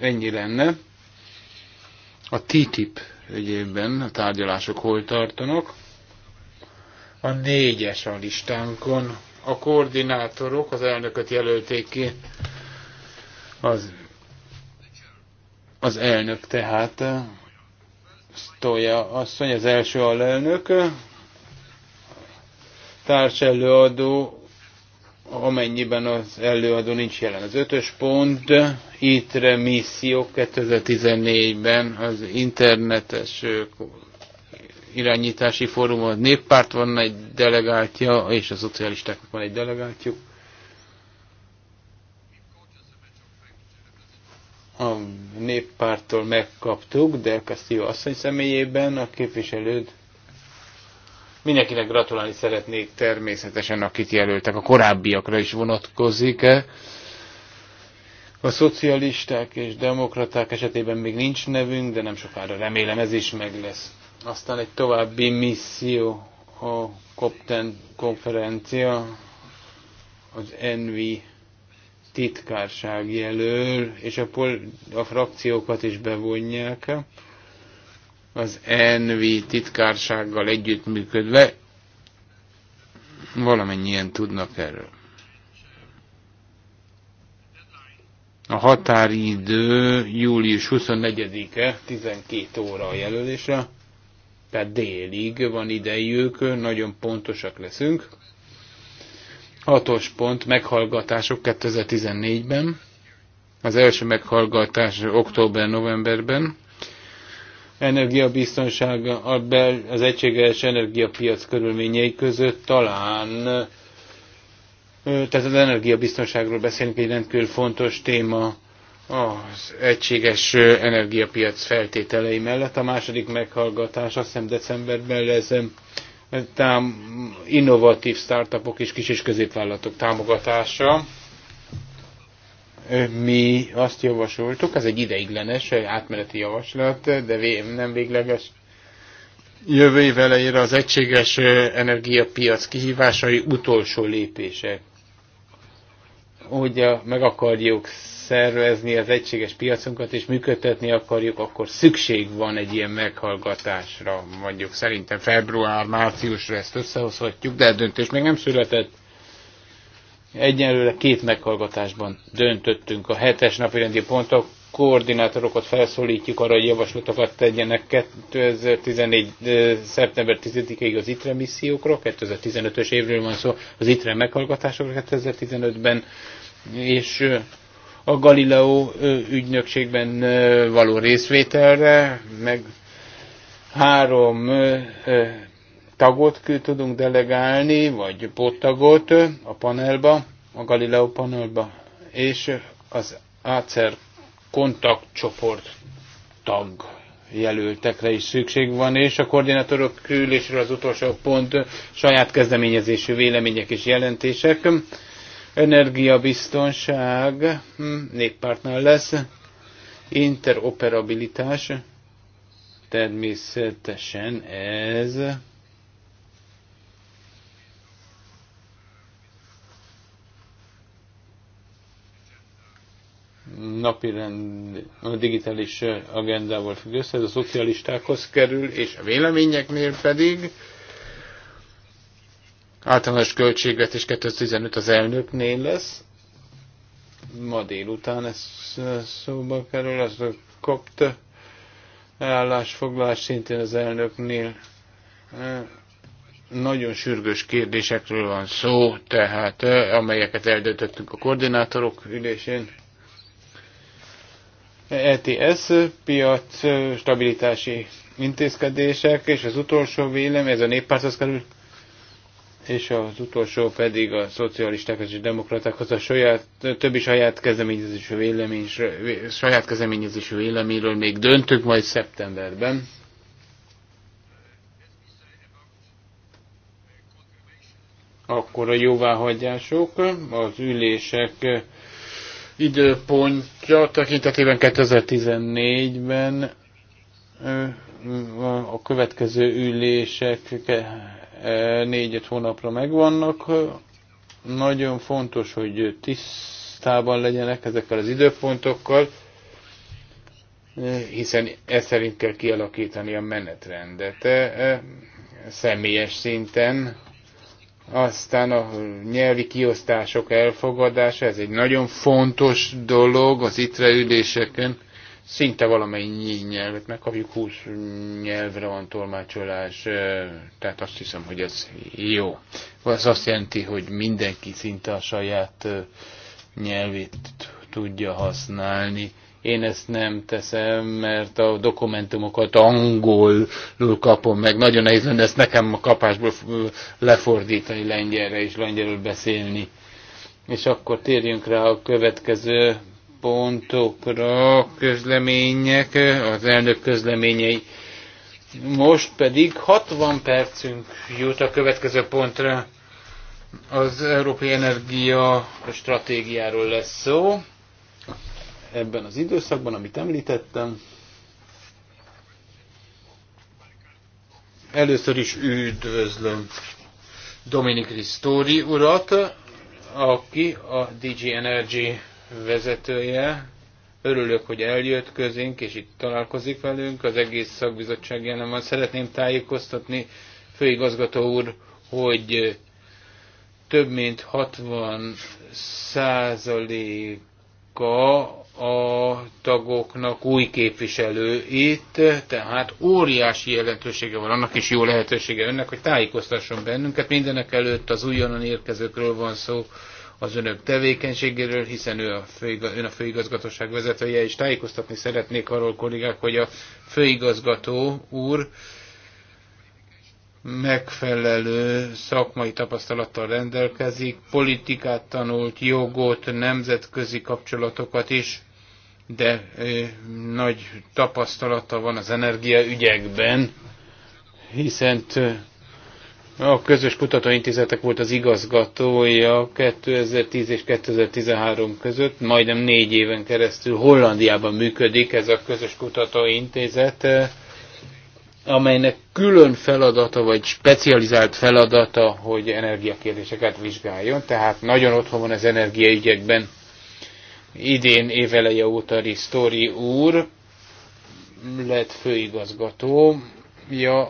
Ennyi lenne. A TTIP egyébben a tárgyalások hol tartanak? A négyes a listánkon. A koordinátorok az elnököt jelölték ki. Az, az elnök tehát Stoja asszony, az első alelnök, társelőadó amennyiben az előadó nincs jelen. Az ötös pont, itt remisszió 2014-ben az internetes irányítási fórum, a néppárt van egy delegáltja, és a szocialistáknak van egy delegáltjuk. A néppártól megkaptuk, de Castillo asszony személyében a képviselőd Mindenkinek gratulálni szeretnék természetesen, akit jelöltek, a korábbiakra is vonatkozik. -e. A szocialisták és demokraták esetében még nincs nevünk, de nem sokára remélem ez is meg lesz. Aztán egy további misszió, a Kopten konferencia, az Envi titkárság jelöl, és a, pol- a frakciókat is bevonják az NV titkársággal együttműködve valamennyien tudnak erről. A határidő július 24-e, 12 óra a jelölésre, tehát délig van idejük, nagyon pontosak leszünk. Hatos pont, meghallgatások 2014-ben. Az első meghallgatás október-novemberben, energiabiztonság az egységes energiapiac körülményei között talán tehát az energiabiztonságról beszélünk, egy rendkívül fontos téma az egységes energiapiac feltételei mellett. A második meghallgatás azt hiszem decemberben lesz tám, innovatív startupok és kis- és középvállalatok támogatása mi azt javasoltuk, ez egy ideiglenes, átmeneti javaslat, de nem végleges. Jövő év elejére az egységes energiapiac kihívásai utolsó lépése. Ugye meg akarjuk szervezni az egységes piacunkat, és működtetni akarjuk, akkor szükség van egy ilyen meghallgatásra. Mondjuk szerintem február-márciusra ezt összehozhatjuk, de a döntés még nem született Egyenlőre két meghallgatásban döntöttünk. A hetes napi rendi pont koordinátorokat felszólítjuk arra, hogy javaslatokat tegyenek 2014. szeptember 10-ig az ITRE missziókra, 2015-ös évről van szó, az ITRE meghallgatásokra 2015-ben, és a Galileo ügynökségben való részvételre, meg három tagot tudunk delegálni, vagy pottagot a panelba, a Galileo panelba, és az ACER kontaktcsoport tag jelöltekre is szükség van, és a koordinátorok ülésről az utolsó pont saját kezdeményezésű vélemények és jelentések. Energiabiztonság hm, néppártnál lesz, interoperabilitás, természetesen ez napirend, a digitális agendával függ össze, ez a szocialistákhoz kerül, és a véleményeknél pedig általános költségvetés 2015 az elnöknél lesz. Ma délután ez szóba kerül, az a kopt állásfoglalás szintén az elnöknél. Nagyon sürgős kérdésekről van szó, tehát amelyeket eldöntöttünk a koordinátorok ülésén ETS piac stabilitási intézkedések, és az utolsó vélem, ez a néppárthoz kerül, és az utolsó pedig a szocialisták és demokratákhoz a saját, többi saját kezdeményezésű vélemény, saját kezdeményezésű véleményről még döntünk majd szeptemberben. Akkor a jóváhagyások, az ülések időpontja tekintetében 2014-ben a következő ülések négy-öt hónapra megvannak. Nagyon fontos, hogy tisztában legyenek ezekkel az időpontokkal, hiszen ez szerint kell kialakítani a menetrendet. Személyes szinten aztán a nyelvi kiosztások elfogadása, ez egy nagyon fontos dolog az ittre üléseken. Szinte valamennyi nyelvet megkapjuk, 20 nyelvre van tolmácsolás, tehát azt hiszem, hogy ez jó. Ez azt jelenti, hogy mindenki szinte a saját nyelvét tudja használni én ezt nem teszem, mert a dokumentumokat angolul kapom meg. Nagyon nehéz lenne ezt nekem a kapásból lefordítani lengyelre és lengyelről beszélni. És akkor térjünk rá a következő pontokra, közlemények, az elnök közleményei. Most pedig 60 percünk jut a következő pontra. Az Európai Energia Stratégiáról lesz szó ebben az időszakban, amit említettem. Először is üdvözlöm Dominik Ristori urat, aki a DG Energy vezetője. Örülök, hogy eljött közénk, és itt találkozik velünk. Az egész szakbizottság jelen van. Szeretném tájékoztatni főigazgató úr, hogy több mint 60 százaléka a tagoknak új képviselő itt, tehát óriási jelentősége van annak is jó lehetősége önnek, hogy tájékoztasson bennünket. Mindenek előtt az újonnan érkezőkről van szó, az önök tevékenységéről, hiszen ő a főiga, ön a főigazgatóság vezetője, és tájékoztatni szeretnék arról kollégák, hogy a főigazgató úr megfelelő szakmai tapasztalattal rendelkezik, politikát tanult, jogot, nemzetközi kapcsolatokat is, de ö, nagy tapasztalata van az energiaügyekben, hiszen a közös kutatóintézetek volt az igazgatója 2010 és 2013 között, majdnem négy éven keresztül Hollandiában működik ez a közös kutatóintézet, amelynek külön feladata, vagy specializált feladata, hogy energiakérdéseket vizsgáljon, tehát nagyon otthon van az energiaügyekben idén éveleje óta Risztori úr lett főigazgatója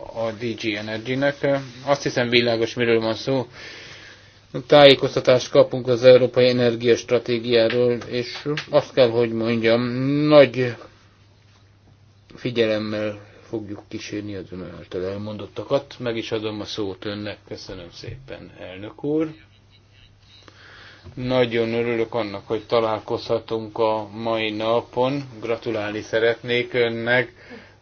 a DG Energy-nek. Azt hiszem világos, miről van szó. Tájékoztatást kapunk az Európai Stratégiáról, és azt kell, hogy mondjam, nagy figyelemmel fogjuk kísérni az ön által elmondottakat. Meg is adom a szót önnek. Köszönöm szépen, elnök úr. Nagyon örülök annak, hogy találkozhatunk a mai napon. Gratulálni szeretnék önnek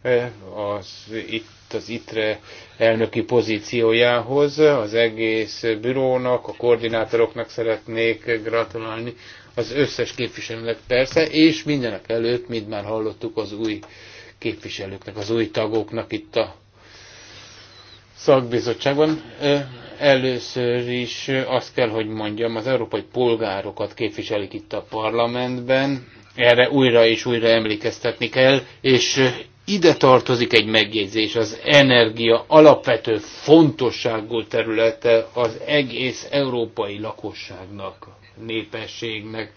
eh, az itt az ITRE elnöki pozíciójához. Az egész bürónak, a koordinátoroknak szeretnék gratulálni, az összes képviselőnek persze, és mindenek előtt, mint már hallottuk, az új képviselőknek, az új tagoknak itt a szakbizottságban. Eh, Először is azt kell, hogy mondjam, az európai polgárokat képviselik itt a parlamentben, erre újra és újra emlékeztetni kell, és ide tartozik egy megjegyzés, az energia alapvető fontosságú területe az egész európai lakosságnak, népességnek.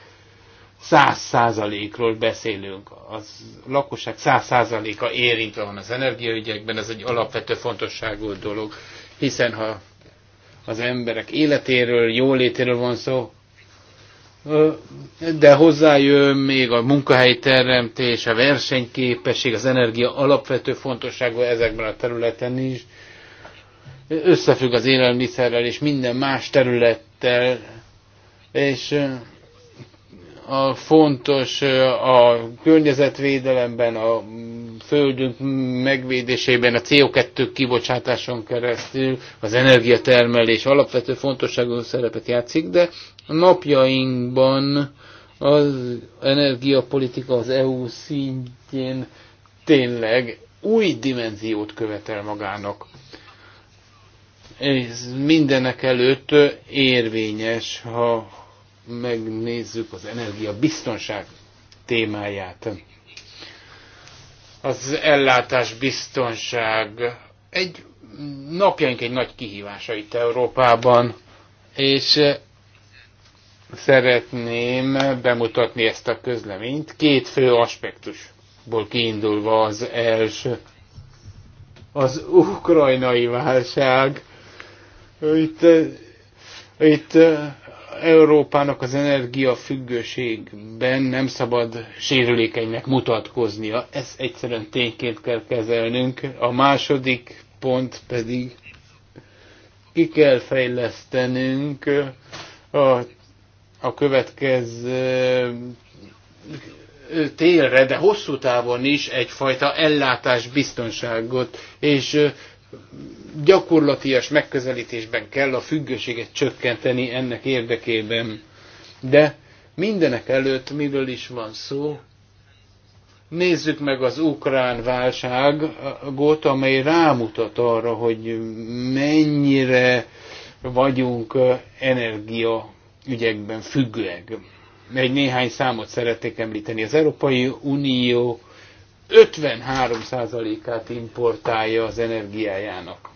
Száz százalékról beszélünk. A lakosság száz százaléka érintve van az energiaügyekben, ez egy alapvető fontosságú dolog, hiszen ha az emberek életéről, jólétéről van szó, de hozzájön még a munkahelyi teremtés, a versenyképesség, az energia alapvető fontossága ezekben a területen is. Összefügg az élelmiszerrel és minden más területtel, és a fontos a környezetvédelemben, a földünk megvédésében, a CO2 kibocsátáson keresztül az energiatermelés alapvető fontosságú szerepet játszik, de a napjainkban az energiapolitika az EU szintjén tényleg új dimenziót követel magának. Ez mindenek előtt érvényes, ha megnézzük az energiabiztonság témáját az ellátás biztonság egy napjaink egy nagy kihívása itt Európában, és eh, szeretném bemutatni ezt a közleményt két fő aspektusból kiindulva az első. Az ukrajnai válság. Itt, eh, itt eh, Európának az energiafüggőségben nem szabad sérülékenynek mutatkoznia. Ezt egyszerűen tényként kell kezelnünk. A második pont pedig ki kell fejlesztenünk a, a következő télre, de hosszú távon is egyfajta ellátás biztonságot, és gyakorlatias megközelítésben kell a függőséget csökkenteni ennek érdekében. De mindenek előtt miről is van szó? Nézzük meg az ukrán válságot, amely rámutat arra, hogy mennyire vagyunk energia ügyekben függőek. Egy néhány számot szeretnék említeni. Az Európai Unió 53%-át importálja az energiájának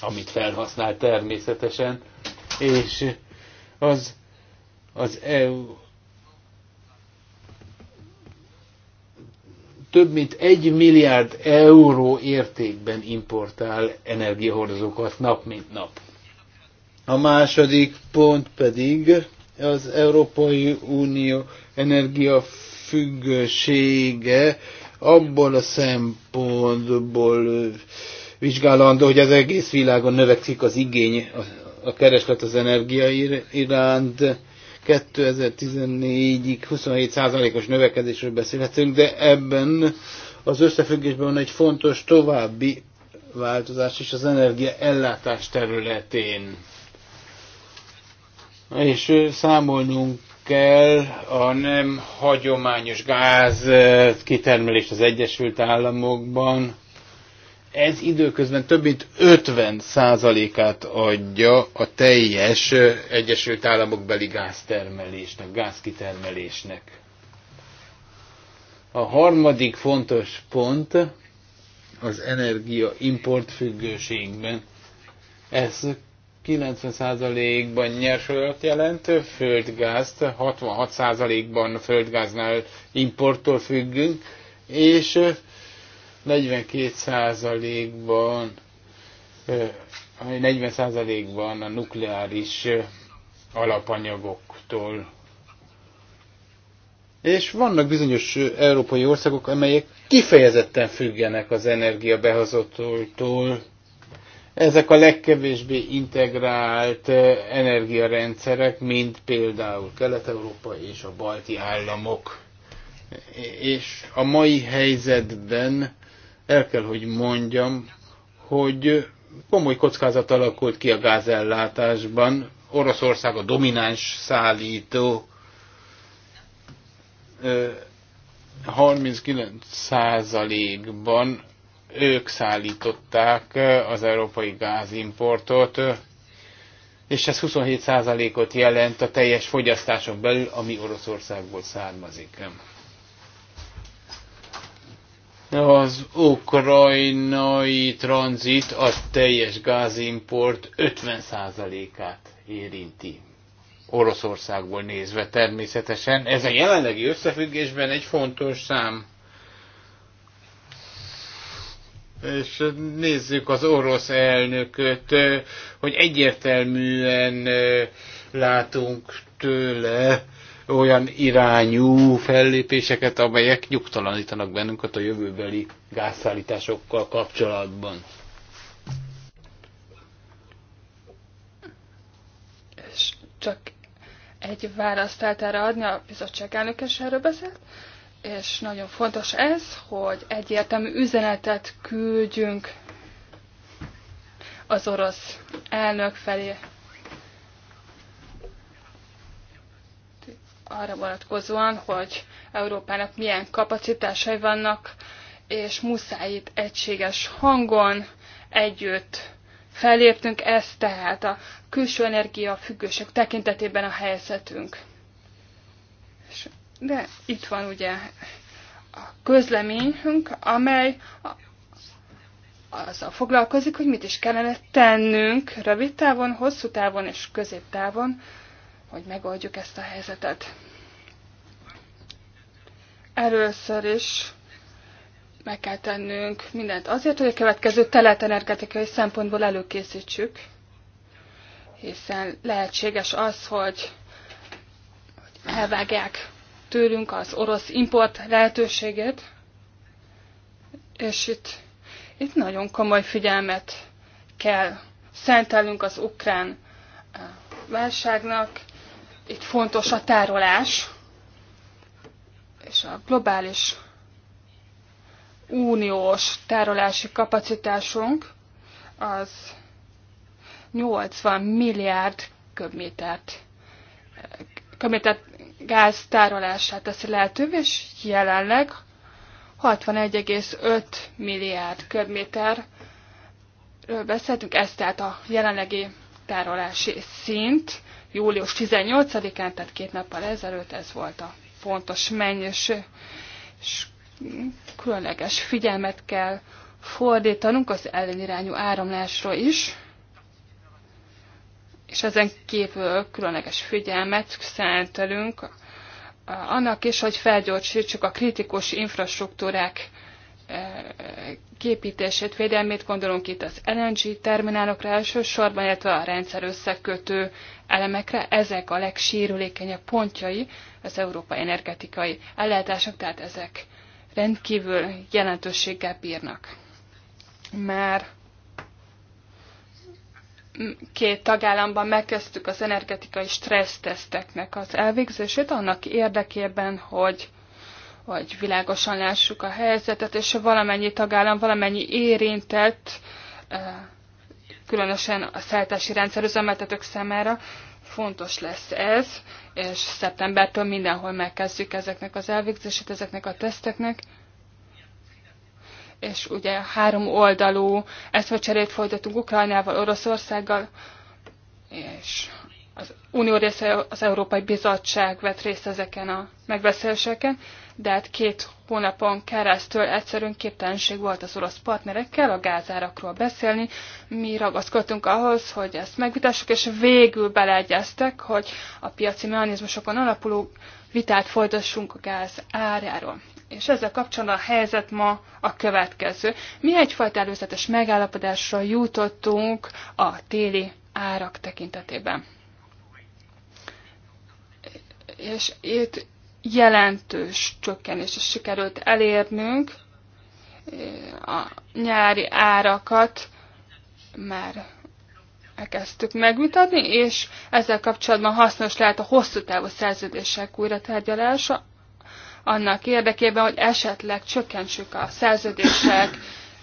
amit felhasznál természetesen, és az, az EU több mint egy milliárd euró értékben importál energiahordozókat nap mint nap. A második pont pedig az Európai Unió energiafüggősége abból a szempontból vizsgálandó, hogy az egész világon növekszik az igény, a kereslet az energia iránt. 2014-ig 27%-os növekedésről beszélhetünk, de ebben az összefüggésben van egy fontos további változás is az energia ellátás területén. És számolnunk kell a nem hagyományos gáz kitermelést az Egyesült Államokban, ez időközben több mint 50%-át adja a teljes Egyesült Államok beli gáztermelésnek, gázkitermelésnek. A harmadik fontos pont az energia import függőségben. Ez 90%-ban nyersolat jelent, földgázt, 66%-ban földgáznál importtól függünk, és 42%-ban 40%-ban a nukleáris alapanyagoktól. És vannak bizonyos európai országok, amelyek kifejezetten függenek az energia behozatótól. Ezek a legkevésbé integrált energiarendszerek, mint például Kelet-Európa és a balti államok. És a mai helyzetben el kell, hogy mondjam, hogy komoly kockázat alakult ki a gázellátásban. Oroszország a domináns szállító 39%-ban ők szállították az európai gázimportot, és ez 27%-ot jelent a teljes fogyasztáson belül, ami Oroszországból származik. Az ukrajnai tranzit a teljes gázimport 50%-át érinti. Oroszországból nézve természetesen. Ez a jelenlegi összefüggésben egy fontos szám. És nézzük az orosz elnököt, hogy egyértelműen látunk tőle olyan irányú fellépéseket, amelyek nyugtalanítanak bennünket a jövőbeli gázszállításokkal kapcsolatban. És csak egy választ erre adni, a bizottság elnök is erről beszélt, és nagyon fontos ez, hogy egyértelmű üzenetet küldjünk az orosz elnök felé arra vonatkozóan, hogy Európának milyen kapacitásai vannak, és muszáj itt egységes hangon együtt felléptünk, ez tehát a külső energia függőség tekintetében a helyzetünk. De itt van ugye a közleményünk, amely a azzal foglalkozik, hogy mit is kellene tennünk rövid távon, hosszú távon és középtávon hogy megoldjuk ezt a helyzetet. Először is meg kell tennünk mindent azért, hogy a következő telet energetikai szempontból előkészítsük, hiszen lehetséges az, hogy elvágják tőlünk az orosz import lehetőséget, és itt, itt nagyon komoly figyelmet kell szentelnünk az ukrán eh, válságnak, itt fontos a tárolás, és a globális uniós tárolási kapacitásunk az 80 milliárd köbmétert, köbmétert gáz tárolását teszi lehetővé, és jelenleg 61,5 milliárd köbméterről beszéltünk, ez tehát a jelenlegi tárolási szint, július 18-án, tehát két nappal ezelőtt ez volt a fontos mennyiség. És különleges figyelmet kell fordítanunk az ellenirányú áramlásra is, és ezen kívül különleges figyelmet szentelünk eh, annak is, hogy felgyorsítsuk a kritikus infrastruktúrák képítését, védelmét, gondolunk itt az LNG terminálokra elsősorban, illetve a rendszer összekötő elemekre, ezek a legsérülékenyebb pontjai az európai energetikai ellátások, tehát ezek rendkívül jelentőséggel bírnak. Már két tagállamban megkezdtük az energetikai stressztesteknek az elvégzését annak érdekében, hogy hogy világosan lássuk a helyzetet, és valamennyi tagállam, valamennyi érintett, eh, különösen a szállítási üzemeltetők számára fontos lesz ez, és szeptembertől mindenhol megkezdjük ezeknek az elvégzését, ezeknek a teszteknek és ugye három oldalú eszmecserét folytatunk Ukrajnával, Oroszországgal, és az Unió része az Európai Bizottság vett részt ezeken a megbeszéléseken, de hát két hónapon keresztül egyszerűen képtelenség volt az orosz partnerekkel a gázárakról beszélni. Mi ragaszkodtunk ahhoz, hogy ezt megvitassuk, és végül beleegyeztek, hogy a piaci mechanizmusokon alapuló vitát folytassunk a gáz árjáról. És ezzel kapcsolatban a helyzet ma a következő. Mi egyfajta előzetes megállapodásra jutottunk a téli árak tekintetében. És itt jelentős csökkenés is sikerült elérnünk. Eh, a nyári árakat már elkezdtük megvitatni, és ezzel kapcsolatban hasznos lehet a hosszú távú szerződések újra tárgyalása, annak érdekében, hogy esetleg csökkentsük a szerződések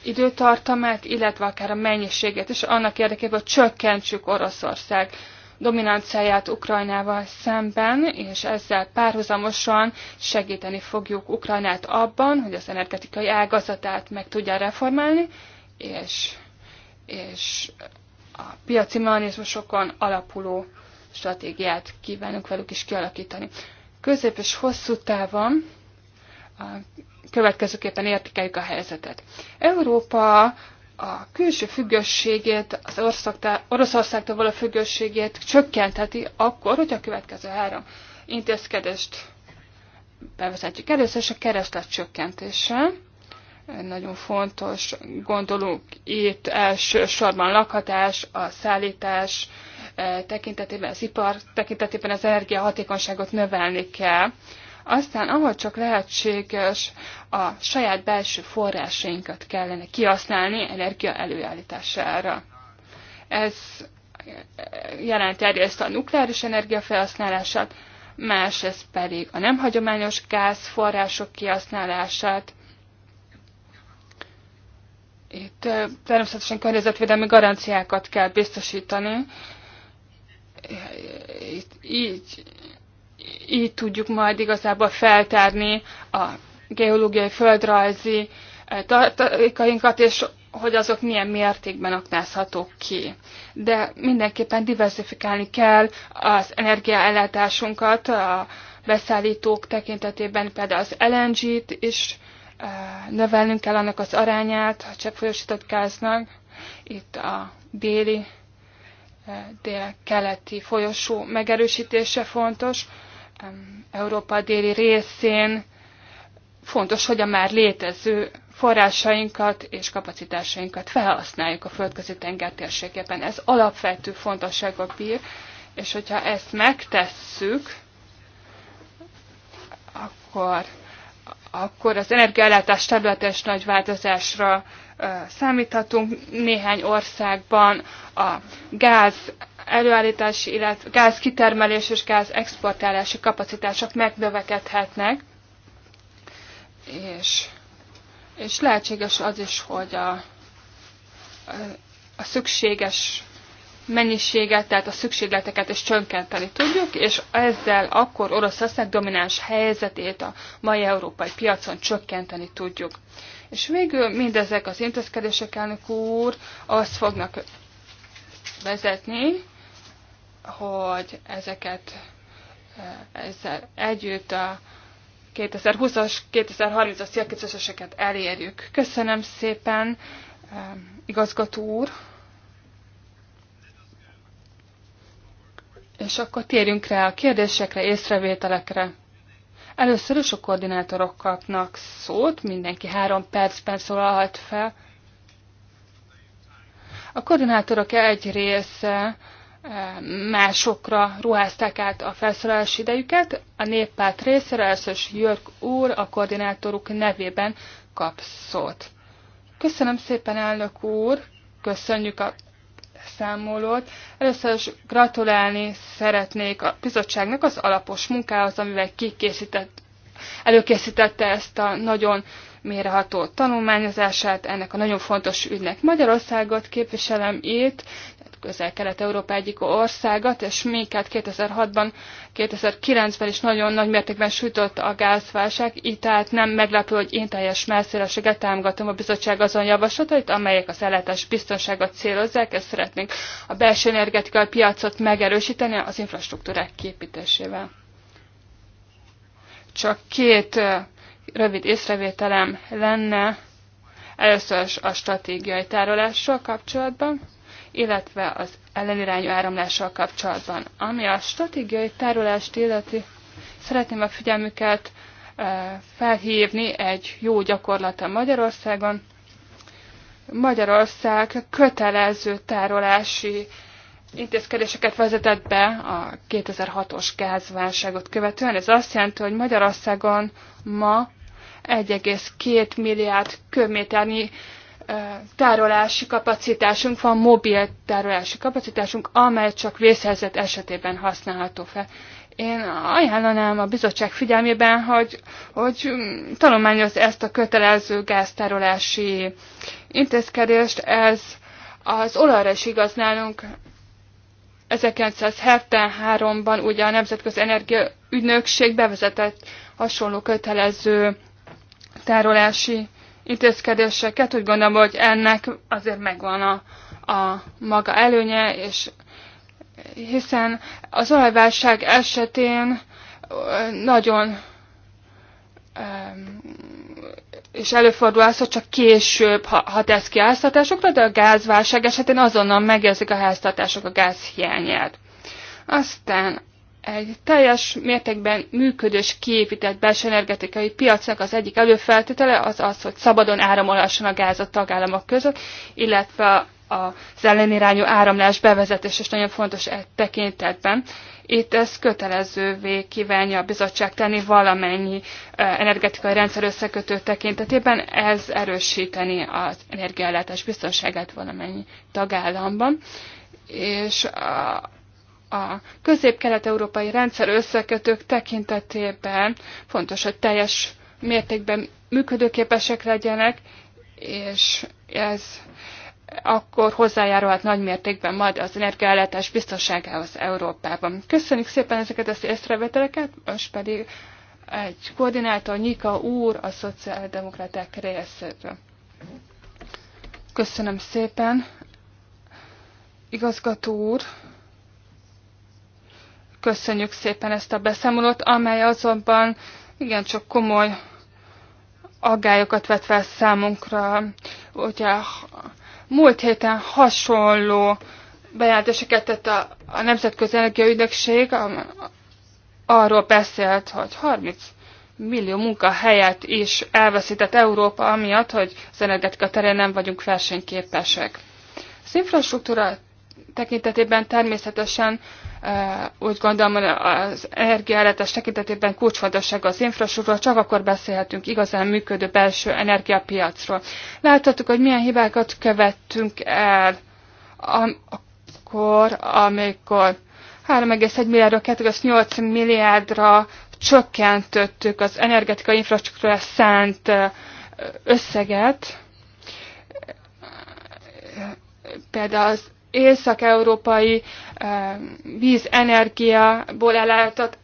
időtartamát, illetve akár a mennyiségét, és annak érdekében, hogy csökkentsük Oroszország dominanciáját Ukrajnával szemben, és ezzel párhuzamosan segíteni fogjuk Ukrajnát abban, hogy az energetikai ágazatát meg tudja reformálni, és, és a piaci mechanizmusokon alapuló stratégiát kívánunk velük is kialakítani. Közép és hosszú távon következőképpen értékeljük a helyzetet. Európa a külső függőségét, az Oroszországtól való függőségét csökkentheti akkor, hogy a következő három intézkedést bevezetjük. Először is a kereslet csökkentése. Nagyon fontos, gondolunk itt elsősorban lakhatás, a szállítás eh, tekintetében, az ipar tekintetében az energiahatékonyságot növelni kell aztán, ahol csak lehetséges, a saját belső forrásainkat kellene kihasználni energia előállítására. Ez jelenti egyrészt a nukleáris energia felhasználását, ez pedig a nem hagyományos gázforrások kihasználását. Itt természetesen környezetvédelmi garanciákat kell biztosítani. Itt, így így tudjuk majd igazából feltárni a geológiai, földrajzi eh, tartalékainkat, és hogy azok milyen mértékben aknázhatók ki. De mindenképpen diversifikálni kell az energiaellátásunkat a beszállítók tekintetében, például az LNG-t is eh, növelnünk kell annak az arányát a cseppfolyósított gáznak. Itt a déli eh, dél-keleti folyosó megerősítése fontos, Európa déli részén fontos, hogy a már létező forrásainkat és kapacitásainkat felhasználjuk a földközi tenger térségében. Ez alapvető fontossággal bír, és hogyha ezt megtesszük, akkor akkor az energiállátás területes nagy változásra számíthatunk. Néhány országban a gáz előállítási, illetve gáz kitermelés és gáz exportálási kapacitások megnövekedhetnek, és, és lehetséges az is, hogy a, a, a szükséges mennyiséget, tehát a szükségleteket is csökkenteni tudjuk, és ezzel akkor Oroszország domináns helyzetét a mai európai piacon csökkenteni tudjuk. És végül mindezek az intézkedések, elnök úr, azt fognak vezetni, hogy ezeket eh, ezzel együtt a 2020-as, 2030-as célkitűzéseket elérjük. Köszönöm szépen, eh, igazgató úr! És akkor térjünk rá a kérdésekre, észrevételekre. Először is a koordinátorok kapnak szót, mindenki három percben szólalhat fel. A koordinátorok egy része eh, másokra ruházták át a felszólalási idejüket. A néppárt részére először Jörg úr a koordinátoruk nevében kap szót. Köszönöm szépen, elnök úr, köszönjük a beszámolót. Először is gratulálni szeretnék a bizottságnak az alapos munkához, amivel kikészített, előkészítette ezt a nagyon méreható tanulmányozását ennek a nagyon fontos ügynek. Magyarországot képviselem itt, közel-kelet-európa egyik országat és minket 2006-ban, 2009-ben is nagyon nagy mértékben sütött a gázválság, így tehát nem meglepő, hogy én teljes messzélességet támogatom a bizottság azon javaslatait, amelyek az ellátás biztonságot célozzák, ezt szeretnénk a belső energetikai piacot megerősíteni az infrastruktúrák képítésével. Csak két rövid észrevételem lenne először a stratégiai tárolással kapcsolatban illetve az ellenirányú áramlással kapcsolatban. Ami a stratégiai tárolást illeti, szeretném a figyelmüket felhívni egy jó gyakorlata Magyarországon. Magyarország kötelező tárolási intézkedéseket vezetett be a 2006-os gázválságot követően. Ez azt jelenti, hogy Magyarországon ma 1,2 milliárd köbméternyi tárolási kapacitásunk van, mobil tárolási kapacitásunk, amely csak vészhelyzet esetében használható fel. Én ajánlanám a bizottság figyelmében, hogy, hogy mm, tanulmányoz ezt a kötelező gáztárolási intézkedést. Ez az olajra is igaz nálunk. 1973-ban ugye a Nemzetközi Energia Ügynökség bevezetett hasonló kötelező tárolási intézkedéseket. Úgy gondolom, hogy ennek azért megvan a, a maga előnye, és hiszen az olajválság esetén nagyon és előfordul az, hogy csak később hat ez ki háztatásokra, de a gázválság esetén azonnal megérzik a háztatások a gáz hiányát. Aztán egy teljes mértékben működős kiépített belső energetikai piacnak az egyik előfeltétele az az, hogy szabadon áramolhasson a gáz a tagállamok között, illetve az ellenirányú áramlás bevezetés is nagyon fontos egy tekintetben. Itt ez kötelezővé kívánja a bizottság tenni valamennyi e, energetikai rendszer összekötő tekintetében, ez erősíteni az energiállátás biztonságát valamennyi tagállamban és a közép-kelet-európai rendszer összekötők tekintetében fontos, hogy teljes mértékben működőképesek legyenek, és ez akkor hozzájárulhat nagy mértékben majd az energiállátás biztonságához Európában. Köszönjük szépen ezeket az észrevételeket, most pedig egy koordinátor Nyika úr a szociáldemokraták részéről. Köszönöm szépen. Igazgató úr, Köszönjük szépen ezt a beszámolót, amely azonban igencsak komoly aggályokat vett fel számunkra. Ugye múlt héten hasonló bejelentéseket tett a, a Nemzetközi Energiaügynökség, arról beszélt, hogy 30 millió munkahelyet is elveszített Európa amiatt, hogy az energetika terén nem vagyunk versenyképesek. Az infrastruktúra tekintetében természetesen e, úgy gondolom az energiállátás tekintetében kulcsfontosság az infrastruktúra, csak akkor beszélhetünk igazán működő belső energiapiacról. Láthattuk, hogy milyen hibákat követtünk el akkor, amikor 3,1 milliárdra, 2,8 milliárdra csökkentöttük az energetikai infrastruktúra szánt e, összeget, például az észak-európai eh, vízenergiából ellátott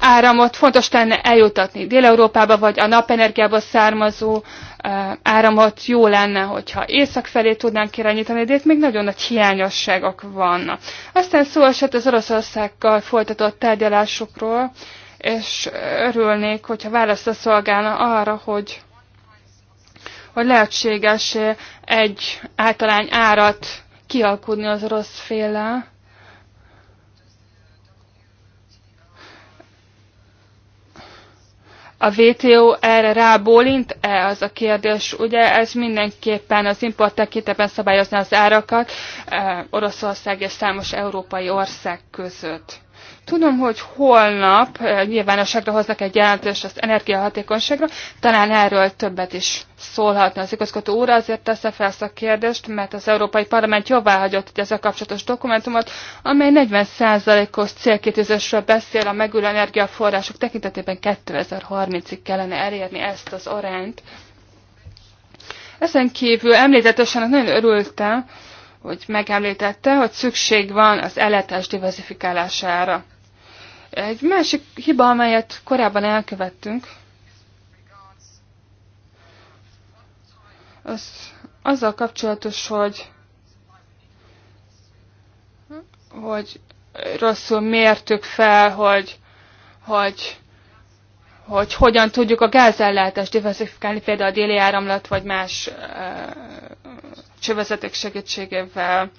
áramot fontos lenne eljutatni Dél-Európába, vagy a napenergiából származó eh, áramot jó lenne, hogyha észak felé tudnánk irányítani, de itt még nagyon nagy hiányosságok vannak. Aztán szó esett az Oroszországgal folytatott tárgyalásokról, és örülnék, hogyha válaszra szolgálna arra, hogy, hogy lehetséges egy általány árat kialkudni az orosz féle. A WTO erre rábólint-e az a kérdés? Ugye ez mindenképpen az import tekintetben szabályozná az árakat eh, Oroszország és számos európai ország között. Tudom, hogy holnap eh, nyilvánosságra hoznak egy jelentést az energiahatékonyságra, talán erről többet is szólhatna az igazgató úr, azért tesz fel ezt a kérdést, mert az Európai Parlament jobbá hagyott egy ezzel kapcsolatos dokumentumot, amely 40%-os célkitűzésről beszél a megülő energiaforrások tekintetében 2030-ig kellene elérni ezt az arányt. Ezen kívül említetesen nagyon örültem, hogy megemlítette, hogy szükség van az ellátás diversifikálására. Egy másik hiba, amelyet korábban elkövettünk, az azzal kapcsolatos, hogy, hogy rosszul mértük fel, hogy, hogy, hogy hogyan tudjuk a gázellátást diversifikálni, például a déli áramlat vagy más eh, csövezetek segítségével.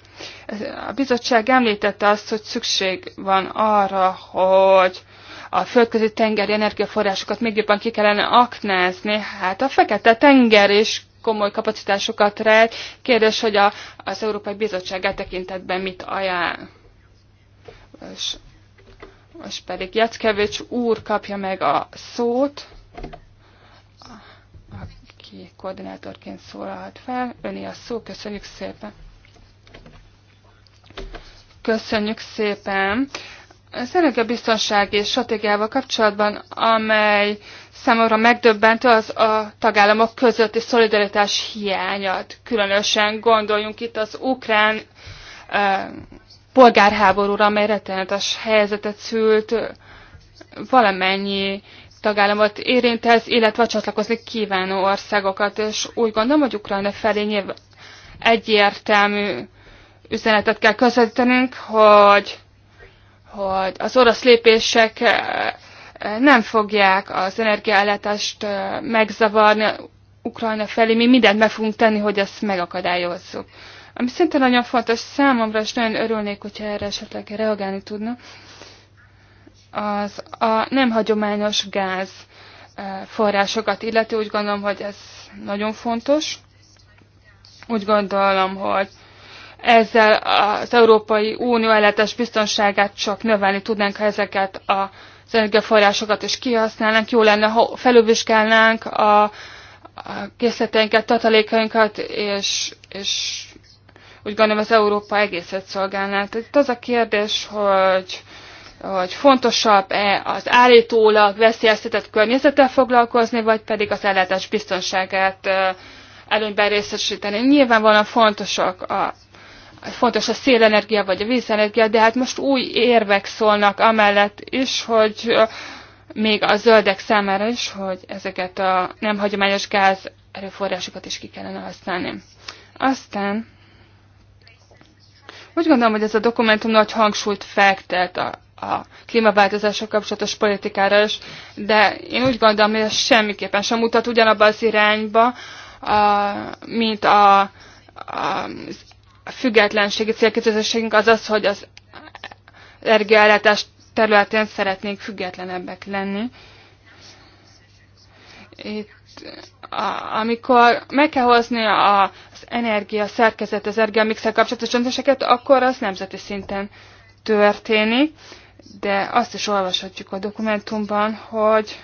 A bizottság említette azt, hogy szükség van arra, hogy a földközi tengeri energiaforrásokat még jobban ki kellene aknázni. Hát a fekete tenger is komoly kapacitásokat rejt. Kérdés, hogy a, az Európai Bizottság e tekintetben mit ajánl. És most pedig Jackevics úr kapja meg a szót aki koordinátorként szólalhat fel. Öni a szó, köszönjük szépen. Köszönjük szépen. Az és stratégiával kapcsolatban, amely számomra megdöbbentő, az a tagállamok közötti szolidaritás hiányat. Különösen gondoljunk itt az ukrán eh, polgárháborúra, amely rettenetes helyzetet szült valamennyi tagállamot érint illetve csatlakozni kívánó országokat, és úgy gondolom, hogy Ukrajna felé nyilván egyértelmű üzenetet kell közvetítenünk, hogy, hogy az orosz lépések eh, eh, nem fogják az energiállátást eh, megzavarni Ukrajna felé, mi mindent meg fogunk tenni, hogy ezt megakadályozzuk. Ami szinte nagyon fontos számomra, és nagyon örülnék, hogyha erre esetleg reagálni tudna, az a nem hagyományos gáz e, forrásokat illeti. Úgy gondolom, hogy ez nagyon fontos. Úgy gondolom, hogy ezzel az Európai Unió ellátás biztonságát csak növelni tudnánk, ha ezeket az energiaforrásokat is kihasználnánk. Jó lenne, ha felülvizsgálnánk a, készleteinket, tartalékainkat, és, és úgy gondolom az Európa egészet szolgálná. Itt az a kérdés, hogy hogy fontosabb-e az állítólag veszélyeztetett környezettel foglalkozni, vagy pedig az ellátás biztonságát előnyben részesíteni. Nyilvánvalóan fontosak a fontos a szélenergia vagy a vízenergia, de hát most új érvek szólnak amellett is, hogy még a zöldek számára is, hogy ezeket a nem hagyományos gáz erőforrásokat is ki kellene használni. Aztán úgy gondolom, hogy ez a dokumentum nagy hangsúlyt fektet a a klímaváltozással kapcsolatos politikára is, de én úgy gondolom, hogy ez semmiképpen sem mutat ugyanabba az irányba, a, mint a, a, a függetlenségi célkitűzésünk az az, hogy az energiaellátás területén szeretnénk függetlenebbek lenni. Itt, a, amikor meg kell hozni a, az energia szerkezet, az energia mixel kapcsolatos döntéseket, akkor az nemzeti szinten történik de azt is olvashatjuk a dokumentumban, hogy,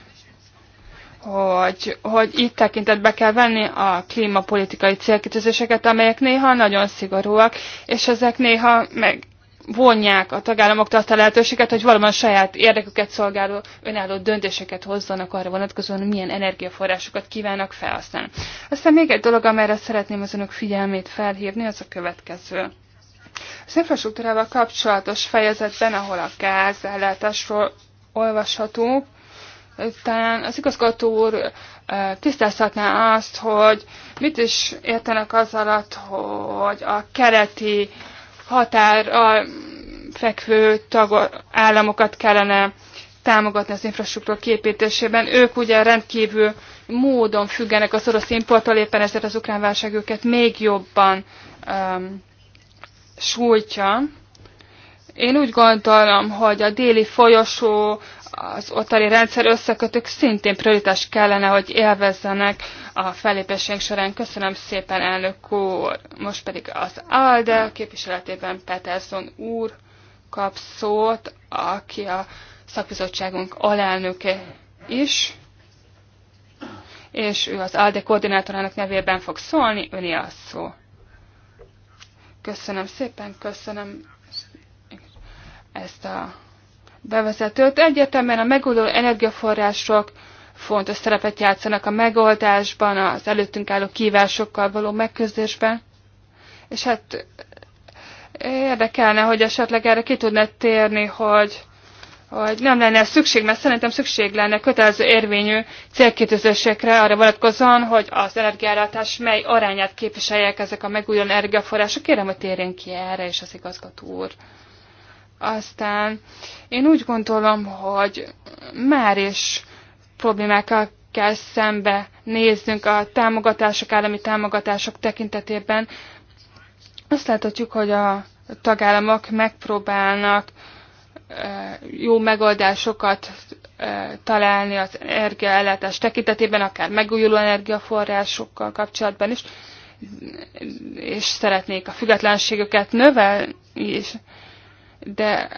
hogy, hogy itt tekintetbe kell venni a klímapolitikai célkitűzéseket, amelyek néha nagyon szigorúak, és ezek néha meg vonják a tagállamoktól azt a lehetőséget, hogy valóban saját érdeküket szolgáló önálló döntéseket hozzanak arra vonatkozóan, hogy milyen energiaforrásokat kívánnak felhasználni. Aztán még egy dolog, amelyre szeretném az önök figyelmét felhívni, az a következő. Az infrastruktúrával kapcsolatos fejezetben, ahol a gázellátásról olvashatunk, talán az igazgató úr tisztázhatná azt, hogy mit is értenek az alatt, hogy a határ a fekvő tag államokat kellene támogatni az infrastruktúra képítésében. Ők ugye rendkívül módon függenek az orosz importtól, éppen ezért az ukrán válság őket még jobban um, sújtja. Én úgy gondolom, hogy a déli folyosó, az ottani rendszer összekötők szintén prioritás kellene, hogy élvezzenek a felépésénk során. Köszönöm szépen, elnök úr. Most pedig az ALDE képviseletében Peterson úr kap szót, aki a szakbizottságunk alelnöke is, és ő az ALDE koordinátorának nevében fog szólni, öné a szó. Köszönöm szépen, köszönöm ezt a bevezetőt. Egyetemben a megoldó energiaforrások fontos szerepet játszanak a megoldásban, az előttünk álló kívásokkal való megküzdésben. És hát érdekelne, hogy esetleg erre ki tudnád térni, hogy hogy nem lenne szükség, mert szerintem szükség lenne kötelező érvényű célkitűzésekre arra vonatkozóan, hogy az energiállátás mely arányát képviseljek ezek a megújuló energiaforrások. Kérem, hogy térjen ki erre és az igazgató úr. Aztán én úgy gondolom, hogy már is problémákkal kell szembe néznünk a támogatások, állami támogatások tekintetében. Azt láthatjuk, hogy a tagállamok megpróbálnak jó megoldásokat találni az energiaellátás tekintetében, akár megújuló energiaforrásokkal kapcsolatban is, és szeretnék a függetlenségüket növelni, és, de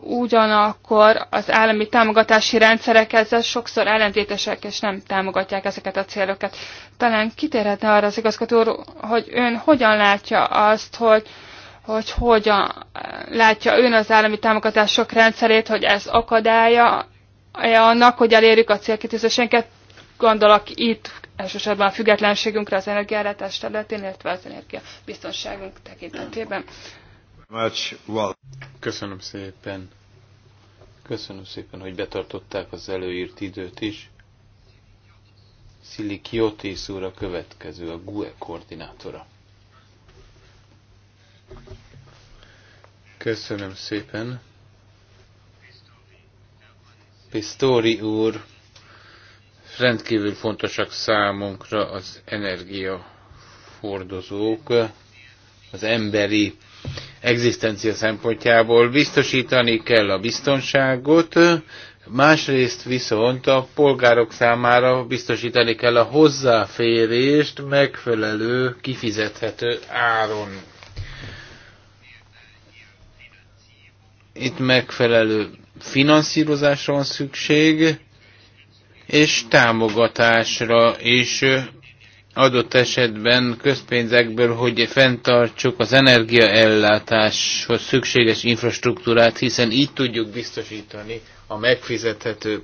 ugyanakkor az állami támogatási rendszerek ezzel sokszor ellentétesek, és nem támogatják ezeket a célokat. Talán kitérhetne arra az igazgató, hogy ön hogyan látja azt, hogy, hogy hogyan eh, látja ön az állami támogatások rendszerét, hogy ez akadálya -e annak, hogy elérjük a célkitűzésünket, gondolok itt elsősorban a függetlenségünkre az energiállátás területén, illetve az biztonságunk tekintetében. Köszönöm szépen. Köszönöm szépen, hogy betartották az előírt időt is. Szili Kiotis úr a következő, a GUE koordinátora. Köszönöm szépen. Pistori úr, rendkívül fontosak számunkra az energiafordozók, az emberi egzisztencia szempontjából biztosítani kell a biztonságot, másrészt viszont a polgárok számára biztosítani kell a hozzáférést megfelelő, kifizethető áron Itt megfelelő finanszírozásra van szükség, és támogatásra is adott esetben közpénzekből, hogy fenntartsuk az energiaellátáshoz szükséges infrastruktúrát, hiszen így tudjuk biztosítani a megfizethető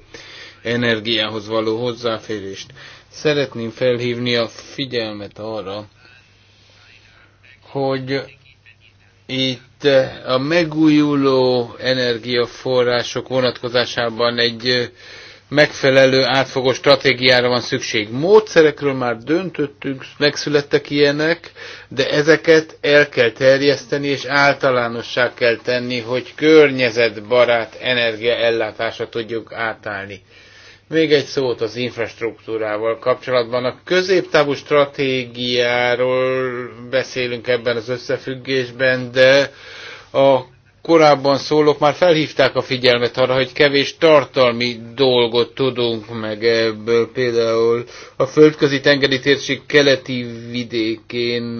energiához való hozzáférést. Szeretném felhívni a figyelmet arra, hogy itt eh, a megújuló energiaforrások vonatkozásában egy eh, megfelelő átfogó stratégiára van szükség. Módszerekről már döntöttünk, megszülettek ilyenek, de ezeket el kell terjeszteni és általánossá kell tenni, hogy környezetbarát energiaellátásra tudjuk átállni. Még egy szót az infrastruktúrával kapcsolatban. A középtávú stratégiáról beszélünk ebben az összefüggésben, de a korábban szólók már felhívták a figyelmet arra, hogy kevés tartalmi dolgot tudunk meg ebből. Például a földközi tengeri térség keleti vidékén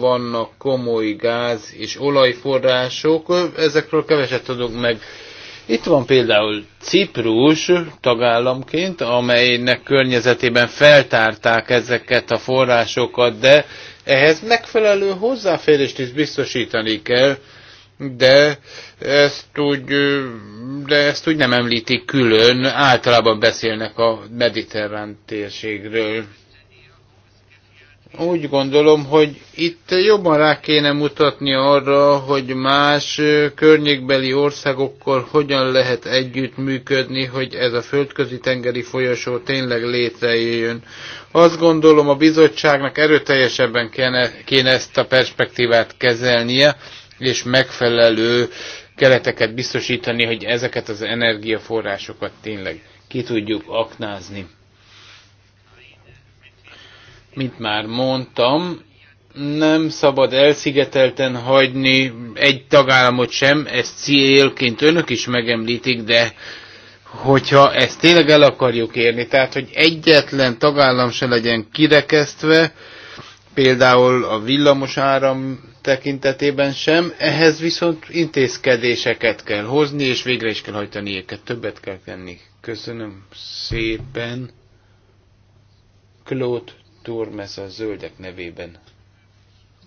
vannak komoly gáz és olajforrások, ezekről keveset tudunk meg. Itt van például Ciprus tagállamként, amelynek környezetében feltárták ezeket a forrásokat, de ehhez megfelelő hozzáférést is biztosítani kell, de ezt úgy, de ezt úgy nem említik külön, általában beszélnek a mediterrán térségről úgy gondolom, hogy itt jobban rá kéne mutatni arra, hogy más környékbeli országokkal hogyan lehet együttműködni, hogy ez a földközi tengeri folyosó tényleg létrejöjjön. Azt gondolom a bizottságnak erőteljesebben kéne, kéne ezt a perspektívát kezelnie, és megfelelő kereteket biztosítani, hogy ezeket az energiaforrásokat tényleg ki tudjuk aknázni mint már mondtam, nem szabad elszigetelten hagyni egy tagállamot sem, ezt célként önök is megemlítik, de hogyha ezt tényleg el akarjuk érni, tehát hogy egyetlen tagállam se legyen kirekesztve, például a villamos áram tekintetében sem, ehhez viszont intézkedéseket kell hozni, és végre is kell hajtani őket, többet kell tenni. Köszönöm szépen. Claude Turmes a zöldek nevében.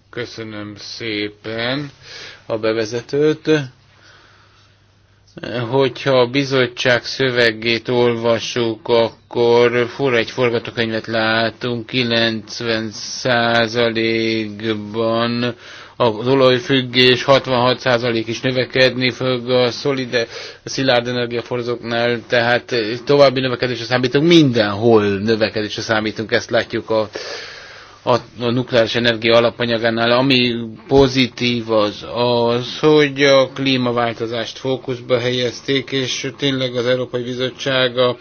Köszönöm szépen a bevezetőt. Hogyha a bizottság szövegét olvasuk, akkor fura egy forgatókönyvet látunk, 90 ban az olajfüggés 66% is növekedni fog a szolide, a szilárd energiaforzóknál, tehát további növekedésre számítunk, mindenhol növekedésre számítunk, ezt látjuk a, a, a nukleáris energia alapanyagánál. Ami pozitív az az, hogy a klímaváltozást fókuszba helyezték, és tényleg az Európai Bizottság a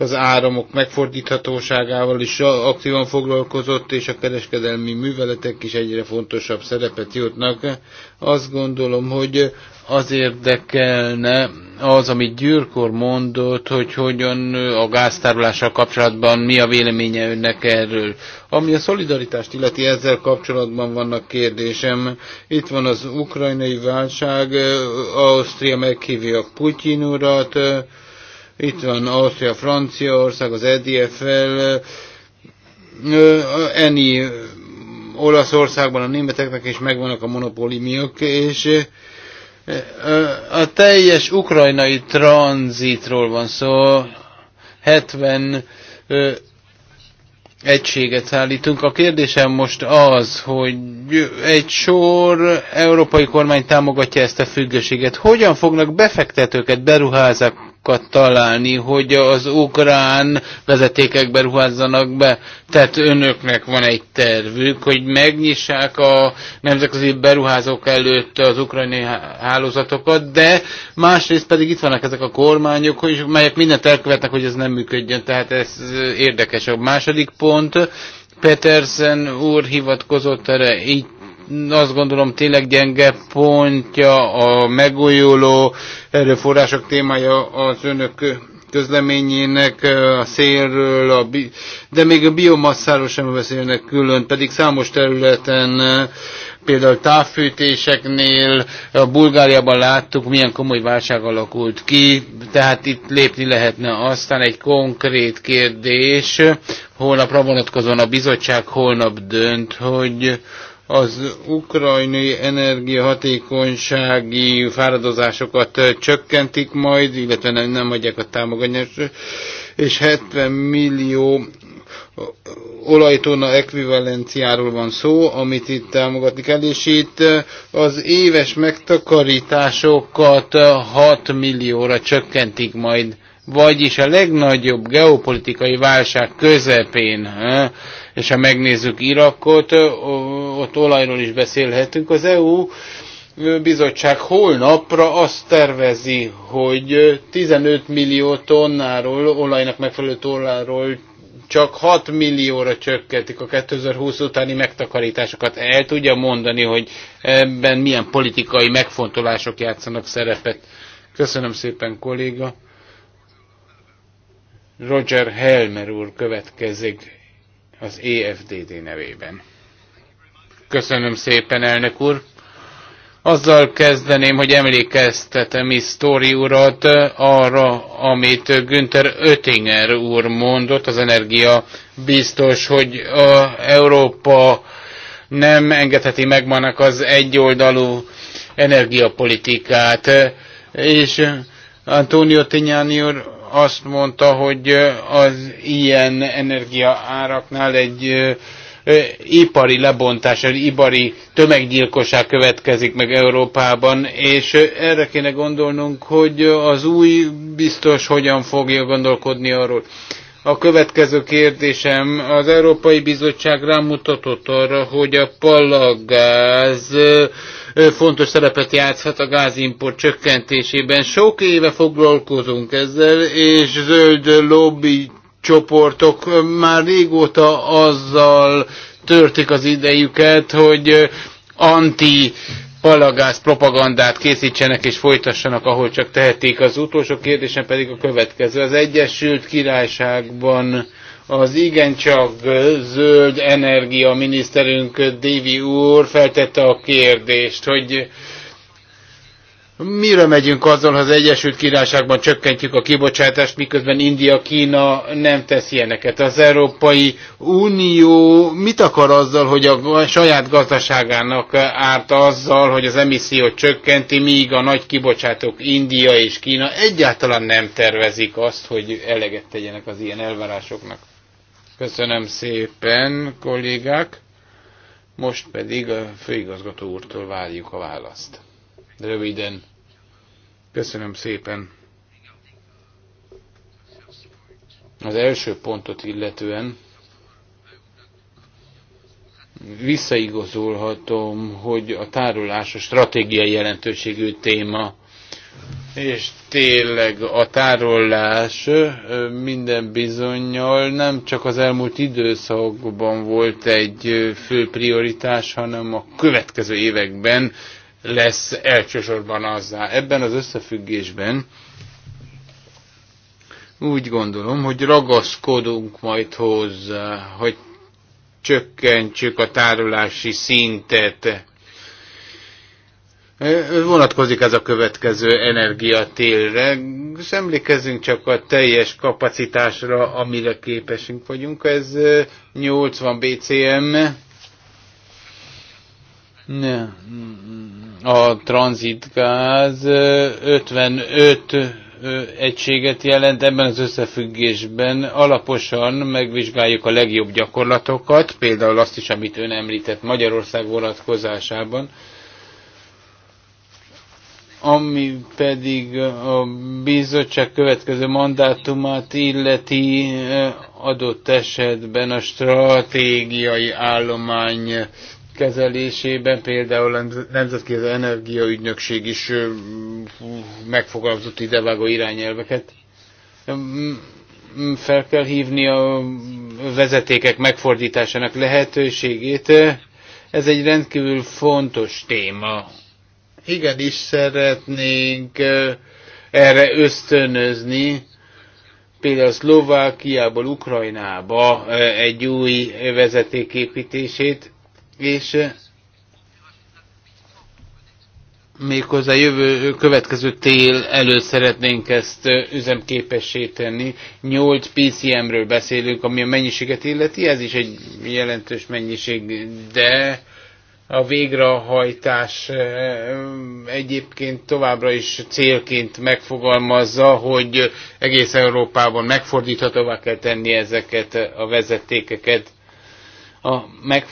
az áramok megfordíthatóságával is aktívan foglalkozott, és a kereskedelmi műveletek is egyre fontosabb szerepet jutnak. Azt gondolom, hogy az érdekelne az, amit Gyürkor mondott, hogy hogyan a gáztárolással kapcsolatban mi a véleménye önnek erről. Ami a szolidaritást illeti, ezzel kapcsolatban vannak kérdésem. Itt van az ukrajnai válság, Ausztria meghívja Putyin urat, itt van Ausztria, Franciaország, az EDF-el, Eni Olaszországban a németeknek is megvannak a monopóliumok, és a teljes ukrajnai tranzitról van szó, 70 egységet szállítunk. A kérdésem most az, hogy egy sor európai kormány támogatja ezt a függőséget. Hogyan fognak befektetőket, beruházak, megoldásokat találni, hogy az ukrán vezetékek beruházzanak be. Tehát önöknek van egy tervük, hogy megnyissák a nemzetközi beruházók előtt az ukrajnai hálózatokat, de másrészt pedig itt vannak ezek a kormányok, hogy melyek mindent elkövetnek, hogy ez nem működjön. Tehát ez érdekes. A második pont, Petersen úr hivatkozott erre, így azt gondolom tényleg gyenge pontja a megújuló erőforrások témája az önök közleményének a szélről, a bi- de még a biomasszáról sem beszélnek külön, pedig számos területen, például távfűtéseknél, a Bulgáriában láttuk, milyen komoly válság alakult ki, tehát itt lépni lehetne. Aztán egy konkrét kérdés, holnapra vonatkozóan a bizottság holnap dönt, hogy az ukrajnai energiahatékonysági fáradozásokat csökkentik majd, illetve nem, nem adják a támogatást, és 70 millió olajtonna ekvivalenciáról van szó, amit itt támogatni kell, és itt az éves megtakarításokat 6 millióra csökkentik majd vagyis a legnagyobb geopolitikai válság közepén, eh? és ha megnézzük Irakot, eh, ott olajról is beszélhetünk, az EU eh, bizottság holnapra azt tervezi, hogy 15 millió tonnáról, olajnak megfelelő tonnáról csak 6 millióra csökkentik a 2020 utáni megtakarításokat. El tudja mondani, hogy ebben milyen politikai megfontolások játszanak szerepet. Köszönöm szépen, kolléga. Roger Helmer úr következik az EFDD nevében. Köszönöm szépen, elnök úr! Azzal kezdeném, hogy emlékeztetem sztori urat arra, amit Günther Oettinger úr mondott, az energia biztos, hogy a Európa nem engedheti meg magának az egyoldalú energiapolitikát, és Antonio Tignani úr azt mondta, hogy az ilyen energiaáraknál egy ipari lebontás, egy ipari tömeggyilkosság következik meg Európában, és erre kéne gondolnunk, hogy az új biztos hogyan fogja gondolkodni arról. A következő kérdésem, az Európai Bizottság rámutatott arra, hogy a palagáz fontos szerepet játszhat a gázimport csökkentésében. Sok éve foglalkozunk ezzel, és zöld lobby csoportok már régóta azzal törtik az idejüket, hogy anti palagáz propagandát készítsenek és folytassanak, ahol csak tehetik. Az utolsó kérdésem pedig a következő. Az Egyesült Királyságban az igencsak zöld energia miniszterünk Dévi úr feltette a kérdést, hogy mire megyünk azzal, ha az Egyesült Királyságban csökkentjük a kibocsátást, miközben India, Kína nem tesz ilyeneket. Az Európai Unió mit akar azzal, hogy a saját gazdaságának árt azzal, hogy az emissziót csökkenti, míg a nagy kibocsátók India és Kína egyáltalán nem tervezik azt, hogy eleget tegyenek az ilyen elvárásoknak? Köszönöm szépen, kollégák. Most pedig a főigazgató úrtól várjuk a választ. Röviden. Köszönöm szépen. Az első pontot illetően visszaigazolhatom, hogy a tárolás a stratégiai jelentőségű téma és tényleg a tárolás minden bizonyal nem csak az elmúlt időszakban volt egy fő prioritás, hanem a következő években lesz elsősorban azzá. Ebben az összefüggésben úgy gondolom, hogy ragaszkodunk majd hozzá, hogy csökkentsük a tárolási szintet Vonatkozik ez a következő energiatélre. Emlékezzünk csak a teljes kapacitásra, amire képesünk vagyunk. Ez 80 BCM. A tranzitgáz 55 egységet jelent ebben az összefüggésben. Alaposan megvizsgáljuk a legjobb gyakorlatokat, például azt is, amit ön említett Magyarország vonatkozásában ami pedig a bizottság következő mandátumát illeti eh, adott esetben a stratégiai állomány kezelésében, például a Nemzetközi Energiaügynökség is eh, megfogalmazott idevágó irányelveket. Mm, fel kell hívni a vezetékek megfordításának lehetőségét. Ez egy rendkívül fontos téma igenis szeretnénk erre ösztönözni, például Szlovákiából Ukrajnába egy új vezetéképítését, és méghozzá jövő következő tél előtt szeretnénk ezt üzemképessé tenni. 8 PCM-ről beszélünk, ami a mennyiséget illeti, ez is egy jelentős mennyiség, de a végrehajtás eh, egyébként továbbra is célként megfogalmazza, hogy egész Európában megfordíthatóvá kell tenni ezeket a vezetékeket. A meg,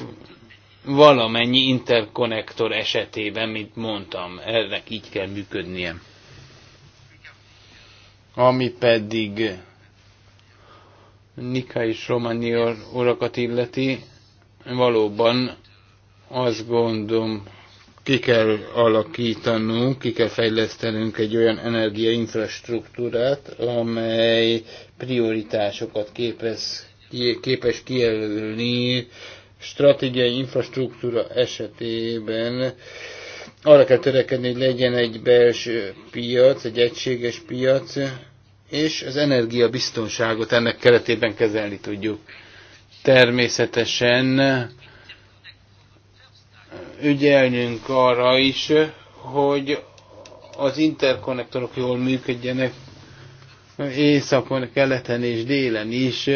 valamennyi interkonnektor esetében, mint mondtam, ennek így kell működnie. Ami pedig Nika és Romani urakat illeti, valóban azt gondolom, ki kell alakítanunk, ki kell fejlesztenünk egy olyan energiainfrastruktúrát, amely prioritásokat képes, képes kijelölni stratégiai infrastruktúra esetében. Arra kell törekedni, hogy legyen egy belső piac, egy egységes piac, és az energiabiztonságot ennek keretében kezelni tudjuk. Természetesen ügyelnünk arra is, hogy az interkonnektorok jól működjenek éjszakon, keleten és délen is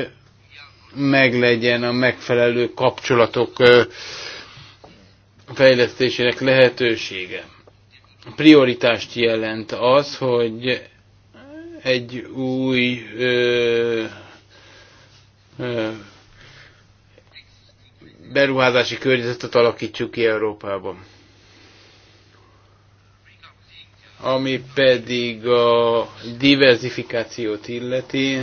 meglegyen a megfelelő kapcsolatok fejlesztésének lehetősége. Prioritást jelent az, hogy egy új ö, ö, beruházási környezetet alakítjuk ki Európában. Ami pedig a diversifikációt illeti,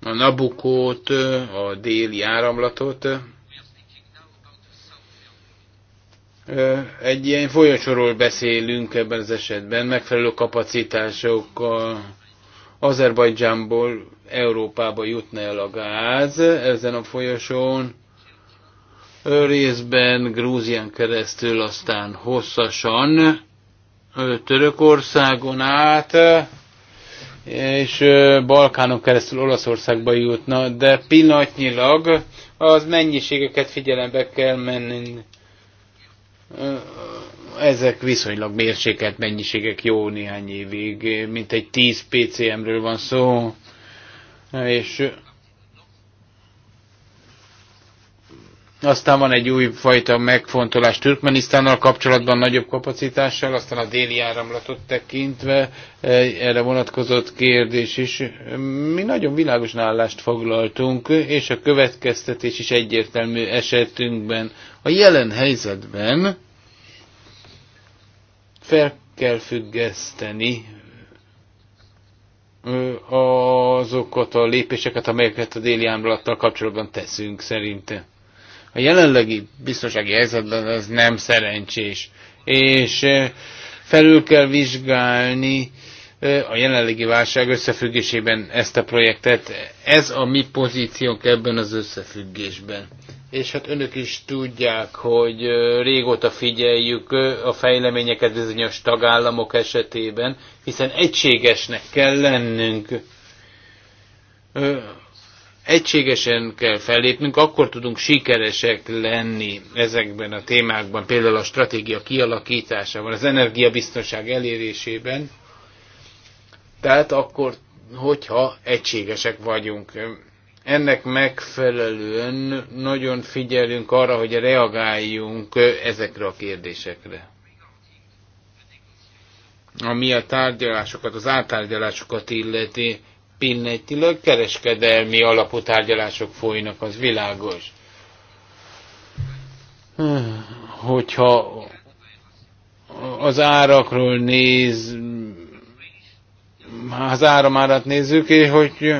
a Nabukót, a déli áramlatot, egy ilyen folyosorról beszélünk ebben az esetben, megfelelő kapacitásokkal, Azerbajdzsánból Európába jutna el a gáz ezen a folyosón, részben Grúzián keresztül, aztán hosszasan Törökországon át, és Balkánon keresztül Olaszországba jutna, de pillanatnyilag az mennyiségeket figyelembe kell menni. Ezek viszonylag mérsékelt mennyiségek jó néhány évig, mint egy 10 PCM-ről van szó, és aztán van egy új fajta megfontolás Türkmenisztánnal kapcsolatban nagyobb kapacitással, aztán a déli áramlatot tekintve e, erre vonatkozott kérdés is. Mi nagyon világos állást foglaltunk, és a következtetés is egyértelmű esetünkben. A jelen helyzetben fel kell függeszteni azokat a lépéseket, amelyeket a déli ámbulattal kapcsolatban teszünk szerinte. A jelenlegi biztonsági helyzetben ez nem szerencsés, és felül kell vizsgálni a jelenlegi válság összefüggésében ezt a projektet. Ez a mi pozíciónk ebben az összefüggésben. És hát önök is tudják, hogy régóta figyeljük a fejleményeket bizonyos tagállamok esetében, hiszen egységesnek kell lennünk, egységesen kell fellépnünk, akkor tudunk sikeresek lenni ezekben a témákban, például a stratégia kialakításában, az energiabiztonság elérésében. Tehát akkor, hogyha egységesek vagyunk. Ennek megfelelően nagyon figyelünk arra, hogy reagáljunk ezekre a kérdésekre ami a tárgyalásokat, az átárgyalásokat illeti, pillanatilag kereskedelmi alapú tárgyalások folynak, az világos. Hogyha az árakról néz, az áramárat nézzük, és hogy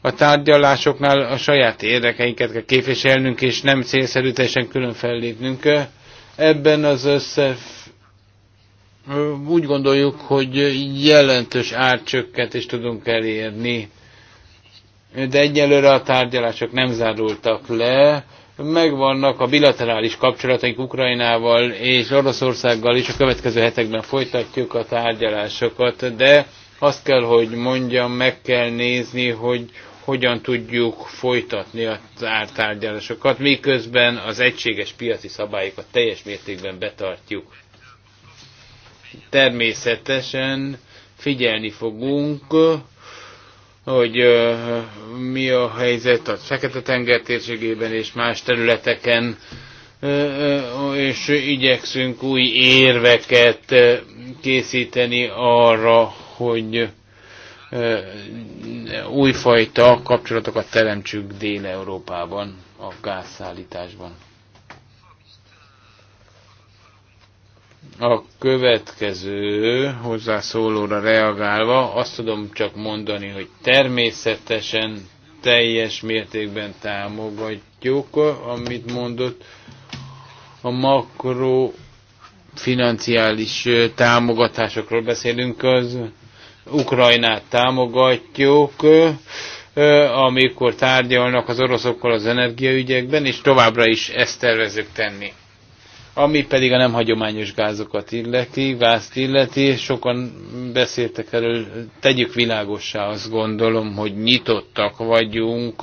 a tárgyalásoknál a saját érdekeinket kell képviselnünk, és nem célszerű teljesen külön fellépnünk. Ebben az összefüggésben úgy gondoljuk, hogy jelentős árcsökkentést tudunk elérni, de egyelőre a tárgyalások nem zárultak le, megvannak a bilaterális kapcsolataink Ukrajnával és Oroszországgal is, a következő hetekben folytatjuk a tárgyalásokat, de azt kell, hogy mondjam, meg kell nézni, hogy hogyan tudjuk folytatni az ártárgyalásokat, miközben az egységes piaci szabályokat teljes mértékben betartjuk természetesen figyelni fogunk, hogy mi a helyzet a Fekete-tenger térségében és más területeken, és igyekszünk új érveket készíteni arra, hogy újfajta kapcsolatokat teremtsünk Dél-Európában a gázszállításban. A következő hozzászólóra reagálva azt tudom csak mondani, hogy természetesen teljes mértékben támogatjuk, amit mondott a makro financiális támogatásokról beszélünk, az Ukrajnát támogatjuk, amikor tárgyalnak az oroszokkal az energiaügyekben, és továbbra is ezt tervezünk tenni. Ami pedig a nem hagyományos gázokat illeti, gázt illeti, sokan beszéltek erről, tegyük világossá, azt gondolom, hogy nyitottak vagyunk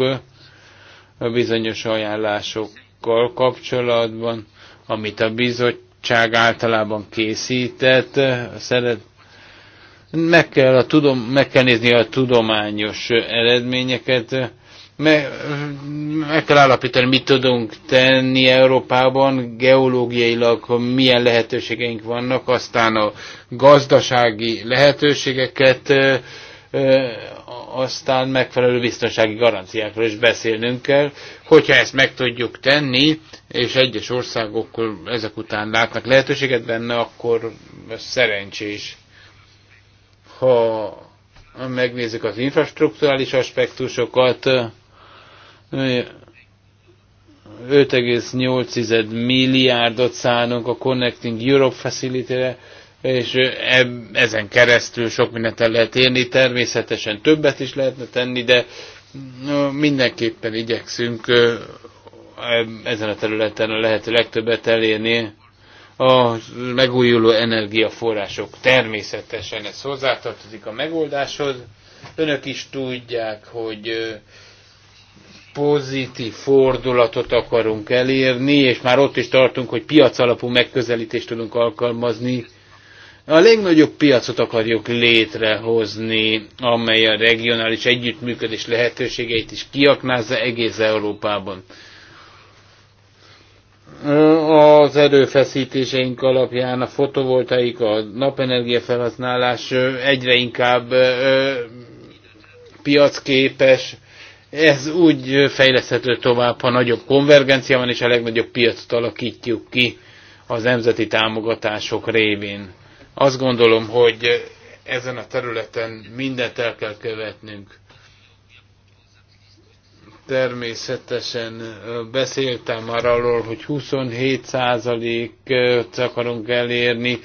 a bizonyos ajánlásokkal kapcsolatban, amit a bizottság általában készített, szeret, meg kell, a tudom, meg kell nézni a tudományos eredményeket, meg, meg kell állapítani, mit tudunk tenni Európában, geológiailag milyen lehetőségeink vannak, aztán a gazdasági lehetőségeket, aztán megfelelő biztonsági garanciákról is beszélnünk kell. Hogyha ezt meg tudjuk tenni, és egyes országokkal ezek után látnak lehetőséget benne, akkor szerencsés. Ha megnézzük az infrastruktúrális aspektusokat, 5,8 milliárdot szánunk a Connecting Europe Facility-re, és ezen keresztül sok mindent el lehet érni, természetesen többet is lehetne tenni, de mindenképpen igyekszünk ezen a területen a lehető legtöbbet elérni. A megújuló energiaforrások természetesen ez hozzátartozik a megoldáshoz. Önök is tudják, hogy pozitív fordulatot akarunk elérni, és már ott is tartunk, hogy piacalapú megközelítést tudunk alkalmazni. A legnagyobb piacot akarjuk létrehozni, amely a regionális együttműködés lehetőségeit is kiaknázza egész Európában. Az erőfeszítéseink alapján a fotovoltaik, a napenergia felhasználás egyre inkább piacképes, ez úgy fejleszthető tovább, ha nagyobb konvergencia van, és a legnagyobb piacot alakítjuk ki az nemzeti támogatások révén. Azt gondolom, hogy ezen a területen mindent el kell követnünk. Természetesen beszéltem már arról, hogy 27%-t akarunk elérni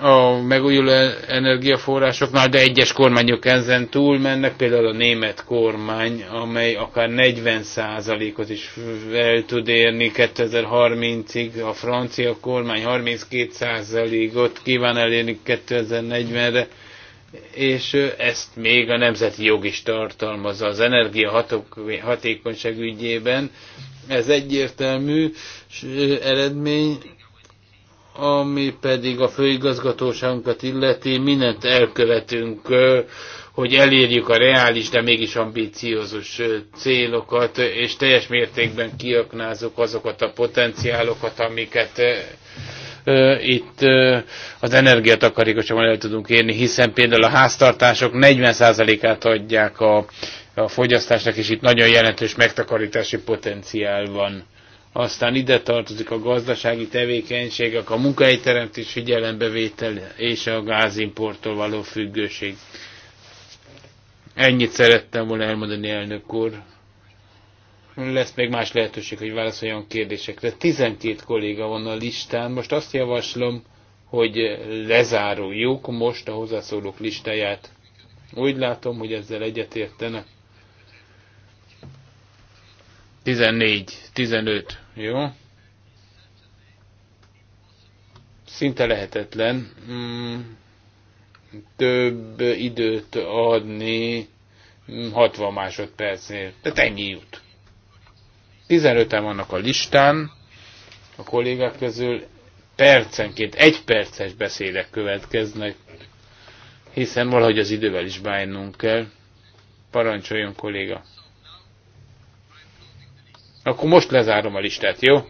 a megújuló energiaforrásoknál, de egyes kormányok ezen túl mennek, például a német kormány, amely akár 40%-ot is el tud érni 2030-ig, a francia kormány 32%-ot kíván elérni 2040-re, és ezt még a nemzeti jog is tartalmazza az energia hatékonyság ügyében. Ez egyértelmű eredmény, ami pedig a főigazgatóságunkat illeti, mindent elkövetünk, hogy elérjük a reális, de mégis ambíciózus célokat, és teljes mértékben kiaknázunk azokat a potenciálokat, amiket itt az energiatakarékosabban el tudunk érni, hiszen például a háztartások 40%-át adják a, a fogyasztásnak, és itt nagyon jelentős megtakarítási potenciál van. Aztán ide tartozik a gazdasági tevékenységek, a munkahelyteremtés figyelembevétel és a gázimporttól való függőség. Ennyit szerettem volna elmondani, elnök úr. Lesz még más lehetőség, hogy válaszoljon kérdésekre. 12 kolléga van a listán. Most azt javaslom, hogy lezáruljuk most a hozzászólók listáját. Úgy látom, hogy ezzel egyetértenek. 14, 15. Jó? Szinte lehetetlen mm, több időt adni 60 mm, másodpercnél. Tehát ennyi jut. 15-en vannak a listán, a kollégák közül percenként egy perces beszédek következnek, hiszen valahogy az idővel is bánnunk kell. Parancsoljon, kolléga! Akkor most lezárom a listát, jó?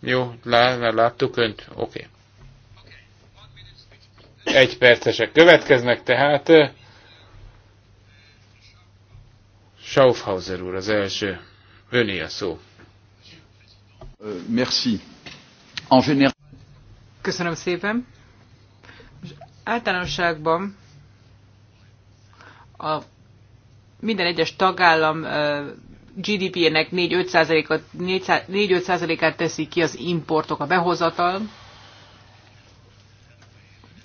Jó, lá, láttuk önt? Oké. Okay. Egy percesek következnek, tehát Schaufhauser úr az első. Öné a szó. Merci. En général... Köszönöm szépen. Most általánosságban a minden egyes tagállam GDP-nek 4-5%-át teszi ki az importok, a behozatal,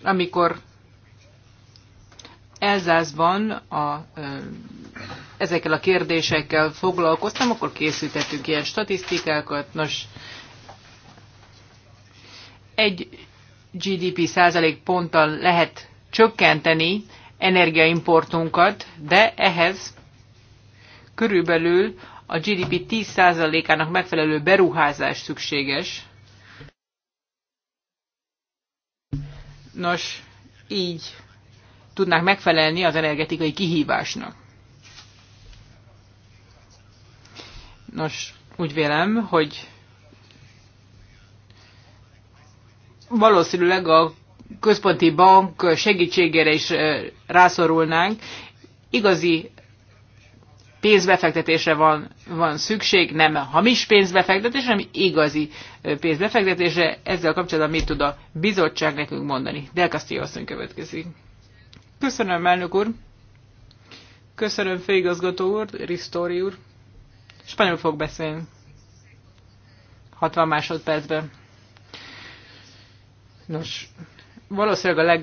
amikor Elzászban a, ezekkel a kérdésekkel foglalkoztam, akkor készítettünk ilyen statisztikákat. Nos, egy GDP százalék ponttal lehet csökkenteni energiaimportunkat, de ehhez körülbelül a GDP 10%-ának megfelelő beruházás szükséges. Nos, így tudnák megfelelni az energetikai kihívásnak. Nos, úgy vélem, hogy valószínűleg a központi bank segítségére is rászorulnánk. Igazi pénzbefektetésre van, van szükség, nem hamis pénzbefektetésre, hanem igazi pénzbefektetésre. Ezzel kapcsolatban mit tud a bizottság nekünk mondani? Del Castillo asszony következik. Köszönöm, elnök úr. Köszönöm, főigazgató úr, Ristori úr. Spanyol fog beszélni. 60 másodpercben. Nos, valószínűleg a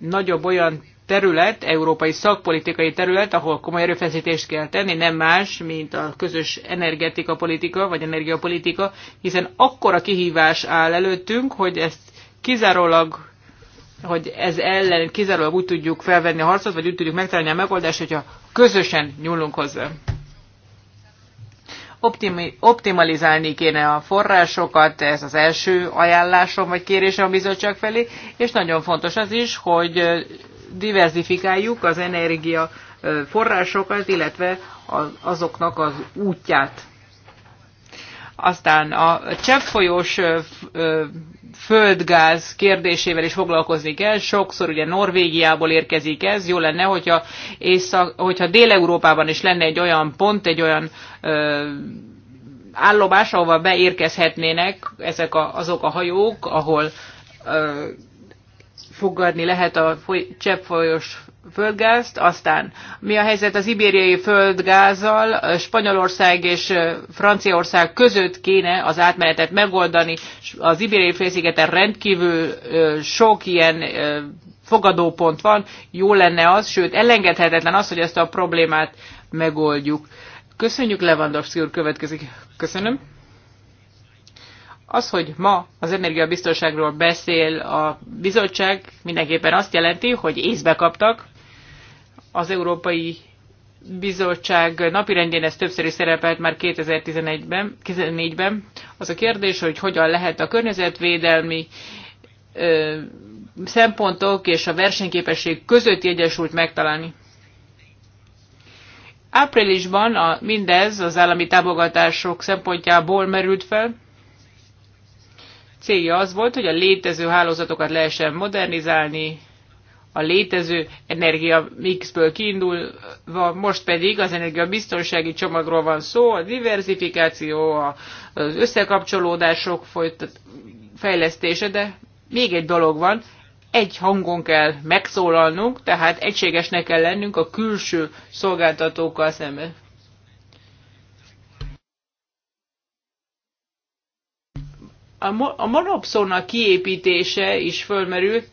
legnagyobb olyan terület, európai szakpolitikai terület, ahol komoly erőfeszítést kell tenni, nem más, mint a közös energetika politika, vagy energiapolitika, hiszen akkora kihívás áll előttünk, hogy ezt kizárólag hogy ez ellen kizárólag úgy tudjuk felvenni a harcot, vagy úgy tudjuk megtalálni a megoldást, hogyha közösen nyúlunk hozzá. Optimi, optimalizálni kéne a forrásokat, ez az első ajánlásom vagy kérésem a bizottság felé, és nagyon fontos az is, hogy diversifikáljuk az energia forrásokat, illetve azoknak az útját. Aztán a cseppfolyós földgáz kérdésével is foglalkozni kell. Sokszor ugye Norvégiából érkezik ez. Jó lenne, hogyha, észak, hogyha Dél-Európában is lenne egy olyan pont, egy olyan ö, állomás, ahova beérkezhetnének ezek a, azok a hajók, ahol ö, fogadni lehet a cseppfolyós földgázt, aztán mi a helyzet az ibériai földgázzal, Spanyolország és Franciaország között kéne az átmenetet megoldani, az ibériai félszigeten rendkívül sok ilyen fogadópont van, jó lenne az, sőt elengedhetetlen az, hogy ezt a problémát megoldjuk. Köszönjük, Lewandowski úr következik. Köszönöm. Az, hogy ma az energiabiztonságról beszél a bizottság, mindenképpen azt jelenti, hogy észbe kaptak. Az Európai Bizottság napirendjén ez többször is szerepelt már 2014-ben. 2014-ben. Az a kérdés, hogy hogyan lehet a környezetvédelmi ö, szempontok és a versenyképesség közötti egyensúlyt megtalálni. Áprilisban a, mindez az állami támogatások szempontjából merült fel, célja az volt, hogy a létező hálózatokat lehessen modernizálni, a létező energia mixből kiindulva, most pedig az energiabiztonsági csomagról van szó, a diversifikáció, az összekapcsolódások folytat, fejlesztése, de még egy dolog van, egy hangon kell megszólalnunk, tehát egységesnek kell lennünk a külső szolgáltatókkal szemben. A, a monopszona kiépítése is fölmerült,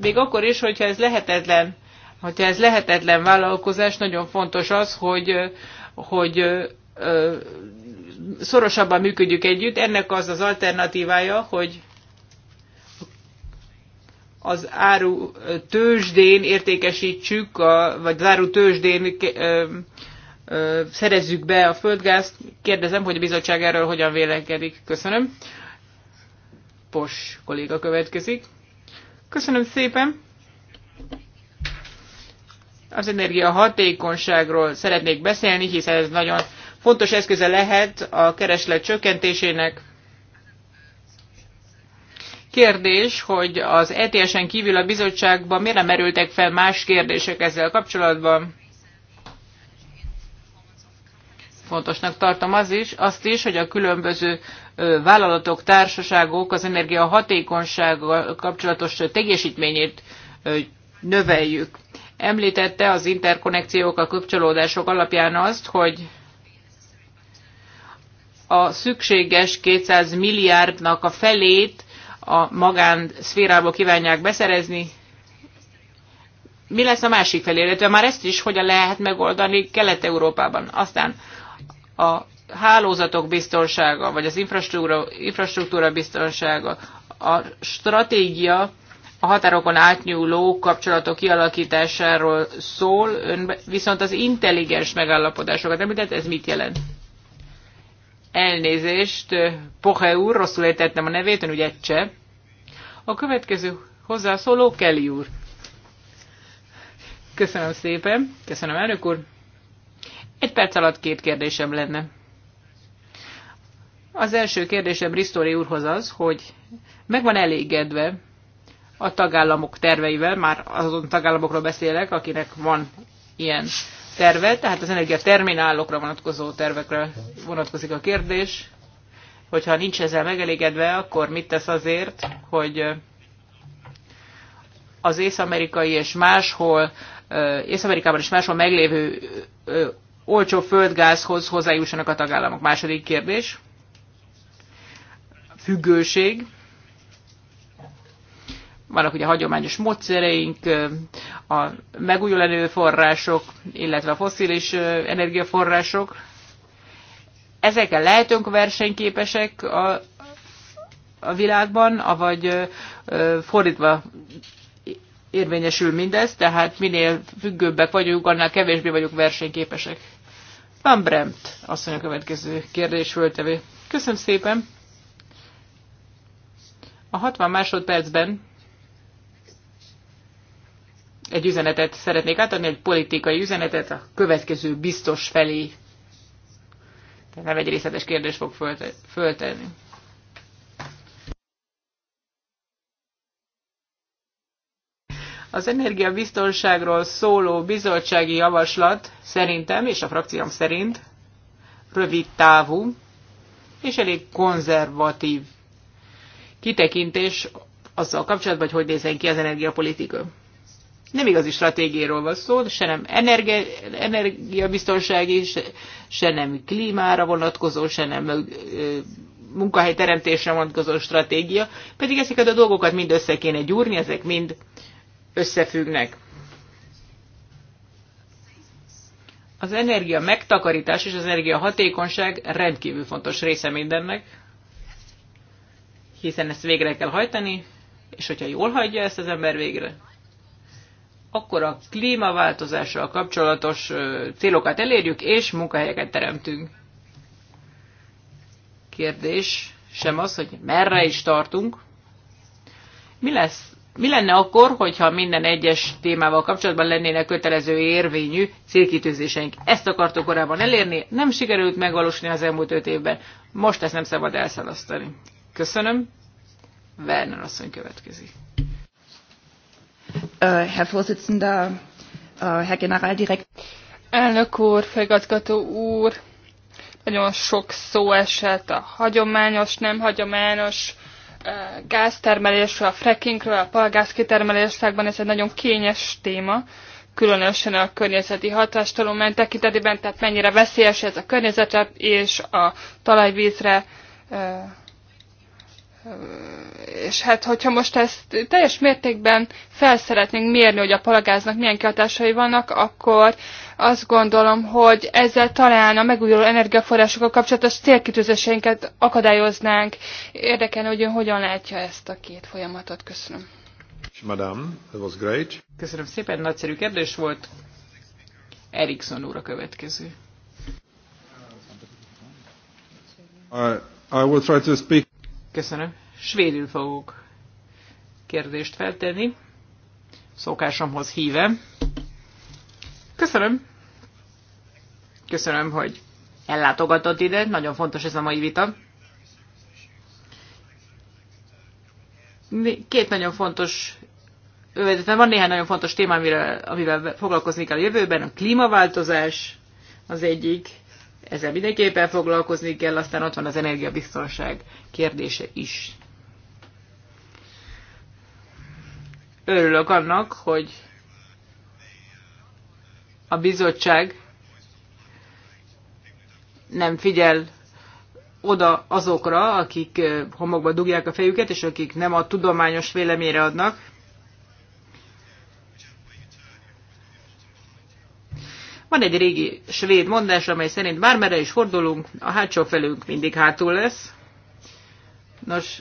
még akkor is, hogyha ez lehetetlen, hogyha ez lehetetlen vállalkozás, nagyon fontos az, hogy, hogy szorosabban működjük együtt. Ennek az az alternatívája, hogy az áru tőzsdén értékesítsük, a, vagy az áru tőzsdén szerezzük be a földgázt. Kérdezem, hogy a bizottság erről hogyan vélekedik. Köszönöm. Pos kolléga következik. Köszönöm szépen. Az energia hatékonyságról szeretnék beszélni, hiszen ez nagyon fontos eszköze lehet a kereslet csökkentésének. Kérdés, hogy az ETS-en kívül a bizottságban miért nem merültek fel más kérdések ezzel kapcsolatban? fontosnak tartom az is, azt is, hogy a különböző vállalatok, társaságok az energia hatékonysággal kapcsolatos tegyesítményét növeljük. Említette az interkonnekciók, a kapcsolódások alapján azt, hogy a szükséges 200 milliárdnak a felét a magán szférából kívánják beszerezni. Mi lesz a másik felé, illetve már ezt is hogyan lehet megoldani Kelet-Európában. Aztán a hálózatok biztonsága, vagy az infrastruktúra, infrastruktúra biztonsága, a stratégia a határokon átnyúló kapcsolatok kialakításáról szól, ön viszont az intelligens megállapodásokat említett, ez mit jelent? Elnézést, eh, Poche úr, rosszul értettem a nevét, ön ugye cse A következő hozzászóló Kelly úr. Köszönöm szépen, köszönöm elnök úr. Egy perc alatt két kérdésem lenne. Az első kérdésem Risztori úrhoz az, hogy megvan elégedve a tagállamok terveivel, már azon tagállamokról beszélek, akinek van ilyen terve, tehát az energiaterminálokra vonatkozó tervekre vonatkozik a kérdés, hogyha nincs ezzel megelégedve, akkor mit tesz azért, hogy az észamerikai és máshol, Észamerikában és máshol meglévő olcsó földgázhoz hozzájussanak a tagállamok. Második kérdés. Függőség. Vannak ugye hagyományos módszereink, a megújuló erőforrások, illetve a foszilis energiaforrások. Ezekkel lehetünk versenyképesek a, a világban, avagy fordítva érvényesül mindez, tehát minél függőbbek vagyunk, annál kevésbé vagyunk versenyképesek. Van Bremt, asszony a következő kérdés föltevő. Köszönöm szépen. A 60 másodpercben egy üzenetet szeretnék átadni, egy politikai üzenetet a következő biztos felé. Tehát nem egy részletes kérdést fog fölte Az energiabiztonságról szóló bizottsági javaslat szerintem és a frakcióm szerint rövid távú és elég konzervatív kitekintés azzal kapcsolatban, hogy hogy nézzen ki az energiapolitika. Nem igazi stratégiáról van szó, se nem energi, energiabiztonsági, se, se nem klímára vonatkozó, se nem ö, munkahelyteremtésre vonatkozó stratégia, pedig ezeket a dolgokat mind össze kéne gyúrni, ezek mind összefüggnek. Az energia megtakarítás és az energia hatékonyság rendkívül fontos része mindennek, hiszen ezt végre kell hajtani, és hogyha jól hagyja ezt az ember végre, akkor a klímaváltozással kapcsolatos célokat elérjük, és munkahelyeket teremtünk. Kérdés sem az, hogy merre is tartunk. Mi lesz mi lenne akkor, hogyha minden egyes témával kapcsolatban lennének kötelező érvényű célkitűzéseink? Ezt akartuk korábban elérni, nem sikerült megvalósítani az elmúlt öt évben. Most ezt nem szabad elszalasztani. Köszönöm. Werner asszony következik. Uh, Herr Vorsitzender, uh, Herr Generaldirektor. Elnök úr, főigazgató úr, nagyon sok szó esett a hagyományos, nem hagyományos gáztermelésről, a frackingről, a palgáz kitermelésről, ez egy nagyon kényes téma, különösen a környezeti hatástalomány tekintetében, tehát mennyire veszélyes ez a környezetre és a talajvízre és hát hogyha most ezt teljes mértékben felszeretnénk mérni, hogy a palagáznak milyen kihatásai vannak, akkor azt gondolom, hogy ezzel talán a megújuló energiaforrásokkal kapcsolatos célkitűzéseinket akadályoznánk. Érdekelne, hogy ön hogyan látja ezt a két folyamatot. Köszönöm. Madame, it was great. Köszönöm szépen, nagyszerű kérdés volt. Erikson úr a következő. I, I will try to speak Köszönöm. Svédül fogok kérdést feltenni. Szokásomhoz híve. Köszönöm. Köszönöm, hogy ellátogatott ide. Nagyon fontos ez a mai vita. Két nagyon fontos van néhány nagyon fontos téma, amivel, amivel foglalkozni kell a jövőben. A klímaváltozás az egyik, ezzel mindenképpen foglalkozni kell, aztán ott van az energiabiztonság kérdése is. Örülök annak, hogy a bizottság nem figyel oda azokra, akik homokba dugják a fejüket, és akik nem a tudományos véleményre adnak. Van egy régi svéd mondás, amely szerint bármere is fordulunk, a hátsó felünk mindig hátul lesz. Nos,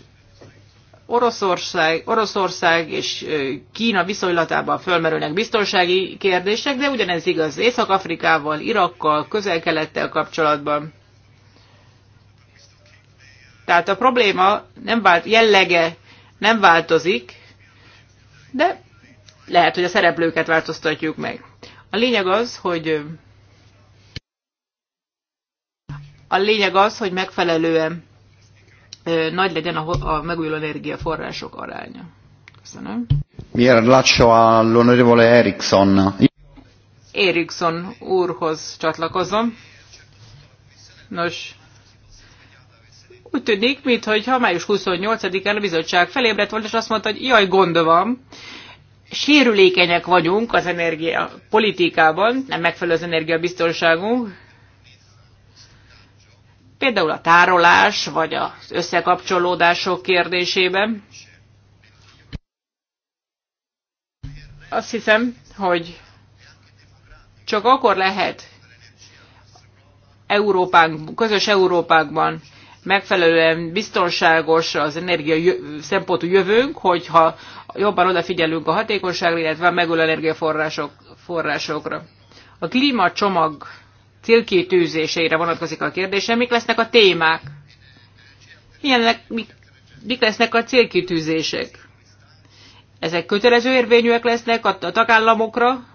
Oroszország, Oroszország és Kína viszonylatában fölmerülnek biztonsági kérdések, de ugyanez igaz Észak-Afrikával, Irakkal, közel-kelettel kapcsolatban. Tehát a probléma nem vált, jellege nem változik, de lehet, hogy a szereplőket változtatjuk meg. A lényeg az, hogy a lényeg az, hogy megfelelően nagy legyen a, a megújuló energiaforrások aránya. Köszönöm. Mi a all'onorevole Eriksson. Eriksson úrhoz csatlakozom. Nos, úgy tűnik, mintha május 28-án a bizottság felébredt volt, és azt mondta, hogy jaj, gond van, sérülékenyek vagyunk az energia politikában, nem megfelelő az energiabiztonságunk, például a tárolás vagy az összekapcsolódások kérdésében. Azt hiszem, hogy csak akkor lehet Európánk, közös Európákban megfelelően biztonságos az energia szempontú jövőnk, hogyha jobban odafigyelünk a hatékonyságra, illetve a megújuló energiaforrások, forrásokra. A klímacsomag célkitűzéseire vonatkozik a kérdése, mik lesznek a témák? Milyenek, mik, mik lesznek a célkitűzések? Ezek kötelező érvényűek lesznek a tagállamokra,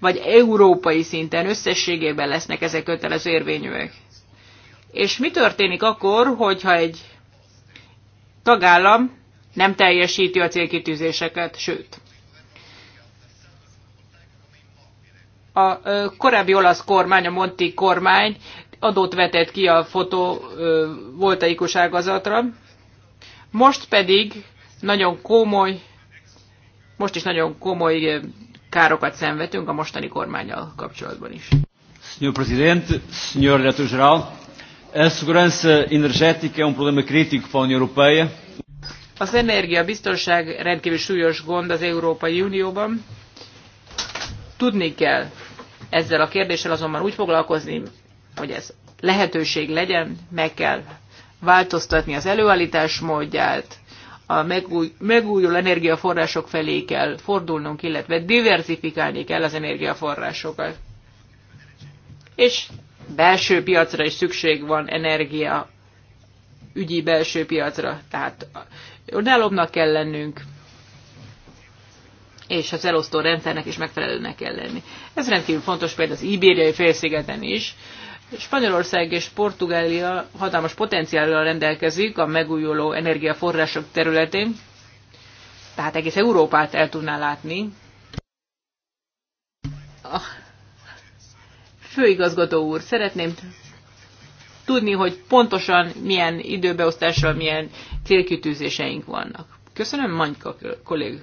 vagy európai szinten összességében lesznek ezek kötelező érvényűek? És mi történik akkor, hogyha egy tagállam nem teljesíti a célkitűzéseket, sőt. A korábbi olasz kormány, a Monti kormány adót vetett ki a fotovoltaikus ágazatra, most pedig nagyon komoly, most is nagyon komoly károkat szenvedünk a mostani kormányal kapcsolatban is. Senhor Presidente, Senhor Diretor-Geral, a segurança energética é um problema a Unió Europeia az energiabiztonság rendkívül súlyos gond az Európai Unióban. Tudni kell ezzel a kérdéssel azonban úgy foglalkozni, hogy ez lehetőség legyen, meg kell változtatni az előállítás módját, a megújuló energiaforrások felé kell fordulnunk, illetve diversifikálni kell az energiaforrásokat. És belső piacra is szükség van energia ügyi belső piacra, tehát önállóbbnak kell lennünk, és az elosztó rendszernek is megfelelőnek kell lenni. Ez rendkívül fontos például az ibériai félszigeten is. Spanyolország és Portugália hatalmas potenciállal rendelkezik a megújuló energiaforrások területén, tehát egész Európát el tudná látni. A főigazgató úr, szeretném tudni, hogy pontosan milyen időbeosztással, milyen célkütőzéseink vannak. Köszönöm, Manyka kollég.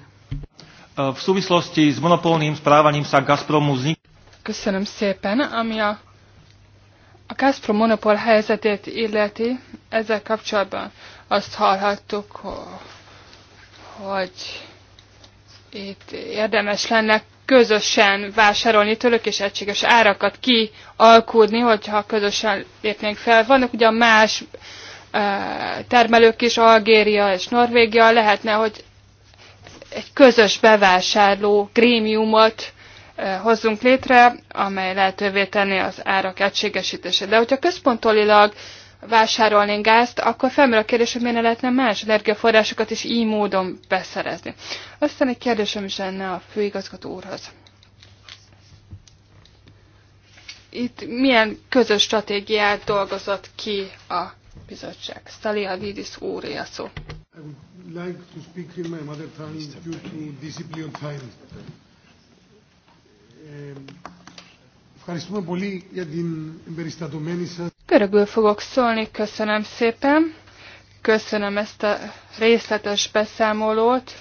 V súvislosti s monopolným správaním sa Gazpromu vznik... Köszönöm szépen, ami a a Gazprom monopól helyzetét illeti, ezzel kapcsolatban azt hallhattuk, hogy itt érdemes lenne közösen vásárolni tőlük, és egységes árakat kialkudni, hogyha közösen lépnénk fel. Vannak ugye más termelők is, Algéria és Norvégia, lehetne, hogy egy közös bevásárló grémiumot hozzunk létre, amely lehetővé tenni az árak egységesítését. De hogyha központulilag vásárolnénk gázt, akkor felmerül a kérdés, hogy miért lehetne más energiaforrásokat is így módon beszerezni. Aztán egy kérdésem is lenne a főigazgató úrhoz. Itt milyen közös stratégiát dolgozott ki a bizottság? Stalia Didis úré a szó. Ehm, ευχαριστούμε πολύ για την εμπεριστατωμένη σας. Görögül fogok szólni, köszönöm szépen. Köszönöm ezt a részletes beszámolót.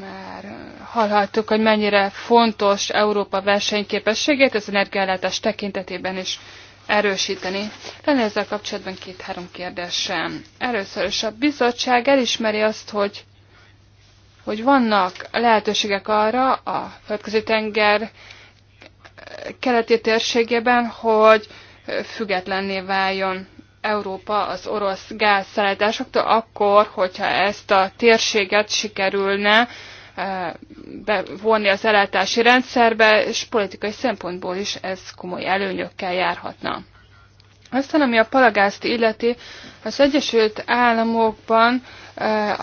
Már hallhattuk, hogy mennyire fontos Európa versenyképességét az energiállátás tekintetében is erősíteni. Lenne ezzel kapcsolatban két-három kérdésem. Először is a bizottság elismeri azt, hogy, hogy vannak lehetőségek arra a földközi tenger keleti térségében, hogy függetlenné váljon Európa az orosz gázszállításoktól, akkor, hogyha ezt a térséget sikerülne eh, bevonni az ellátási rendszerbe, és politikai szempontból is ez komoly előnyökkel járhatna. Aztán, ami a palagázt illeti, az Egyesült Államokban eh,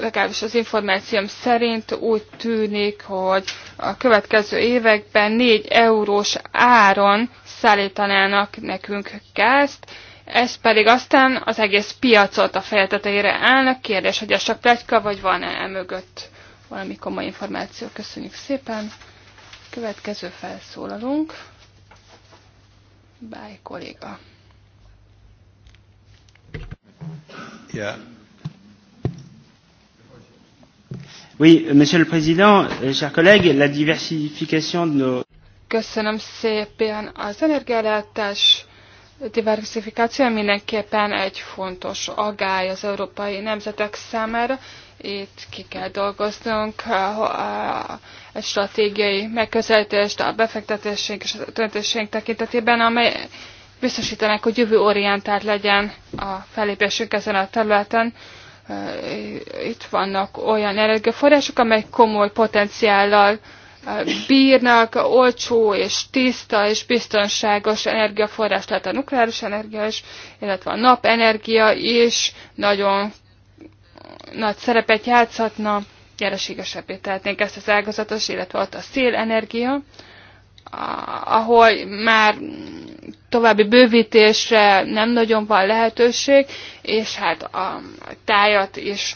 legalábbis az információm szerint úgy tűnik, hogy a következő években 4 eurós áron szállítanának nekünk gázt, ez pedig aztán az egész piacot a fejeteteire állnak. Kérdés, hogy ez csak plegyka, vagy van-e emögött valami komoly információ. Köszönjük szépen. Következő felszólalunk. Báj kolléga. Yeah. Oui, Monsieur le Président, euh, chers collègues, la diversification de nos... Köszönöm szépen. Az energiállátás diversifikáció mindenképpen egy fontos agály az európai nemzetek számára. Itt ki kell dolgoznunk egy stratégiai megközelítést a befektetésünk és a döntésünk tekintetében, amely biztosítanak, hogy jövő orientált legyen a felépésünk ezen a területen itt vannak olyan energiaforrások, amelyek komoly potenciállal bírnak, olcsó és tiszta és biztonságos energiaforrás, tehát a nukleáris energia is, illetve a napenergia is nagyon nagy szerepet játszhatna, nyereségesebbé tehetnénk ezt az ágazatos, illetve ott a szélenergia, ahol már további bővítésre nem nagyon van lehetőség, és hát a tájat is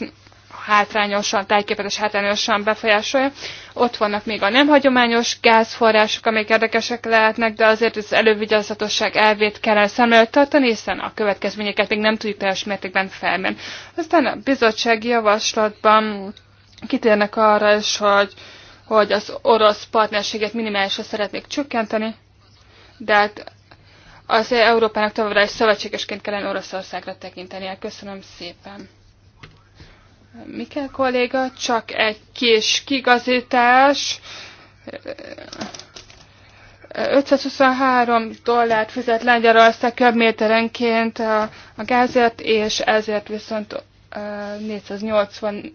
hátrányosan, tájképet is hátrányosan befolyásolja. Ott vannak még a nem hagyományos gázforrások, amik érdekesek lehetnek, de azért az elővigyázatosság elvét kellene szem előtt tartani, hiszen a következményeket még nem tudjuk teljes mértékben felmérni. Aztán a bizottsági javaslatban kitérnek arra is, hogy hogy az orosz partnerséget minimálisra szeretnék csökkenteni, de hát az Európának továbbra is szövetségesként kellene Oroszországra tekintenie. Köszönöm szépen. Mikkel kolléga, csak egy kis kigazítás. 523 dollárt fizet Lengyelország köbméterenként a, a gázért, és ezért viszont 484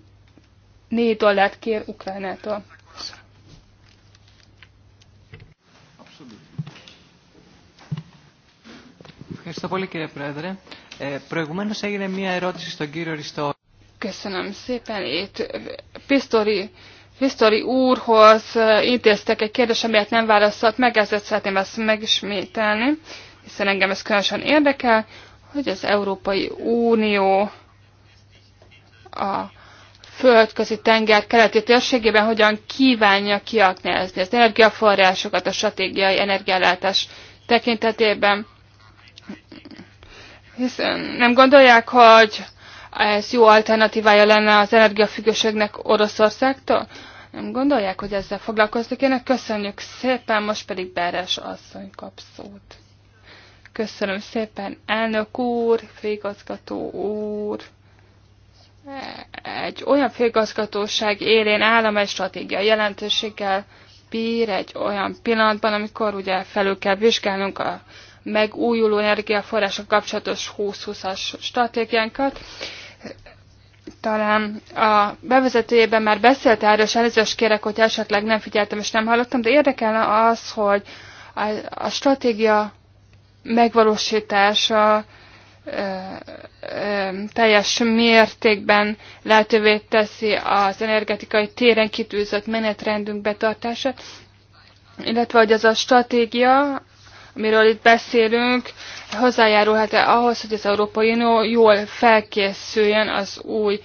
dollárt kér Ukrajnától. Ευχαριστώ πολύ κύριε Πρόεδρε. Ε, προηγουμένως έγινε μία ερώτηση στον κύριο Ριστό. Köszönöm szépen. Itt Pistori, Pistori úrhoz eh, intéztek egy kérdés, amelyet nem válaszolt meg, ezért szeretném ezt megismételni, hiszen engem ez különösen érdekel, hogy az Európai Unió a földközi tenger keleti térségében hogyan kívánja kiaknázni az energiaforrásokat, a stratégiai energiállátás tekintetében. Hiszen nem gondolják, hogy ez jó alternatívája lenne az energiafüggőségnek Oroszországtól? Nem gondolják, hogy ezzel foglalkozni kéne? Köszönjük szépen, most pedig Beres asszony kap szót. Köszönöm szépen, elnök úr, főigazgató úr. Egy olyan főigazgatóság élén állam egy stratégia jelentőséggel bír egy olyan pillanatban, amikor ugye felül kell vizsgálnunk a megújuló energiaforrások kapcsolatos 2020-as stratégiánkat. Talán a bevezetőjében már beszélt erről, és elnézést kérek, hogy esetleg nem figyeltem és nem hallottam, de érdekelne az, hogy a, a stratégia megvalósítása teljes mértékben lehetővé teszi az energetikai téren kitűzött menetrendünk betartását, illetve hogy az a stratégia, amiről itt beszélünk, hozzájárulhat-e ahhoz, hogy az Európai Unió jól felkészüljön az új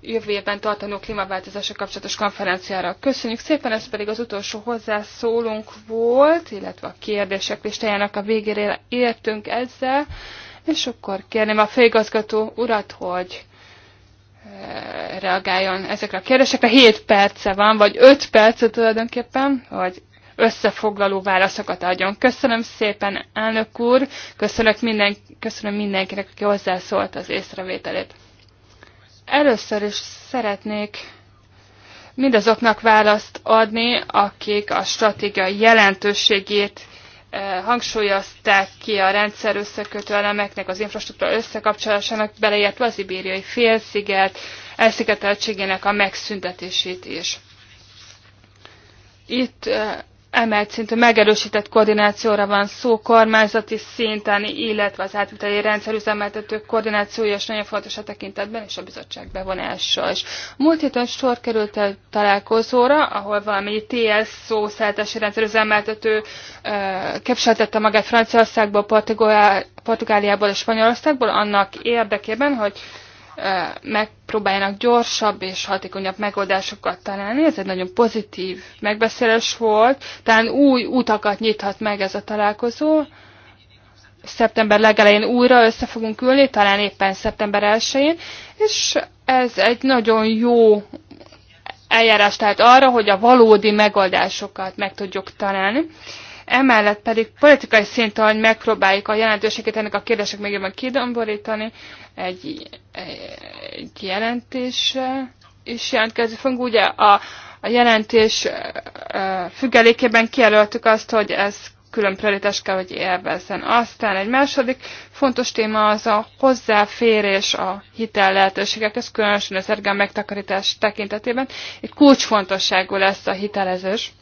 jövő évben tartanó klímaváltozásra kapcsolatos konferenciára. Köszönjük szépen, ez pedig az utolsó hozzászólunk volt, illetve a kérdések listájának a végére értünk ezzel, és akkor kérném a főigazgató urat, hogy eh, reagáljon ezekre a kérdésekre. 7 perce van, vagy 5 perce tulajdonképpen, hogy összefoglaló válaszokat adjon. Köszönöm szépen, elnök úr, köszönök minden, köszönöm mindenkinek, aki hozzászólt az észrevételét. Először is szeretnék mindazoknak választ adni, akik a stratégia jelentőségét eh, hangsúlyozták ki a rendszer összekötő elemeknek, az infrastruktúra összekapcsolásának, beleértve az ibériai félsziget, elszigeteltségének a megszüntetését is. Itt eh, emelt szintű megerősített koordinációra van szó kormányzati szinten, illetve az átviteli üzemeltetők koordinációja is nagyon fontos a tekintetben, és a bizottság bevonása is. Múlt héten sor került el találkozóra, ahol valami TS rendszer rendszerüzemeltető képviseltette magát Franciaországból, Portugáliából és Spanyolországból annak érdekében, hogy megpróbáljanak gyorsabb és hatékonyabb megoldásokat találni. Ez egy nagyon pozitív megbeszélés volt. Talán új utakat nyithat meg ez a találkozó. Szeptember legelején újra össze fogunk ülni, talán éppen szeptember 1-én, és ez egy nagyon jó eljárás, tehát arra, hogy a valódi megoldásokat meg tudjuk találni emellett pedig politikai szinten, hogy megpróbáljuk a jelentőségét ennek a kérdések még jobban kidomborítani, egy, egy jelentés is jelentkezni fogunk. Ugye a, a jelentés függelékében kijelöltük azt, hogy ez külön prioritás kell, hogy élvezzen. Aztán egy második fontos téma az a hozzáférés a hitel lehetőségekhez, különösen az ergen megtakarítás tekintetében. Egy kulcsfontosságú lesz a hitelezés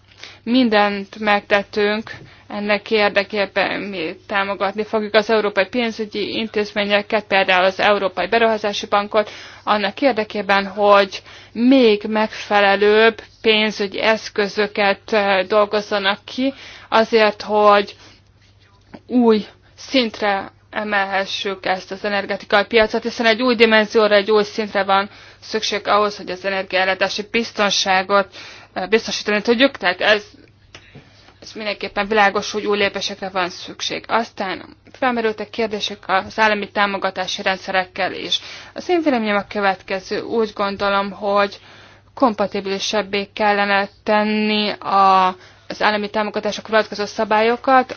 mindent megtettünk ennek érdekében, mi támogatni fogjuk az európai pénzügyi intézményeket, például az Európai Beruházási Bankot, annak érdekében, hogy még megfelelőbb pénzügyi eszközöket eh, dolgozzanak ki, azért, hogy új szintre emelhessük ezt az energetikai piacot, hiszen egy új dimenzióra, egy új szintre van szükség ahhoz, hogy az energiállátási biztonságot biztosítani tudjuk, tehát ez, ez mindenképpen világos, hogy új lépésekre van szükség. Aztán felmerültek kérdések az állami támogatási rendszerekkel is. Az én véleményem a következő. Úgy gondolom, hogy kompatibilisebbé kellene tenni a, az állami támogatások vonatkozó szabályokat,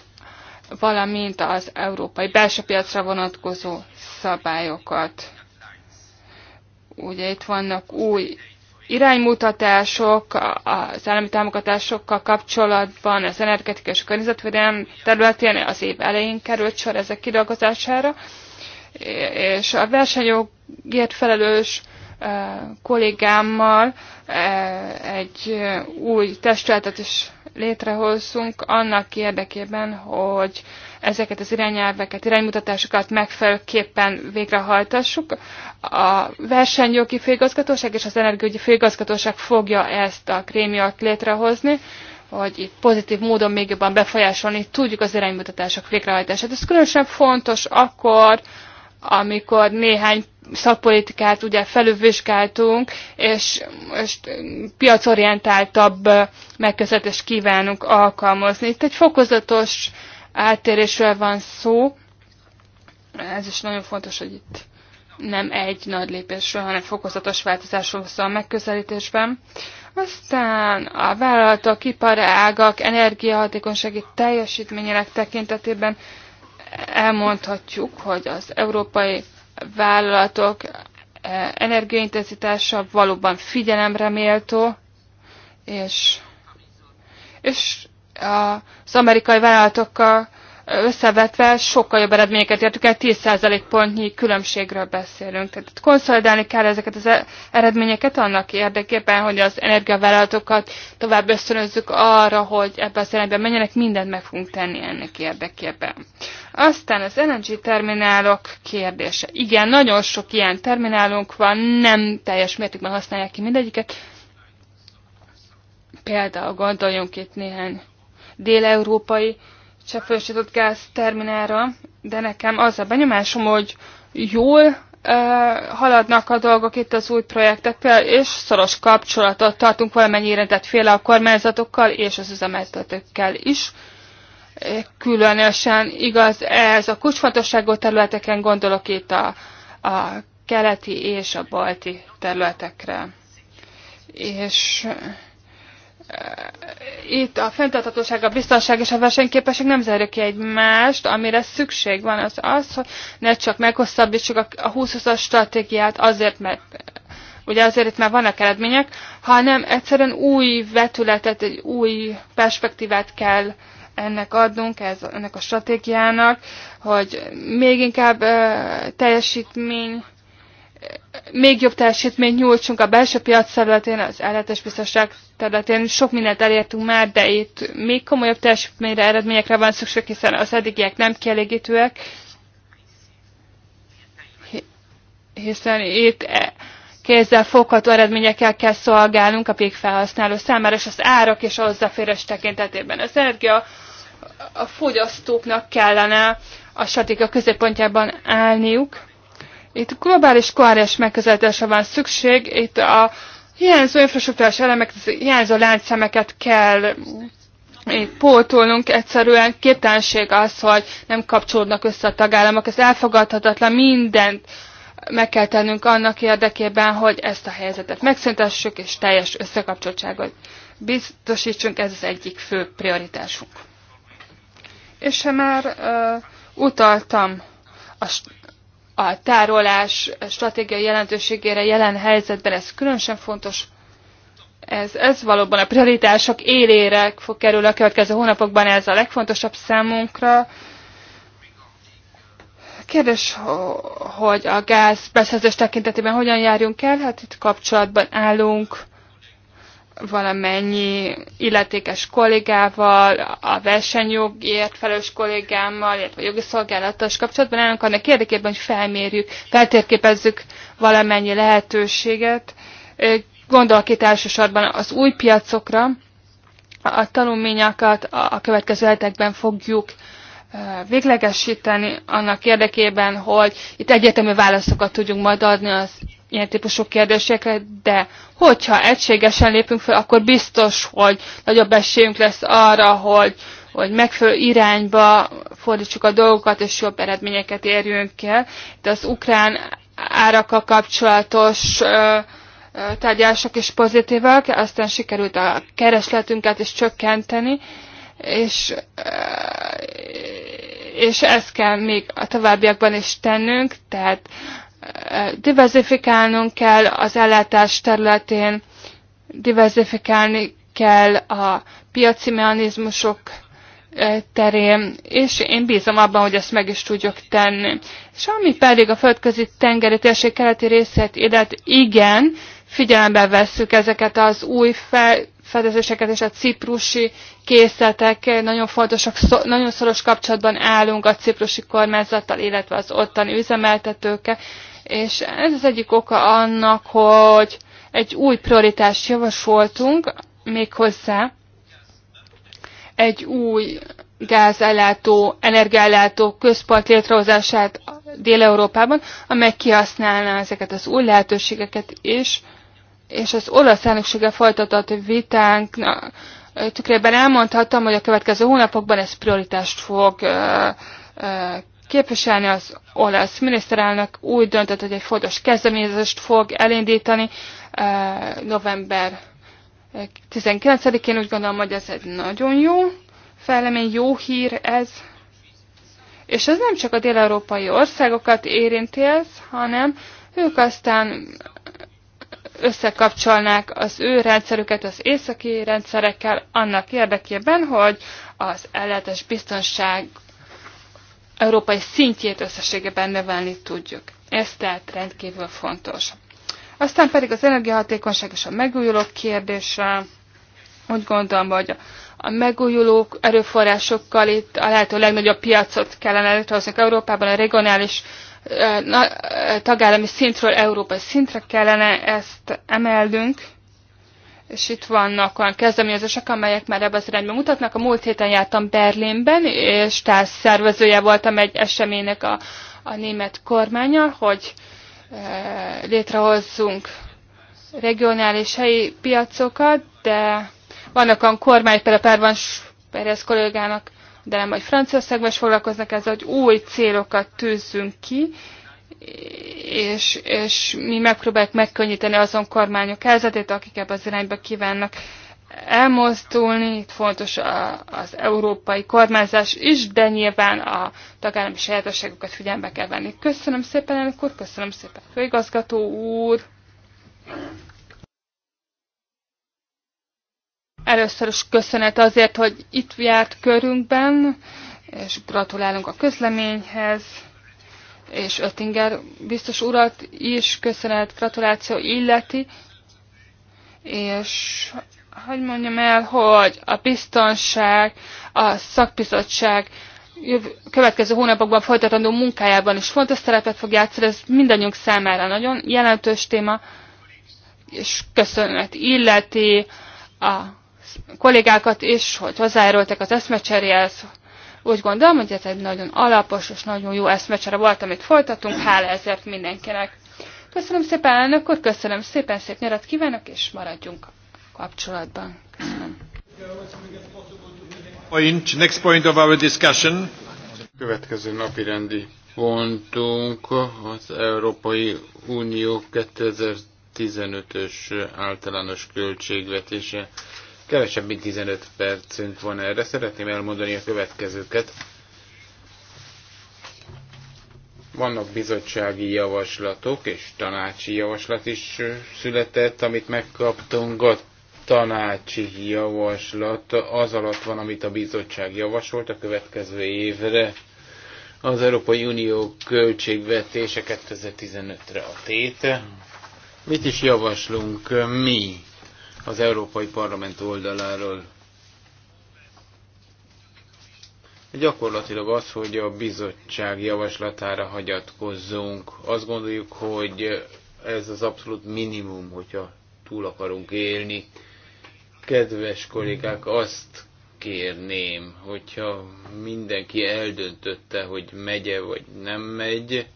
valamint az európai belső piacra vonatkozó szabályokat. Ugye itt vannak új iránymutatások az állami támogatásokkal kapcsolatban az energetikai és környezetvédelem területén az év elején került sor ezek kidolgozására, és a versenyjogért felelős eh, kollégámmal eh, egy eh, új testületet is létrehozzunk annak érdekében, hogy ezeket az irányelveket, iránymutatásokat megfelelőképpen végrehajtassuk. A versenyjogi főigazgatóság és az energiógyi főigazgatóság fogja ezt a krémiat létrehozni, hogy itt pozitív módon még jobban befolyásolni tudjuk az iránymutatások végrehajtását. Ez különösen fontos akkor, amikor néhány szakpolitikát ugye felülvizsgáltunk, és most piacorientáltabb megközelítést kívánunk alkalmazni. Itt egy fokozatos áttérésről van szó. Ez is nagyon fontos, hogy itt nem egy nagy lépésről, hanem fokozatos változásról szól a megközelítésben. Aztán a vállalatok, iparágak, energiahatékonysági teljesítményének tekintetében elmondhatjuk, hogy az európai vállalatok eh, energiaintenzitása valóban figyelemre méltó, és, és az amerikai vállalatokkal összevetve sokkal jobb eredményeket értük el, 10% pontnyi különbségről beszélünk. Tehát konszolidálni kell ezeket az e- eredményeket annak érdekében, hogy az energiavállalatokat tovább ösztönözzük arra, hogy ebbe az irányba menjenek, mindent meg fogunk tenni ennek érdekében. Aztán az LNG terminálok kérdése. Igen, nagyon sok ilyen terminálunk van, nem teljes mértékben használják ki mindegyiket. Például gondoljunk itt néhány déleurópai cseppfősított gáz terminálra, de nekem az a benyomásom, hogy jól haladnak a dolgok itt az új projektekkel, és szoros kapcsolatot tartunk valamennyi érintett féle a kormányzatokkal és az üzemeltetőkkel is különösen igaz ez a kulcsfontosságú területeken, gondolok itt a, a keleti és a balti területekre. És eh, itt a fenntarthatóság, a biztonság és a versenyképesség nem zárja ki egymást, amire szükség van az az, hogy ne csak meghosszabbítsuk a 20-as stratégiát azért, mert ugye azért itt már vannak eredmények, hanem egyszerűen új vetületet, egy új perspektívát kell ennek adnunk, ez, ennek a stratégiának, hogy még inkább teljesítmény, még jobb teljesítményt nyújtsunk a belső piac területén, az biztonság területén. Sok mindent elértünk már, de itt még komolyabb teljesítményre, eredményekre van szükség, hiszen az eddigiek nem kielégítőek, hiszen itt e, kézzel fogható eredményekkel kell szolgálnunk a végfelhasználó számára, és az árak és a hozzáférés tekintetében. Az energia a fogyasztóknak kellene a stratégia középpontjában állniuk. Itt globális koherens megközelítésre van szükség, itt a hiányzó infrastruktúrás elemek, hiányzó láncszemeket kell eh, pótolnunk egyszerűen képtelenség az, hogy nem kapcsolódnak össze a tagállamok. Ez elfogadhatatlan, mindent meg kell tennünk annak érdekében, hogy ezt a helyzetet megszüntessük, és teljes összekapcsoltságot biztosítsunk, ez az egyik fő prioritásunk. És már uh, utaltam a, a tárolás stratégiai jelentőségére jelen helyzetben, ez különösen fontos. Ez, ez valóban a prioritások élére fog kerülni a következő hónapokban, ez a legfontosabb számunkra. Kérdés, hogy a gáz beszerzés tekintetében hogyan járjunk el? Hát itt kapcsolatban állunk valamennyi illetékes kollégával, a versenyjogért felelős kollégámmal, illetve a jogi szolgálattal kapcsolatban állunk annak érdekében, hogy felmérjük, feltérképezzük valamennyi lehetőséget. Gondolok itt elsősorban az új piacokra, a tanulmányokat a következő hetekben fogjuk véglegesíteni annak érdekében, hogy itt egyetemi válaszokat tudjunk majd adni az ilyen típusú kérdésekre, de hogyha egységesen lépünk fel, akkor biztos, hogy nagyobb esélyünk lesz arra, hogy, hogy megfelelő irányba fordítsuk a dolgokat, és jobb eredményeket érjünk el. De az ukrán árakkal kapcsolatos ö, tárgyalások is pozitívak, aztán sikerült a keresletünket is csökkenteni, és, és ezt kell még a továbbiakban is tennünk, tehát diversifikálnunk kell az ellátás területén, diversifikálni kell a piaci mechanizmusok terén, és én bízom abban, hogy ezt meg is tudjuk tenni. És ami pedig a földközi tengeri térség keleti részét illet, igen, figyelembe vesszük ezeket az új fedezéseket és a ciprusi készletek. Nagyon fontosak, nagyon szoros kapcsolatban állunk a ciprusi kormányzattal, illetve az ottani üzemeltetőkkel, és ez az egyik oka annak, hogy egy új prioritást javasoltunk, méghozzá egy új gázellátó, energiaellátó központ létrehozását Dél-Európában, amely kihasználná ezeket az új lehetőségeket is, és az olasz elnöksége folytatott vitánknak tükrében elmondhattam, hogy a következő hónapokban ez prioritást fog képviselni az olasz miniszterelnök úgy döntött, hogy egy fontos kezdeményezést fog elindítani eh, november 19-én. Eh, úgy gondolom, hogy ez egy nagyon jó fejlemény, jó hír ez. És ez nem csak a dél-európai országokat érinti ez, hanem ők aztán összekapcsolnák az ő rendszerüket az északi rendszerekkel annak érdekében, hogy az ellátás biztonság európai szintjét összességében növelni tudjuk. Ez tehát rendkívül fontos. Aztán pedig az energiahatékonyság és a megújulók kérdése. Úgy gondolom, hogy a megújulók erőforrásokkal itt a lehető legnagyobb piacot kellene létrehozni Európában, a regionális tagállami szintről európai szintre kellene ezt emelnünk és itt vannak olyan kezdeményezések, amelyek már ebben az irányban mutatnak. A múlt héten jártam Berlinben, és társ szervezője voltam egy eseménynek a, a német kormánya, hogy e, létrehozzunk regionális helyi piacokat, de vannak olyan kormány, például Pervans Perez kollégának, de nem, hogy Franciaországban is foglalkoznak ezzel, hogy új célokat tűzzünk ki, és, és mi megpróbáljuk megkönnyíteni azon kormányok helyzetét, akik ebbe az irányba kívánnak elmozdulni. Itt fontos a, az európai kormányzás is, de nyilván a tagállami sajátosságokat figyelembe kell venni. Köszönöm szépen, elnök úr, köszönöm szépen, főigazgató úr. Először is köszönet azért, hogy itt járt körünkben, és gratulálunk a közleményhez és Öttinger biztos urat is köszönet, gratuláció illeti, és hogy mondjam el, hogy a biztonság, a szakbizottság következő hónapokban folytatandó munkájában is fontos szerepet fog játszani, ez mindannyiunk számára nagyon jelentős téma, és köszönet illeti a kollégákat is, hogy hozzájárultak az eszmecseréhez, úgy gondolom, hogy ez egy nagyon alapos és nagyon jó eszmecsere volt, amit folytatunk. Hála ezért mindenkinek. Köszönöm szépen, elnök úr, köszönöm szépen, szép nyarat kívánok, és maradjunk kapcsolatban. Köszönöm. Point, next point of our discussion. Következő napi rendi pontunk az Európai Unió 2015-ös általános költségvetése. Kevesebb, mint 15 percünk van erre. Szeretném elmondani a következőket. Vannak bizottsági javaslatok, és tanácsi javaslat is született, amit megkaptunk. A tanácsi javaslat az alatt van, amit a bizottság javasolt a következő évre. Az Európai Unió költségvetése 2015-re a téte. Mit is javaslunk mi? az Európai Parlament oldaláról. Gyakorlatilag az, hogy a bizottság javaslatára hagyatkozzunk. Azt gondoljuk, hogy ez az abszolút minimum, hogyha túl akarunk élni. Kedves kollégák, azt kérném, hogyha mindenki eldöntötte, hogy megye vagy nem megy,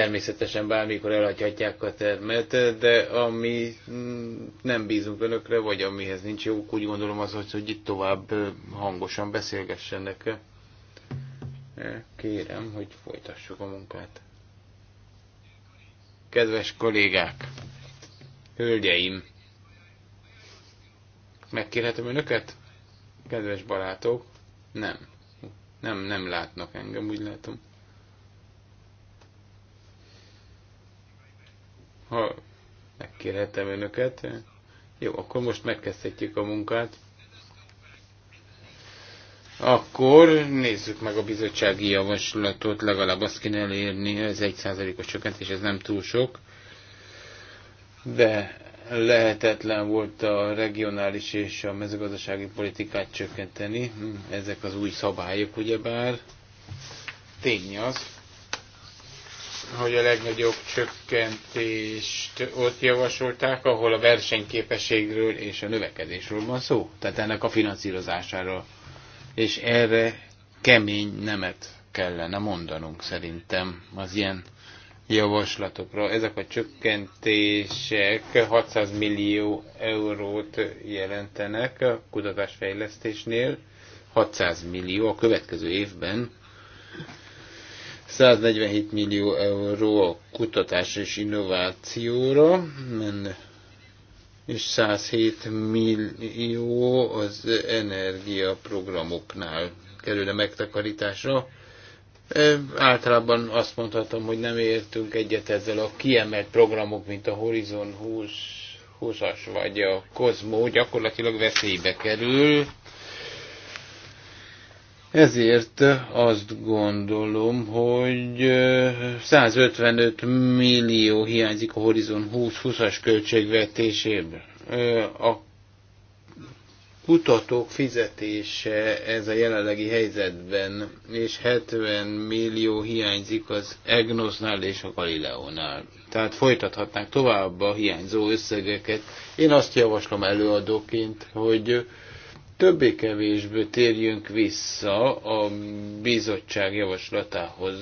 természetesen bármikor elhagyhatják a termet, de ami mm, nem bízunk önökre, vagy amihez nincs jó, úgy gondolom az, hogy itt tovább hangosan beszélgessenek. E, kérem, hogy folytassuk a munkát. Kedves kollégák, hölgyeim, megkérhetem önöket? Kedves barátok, nem. Nem, nem látnak engem, úgy látom. Ha megkérhetem önöket. Jó, akkor most megkezdhetjük a munkát. Akkor nézzük meg a bizottsági javaslatot, legalább azt kéne elérni, ez egy százalékos csökkentés, ez nem túl sok, de lehetetlen volt a regionális és a mezőgazdasági politikát csökkenteni, ezek az új szabályok ugyebár. Tény az, hogy a legnagyobb csökkentést ott javasolták, ahol a versenyképességről és a növekedésről van szó, tehát ennek a finanszírozásáról. És erre kemény nemet kellene mondanunk szerintem az ilyen javaslatokra. Ezek a csökkentések 600 millió eurót jelentenek a kutatásfejlesztésnél, 600 millió a következő évben, 147 millió euró a kutatás és innovációra, és 107 millió az energiaprogramoknál kerülne megtakarításra. Általában azt mondhatom, hogy nem értünk egyet ezzel a kiemelt programok, mint a Horizon 20 20-as vagy a Cosmo, gyakorlatilag veszélybe kerül, ezért azt gondolom, hogy 155 millió hiányzik a Horizon 2020-as költségvetéséből. A kutatók fizetése ez a jelenlegi helyzetben, és 70 millió hiányzik az egnosnál és a Galileónál. Tehát folytathatnánk tovább a hiányzó összegeket. Én azt javaslom előadóként, hogy többé-kevésbé térjünk vissza a bizottság javaslatához.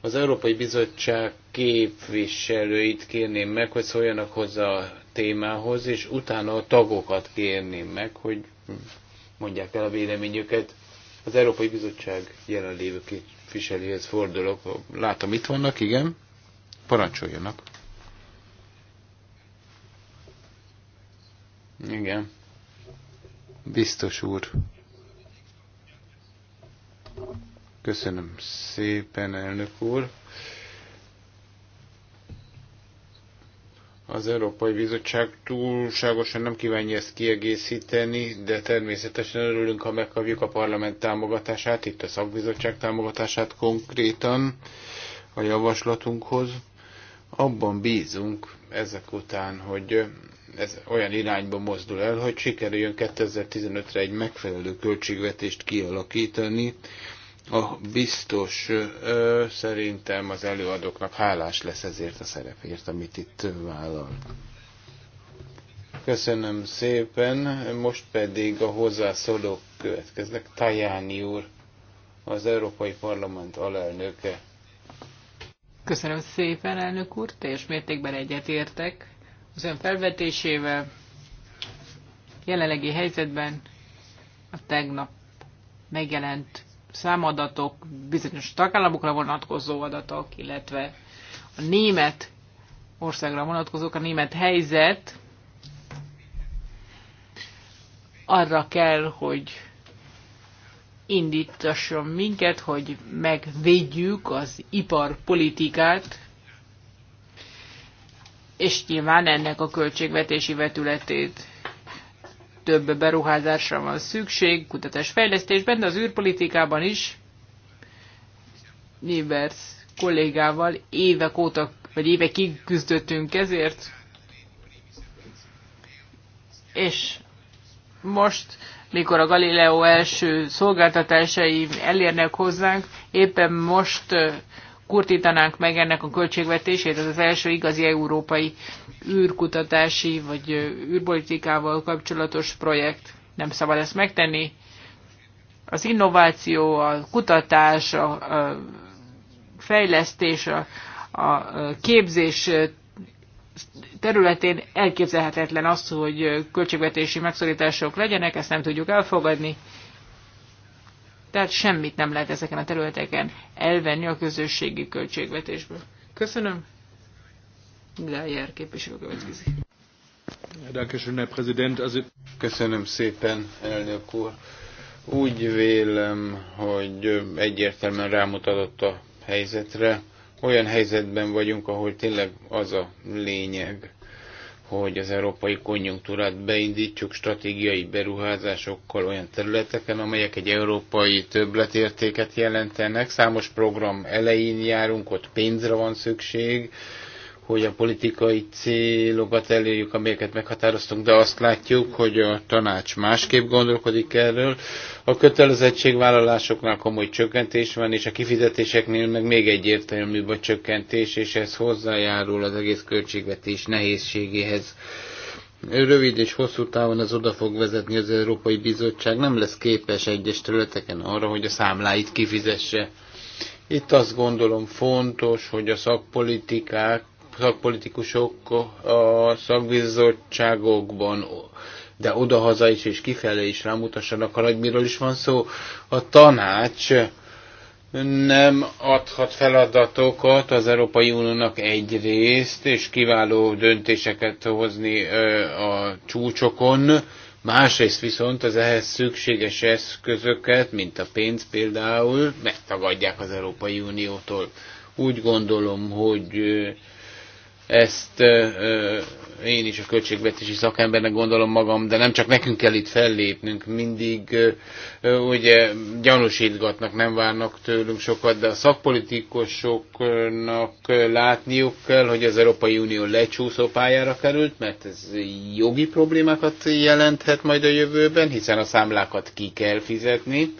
Az Európai Bizottság képviselőit kérném meg, hogy szóljanak hozzá a témához, és utána a tagokat kérném meg, hogy mondják el a véleményüket. Az Európai Bizottság jelenlévő képviselőhez fordulok. Látom, itt vannak, igen. Parancsoljanak. Igen. Biztos úr. Köszönöm szépen, elnök úr. Az Európai Bizottság túlságosan nem kívánja ezt kiegészíteni, de természetesen örülünk, ha megkapjuk a parlament támogatását, itt a szakbizottság támogatását konkrétan a javaslatunkhoz. Abban bízunk, ezek után, hogy ez olyan irányba mozdul el, hogy sikerüljön 2015-re egy megfelelő költségvetést kialakítani. A biztos ö, szerintem az előadóknak hálás lesz ezért a szerepért, amit itt vállal. Köszönöm szépen, most pedig a hozzászólók következnek. Tajáni úr, az Európai Parlament alelnöke. Köszönöm szépen, elnök úr, teljes mértékben egyetértek az ön felvetésével. Jelenlegi helyzetben a tegnap megjelent számadatok, bizonyos tagállamokra vonatkozó adatok, illetve a német országra vonatkozók, a német helyzet arra kell, hogy indítasson minket, hogy megvédjük az iparpolitikát, és nyilván ennek a költségvetési vetületét több beruházásra van szükség, kutatás fejlesztésben, de az űrpolitikában is Nivers kollégával évek óta, vagy évekig küzdöttünk ezért, és most mikor a Galileo első szolgáltatásai elérnek hozzánk, éppen most kurtítanánk meg ennek a költségvetését, ez az első igazi európai űrkutatási vagy űrpolitikával kapcsolatos projekt. Nem szabad ezt megtenni. Az innováció, a kutatás, a fejlesztés, a, a képzés területén elképzelhetetlen az, hogy költségvetési megszorítások legyenek, ezt nem tudjuk elfogadni. Tehát semmit nem lehet ezeken a területeken elvenni a közösségi költségvetésből. Köszönöm. Lejer képviselő következik. Köszönöm szépen, elnök úr. Úgy vélem, hogy egyértelműen rámutatott a helyzetre olyan helyzetben vagyunk, ahol tényleg az a lényeg, hogy az európai konjunktúrát beindítsuk stratégiai beruházásokkal olyan területeken, amelyek egy európai többletértéket jelentenek. Számos program elején járunk, ott pénzre van szükség, hogy a politikai célokat elérjük, amelyeket meghatároztunk, de azt látjuk, hogy a tanács másképp gondolkodik erről. A kötelezettségvállalásoknál komoly csökkentés van, és a kifizetéseknél meg még egyértelműbb a csökkentés, és ez hozzájárul az egész költségvetés nehézségéhez rövid és hosszú távon az oda fog vezetni az Európai Bizottság, nem lesz képes egyes területeken arra, hogy a számláit kifizesse. Itt azt gondolom fontos, hogy a szakpolitikák szakpolitikusok a szakbizottságokban, de odahaza is és kifele is rámutassanak arra, hogy miről is van szó. A tanács nem adhat feladatokat az Európai Uniónak egyrészt, és kiváló döntéseket hozni a csúcsokon, másrészt viszont az ehhez szükséges eszközöket, mint a pénz például, megtagadják az Európai Uniótól. Úgy gondolom, hogy ezt én is a költségvetési szakembernek gondolom magam, de nem csak nekünk kell itt fellépnünk, mindig ugye gyanúsítgatnak, nem várnak tőlünk sokat, de a szakpolitikusoknak látniuk kell, hogy az Európai Unió lecsúszó pályára került, mert ez jogi problémákat jelenthet majd a jövőben, hiszen a számlákat ki kell fizetni,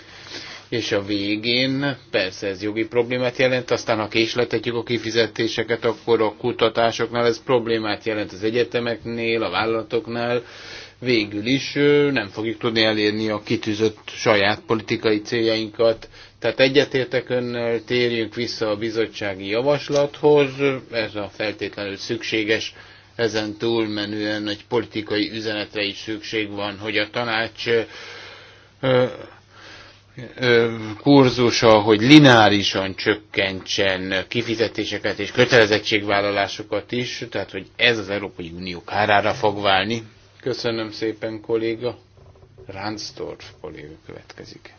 és a végén persze ez jogi problémát jelent, aztán ha késletetjük a kifizetéseket, akkor a kutatásoknál ez problémát jelent az egyetemeknél, a vállalatoknál, végül is nem fogjuk tudni elérni a kitűzött saját politikai céljainkat. Tehát egyetértek önnel, térjünk vissza a bizottsági javaslathoz, ez a feltétlenül szükséges, ezen túlmenően egy politikai üzenetre is szükség van, hogy a tanács kurzusa, hogy lineárisan csökkentsen kifizetéseket és kötelezettségvállalásokat is, tehát hogy ez az Európai Unió kárára fog válni. Köszönöm szépen, kolléga. Ranzdorf kolléga következik.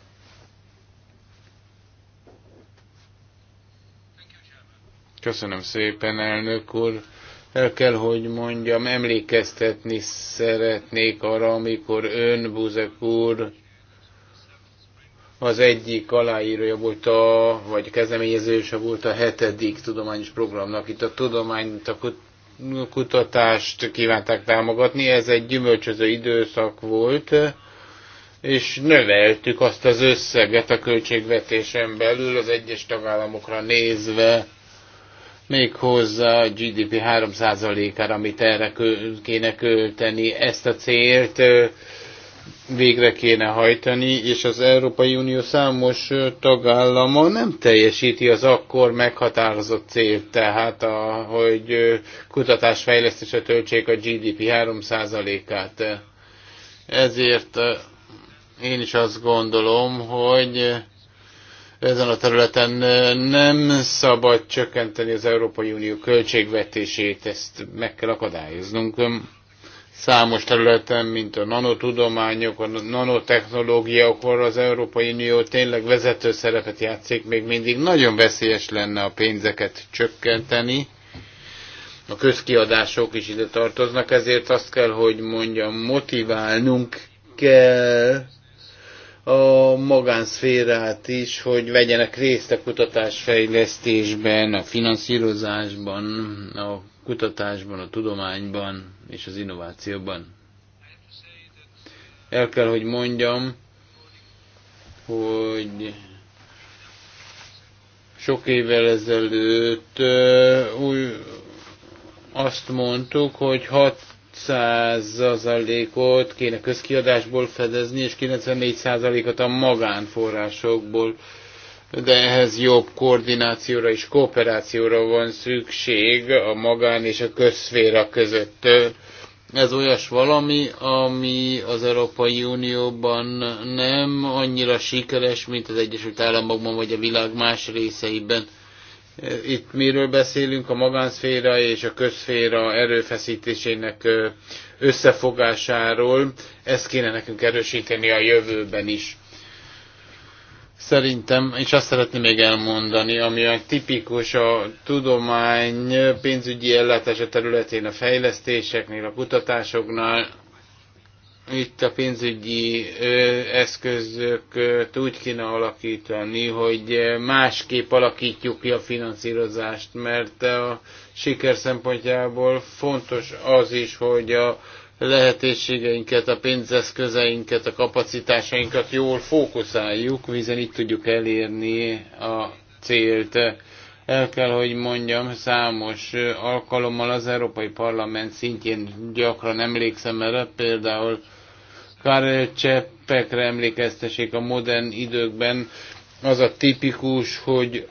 Köszönöm szépen, elnök úr. El kell, hogy mondjam, emlékeztetni szeretnék arra, amikor ön, Buzek úr, az egyik aláírója volt a, vagy kezdeményezőse volt a hetedik tudományos programnak. Itt a tudományt, a kutatást kívánták támogatni. Ez egy gyümölcsöző időszak volt, és növeltük azt az összeget a költségvetésen belül az egyes tagállamokra nézve még hozzá a GDP 3%-ára, amit erre kéne költeni. Ezt a célt végre kéne hajtani, és az Európai Unió számos tagállama nem teljesíti az akkor meghatározott célt, tehát a, hogy kutatásfejlesztésre töltsék a GDP 3%-át. Ezért én is azt gondolom, hogy ezen a területen nem szabad csökkenteni az Európai Unió költségvetését, ezt meg kell akadályoznunk számos területen, mint a nanotudományok, a nanotechnológia, akkor az Európai Unió tényleg vezető szerepet játszik, még mindig nagyon veszélyes lenne a pénzeket csökkenteni. A közkiadások is ide tartoznak, ezért azt kell, hogy mondjam, motiválnunk kell a magánszférát is, hogy vegyenek részt a kutatásfejlesztésben, a finanszírozásban, a kutatásban, a tudományban és az innovációban. El kell, hogy mondjam, hogy sok évvel ezelőtt új, azt mondtuk, hogy 600 ot kéne közkiadásból fedezni, és 94%-ot a magánforrásokból de ehhez jobb koordinációra és kooperációra van szükség a magán és a közszféra között. Ez olyas valami, ami az Európai Unióban nem annyira sikeres, mint az Egyesült Államokban vagy a világ más részeiben. Itt miről beszélünk? A magánszféra és a közszféra erőfeszítésének összefogásáról. Ezt kéne nekünk erősíteni a jövőben is Szerintem, és azt szeretném még elmondani, ami a tipikus a tudomány pénzügyi ellátása területén, a fejlesztéseknél, a kutatásoknál, itt a pénzügyi eszközöket úgy kéne alakítani, hogy másképp alakítjuk ki a finanszírozást, mert a siker szempontjából fontos az is, hogy a lehetőségeinket, a pénzeszközeinket, a kapacitásainkat jól fókuszáljuk, hiszen itt tudjuk elérni a célt. El kell, hogy mondjam, számos alkalommal az Európai Parlament szintjén gyakran emlékszem erre, például Karel Cseppekre emlékeztessék a modern időkben, az a tipikus, hogy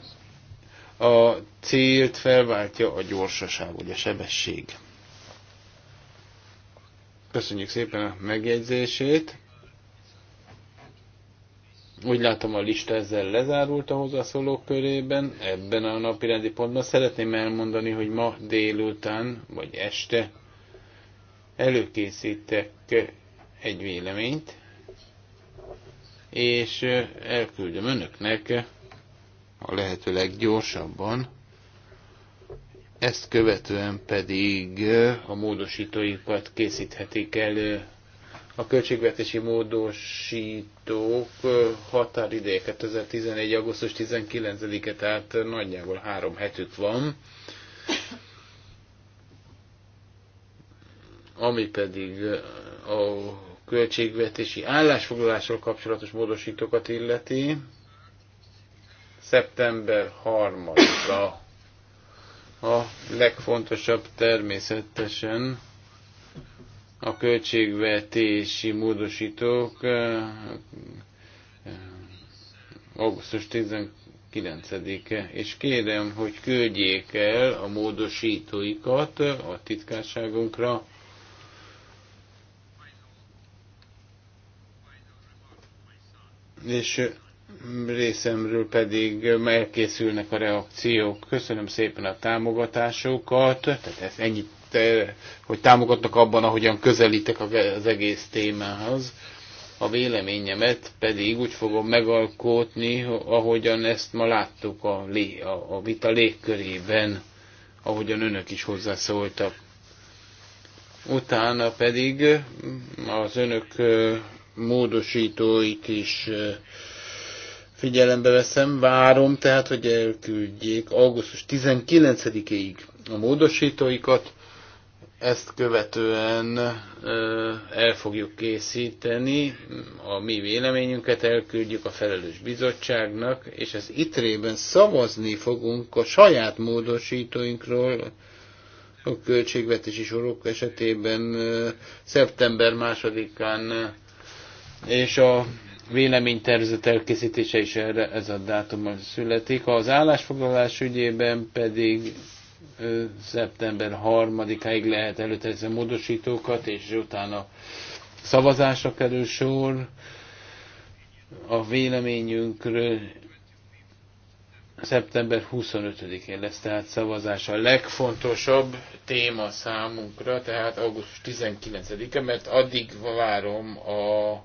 a célt felváltja a gyorsaság vagy a sebesség. Köszönjük szépen a megjegyzését. Úgy látom a lista ezzel lezárult a hozzászólók körében. Ebben a napi rendi pontban szeretném elmondani, hogy ma délután vagy este előkészítek egy véleményt, és elküldöm önöknek a lehető leggyorsabban ezt követően pedig a módosítóikat készíthetik elő. A költségvetési módosítók határideje 2011. augusztus 19-e, tehát nagyjából három hetük van. Ami pedig a költségvetési állásfoglalással kapcsolatos módosítókat illeti, szeptember 3-ra a legfontosabb természetesen a költségvetési módosítók eh, eh, augusztus 19-e, és kérem, hogy küldjék el a módosítóikat a titkárságunkra, és részemről pedig elkészülnek a reakciók. Köszönöm szépen a támogatásokat, tehát ez ennyit, eh, hogy támogatnak abban, ahogyan közelítek az egész témához. A véleményemet pedig úgy fogom megalkotni, ahogyan ezt ma láttuk a, lé, a, a vita légkörében, ahogyan önök is hozzászóltak. Utána pedig az önök eh, módosítóit is eh, figyelembe veszem, várom tehát, hogy elküldjék augusztus 19-ig a módosítóikat, ezt követően el fogjuk készíteni a mi véleményünket, elküldjük a felelős bizottságnak, és ez itrében szavazni fogunk a saját módosítóinkról, a költségvetési sorok esetében szeptember másodikán, és a véleménytervezet elkészítése is erre ez a dátum születik. Az állásfoglalás ügyében pedig ö, szeptember 3-áig lehet előtervezni módosítókat, és utána szavazásra kerül sor. A véleményünkről szeptember 25-én lesz tehát szavazás a legfontosabb téma számunkra, tehát augusztus 19-e, mert addig várom a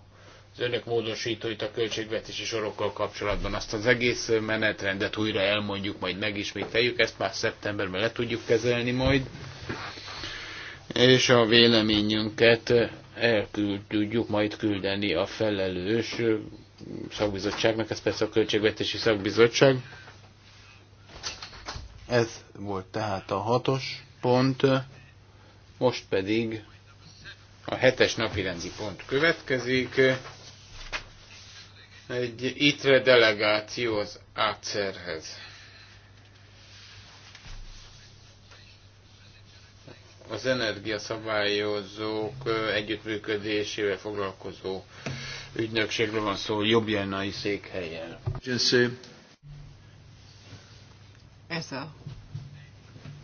az önök módosítóit a költségvetési sorokkal kapcsolatban. Azt az egész menetrendet újra elmondjuk, majd megismételjük, ezt már szeptemberben le tudjuk kezelni majd. És a véleményünket elküldjük majd küldeni a felelős szakbizottságnak, ez persze a költségvetési szakbizottság. Ez volt tehát a hatos pont, most pedig a hetes napirendi pont következik egy ITRE delegáció az ACER-hez. Az energiaszabályozók együttműködésével foglalkozó ügynökségről van szó, jobbjánai székhelyen. Ez a,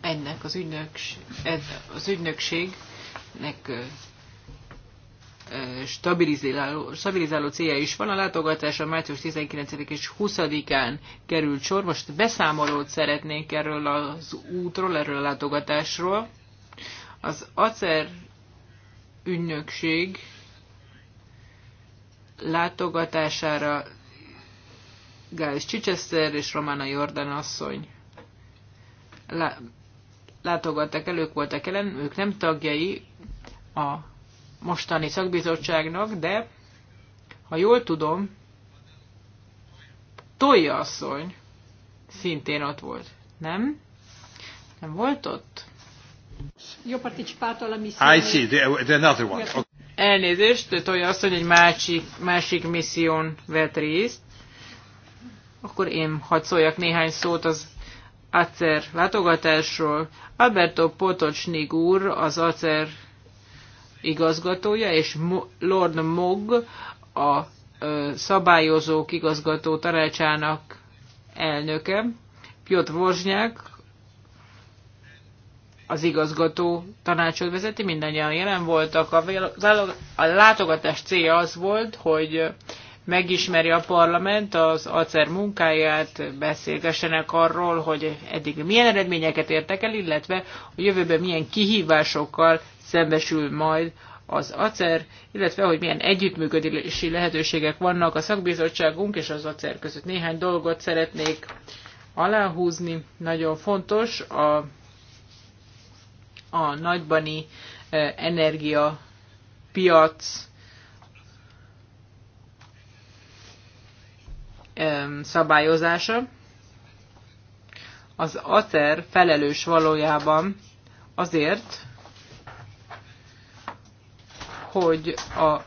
ennek az, ügynöks, ez az ügynökségnek stabilizáló, stabilizáló célja is van. A látogatás a március 19 és 20-án került sor. Most beszámolót szeretnénk erről az útról, erről a látogatásról. Az ACER ügynökség látogatására Gális Csicseszter és Romana Jordan asszony látogattak, elők voltak ellen, ők nem tagjai a mostani szakbizottságnak, de ha jól tudom, Tolja asszony szintén ott volt, nem? Nem volt ott? Jó I see, the, the another one. Okay. Elnézést, Tolja asszony egy másik, másik misszión vett részt. Akkor én hadd szóljak néhány szót az ACER látogatásról. Alberto Potocsnik úr, az ACER igazgatója, és Lord Mog a szabályozók igazgató tanácsának elnöke, Piotr Vorsnyák az igazgató tanácsot vezeti, mindannyian jelen voltak. A, a látogatás célja az volt, hogy megismeri a parlament az ACER munkáját, beszélgessenek arról, hogy eddig milyen eredményeket értek el, illetve a jövőben milyen kihívásokkal szembesül majd az ACER, illetve hogy milyen együttműködési lehetőségek vannak a szakbizottságunk és az ACER között. Néhány dolgot szeretnék aláhúzni. Nagyon fontos a, a nagybani eh, energiapiac szabályozása. Az Ater felelős valójában azért, hogy a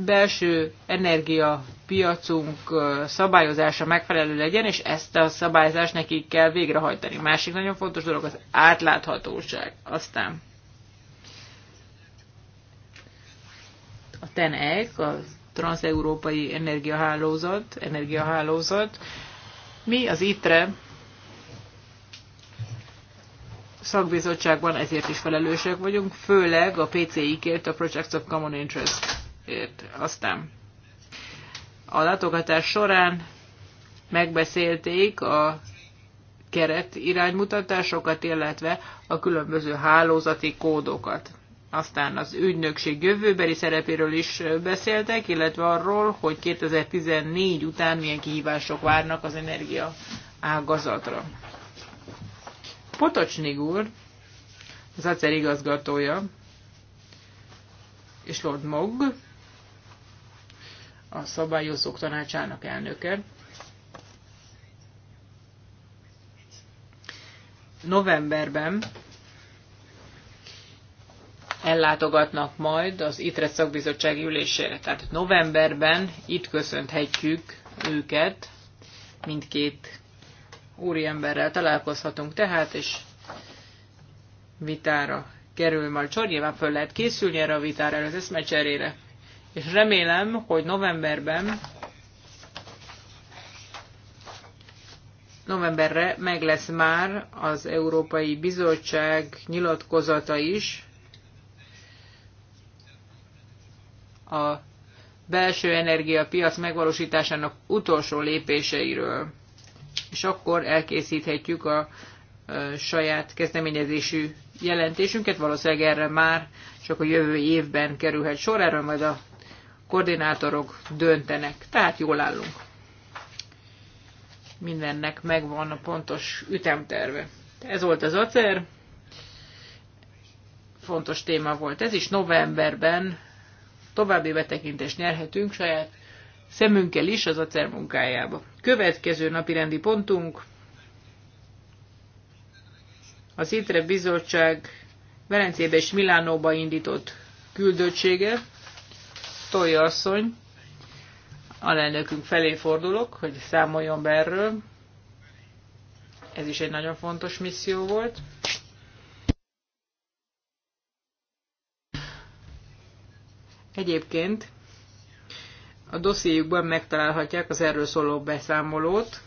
belső energiapiacunk szabályozása megfelelő legyen, és ezt a szabályozást nekik kell végrehajtani. Másik nagyon fontos dolog az átláthatóság. Aztán a TENEK, az transeurópai energiahálózat, energiahálózat. Mi az ITRE szakbizottságban ezért is felelősek vagyunk, főleg a PCI-kért, a Projects of Common Interest-ért. Aztán a látogatás során megbeszélték a keret iránymutatásokat, illetve a különböző hálózati kódokat. Aztán az ügynökség jövőbeli szerepéről is beszéltek, illetve arról, hogy 2014 után milyen kihívások várnak az energia ágazatra. Potocsnig úr, az ACER igazgatója, és Lord Mog, a szabályozók tanácsának elnöke. Novemberben ellátogatnak majd az ITRE szakbizottsági ülésére. Tehát novemberben itt köszönthetjük őket, mindkét úriemberrel találkozhatunk tehát, és vitára kerül majd sor. Nyilván föl lehet készülni erre a vitára, az eszmecserére. És remélem, hogy novemberben novemberre meg lesz már az Európai Bizottság nyilatkozata is, a belső energiapiac megvalósításának utolsó lépéseiről, és akkor elkészíthetjük a saját kezdeményezésű jelentésünket, valószínűleg erre már csak a jövő évben kerülhet sor, erről majd a koordinátorok döntenek. Tehát jól állunk. Mindennek megvan a pontos ütemterve. Ez volt az acer. Fontos téma volt ez is. Novemberben további betekintést nyerhetünk saját szemünkkel is az acer munkájába. Következő napi rendi pontunk az ITRE bizottság Velencébe és Milánóba indított küldöttsége, Tolja asszony, alelnökünk felé fordulok, hogy számoljon be erről. Ez is egy nagyon fontos misszió volt. Egyébként a dossziékban megtalálhatják az erről szóló beszámolót,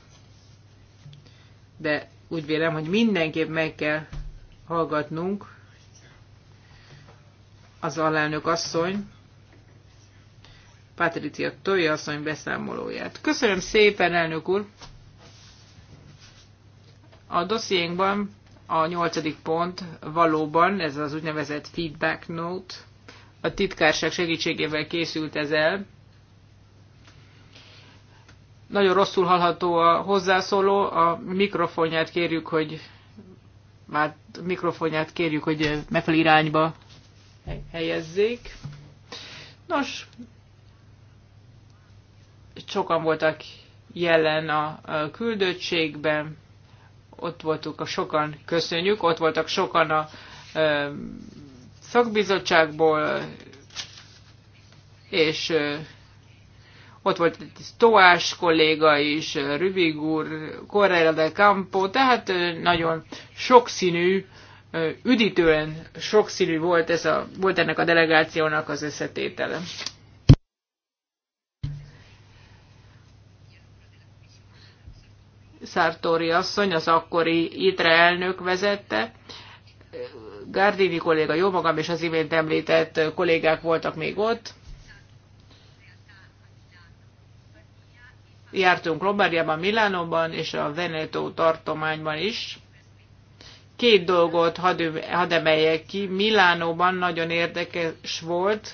de úgy vélem, hogy mindenképp meg kell hallgatnunk az alelnök asszony, Patricia Toy asszony beszámolóját. Köszönöm szépen, elnök úr! A dossziénkban a nyolcadik pont valóban ez az úgynevezett feedback note, a titkárság segítségével készült ez el. Nagyon rosszul hallható a hozzászóló, a mikrofonját kérjük, hogy már mikrofonját kérjük, hogy megfelelő irányba helyezzék. Nos, sokan voltak jelen a küldöttségben, ott voltunk a sokan, köszönjük, ott voltak sokan a szakbizottságból, és ott volt egy Toás kolléga is, Rübig úr, Correa de Campo, tehát nagyon sokszínű, üdítően sokszínű volt, ez a, volt ennek a delegációnak az összetétele. Szártóri asszony, az akkori ITRE elnök vezette, Gardini kolléga, jó magam és az imént említett kollégák voltak még ott. Jártunk Lombardiában, Milánóban és a Veneto tartományban is. Két dolgot hadd, had emeljek ki. Milánóban nagyon érdekes volt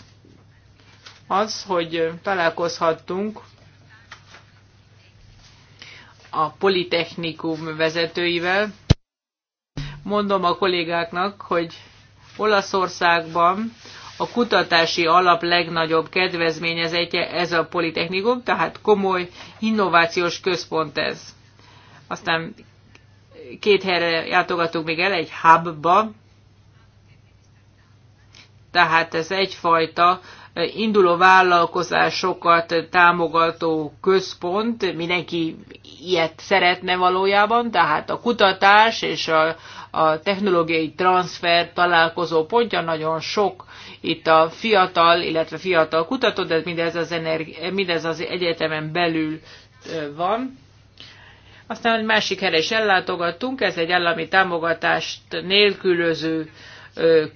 az, hogy találkozhattunk a Politechnikum vezetőivel, mondom a kollégáknak, hogy Olaszországban a kutatási alap legnagyobb egy ez a politechnikum, tehát komoly innovációs központ ez. Aztán két helyre játogatunk még el, egy hubba, tehát ez egyfajta eh, induló vállalkozásokat támogató központ, mindenki ilyet szeretne valójában, tehát a kutatás és a, a technológiai transfer találkozó pontja, nagyon sok itt a fiatal, illetve fiatal kutató, de mindez az, energi- mindez az egyetemen belül van. Aztán egy másik helyre is ellátogattunk, ez egy állami támogatást nélkülöző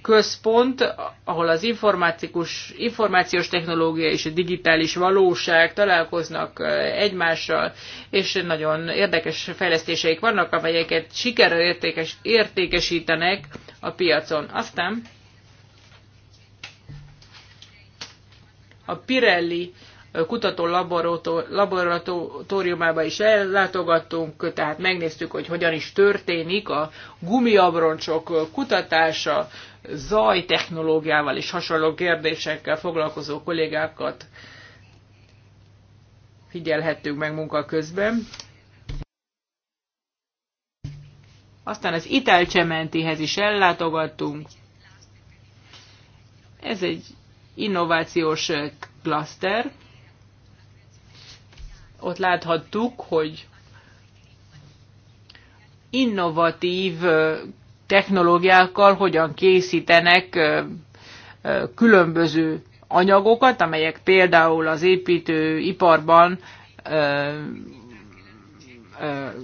központ, ahol az informatikus, információs technológia és a digitális valóság találkoznak egymással, és nagyon érdekes fejlesztéseik vannak, amelyeket sikerrel értékes, értékesítenek a piacon. Aztán a Pirelli kutató laboratóriumába is ellátogattunk, tehát megnéztük, hogy hogyan is történik a gumiabroncsok kutatása, zaj technológiával és hasonló kérdésekkel foglalkozó kollégákat figyelhettük meg munka közben. Aztán az italcsementihez is ellátogattunk. Ez egy innovációs eh, klaszter ott láthattuk, hogy innovatív technológiákkal hogyan készítenek különböző anyagokat, amelyek például az építőiparban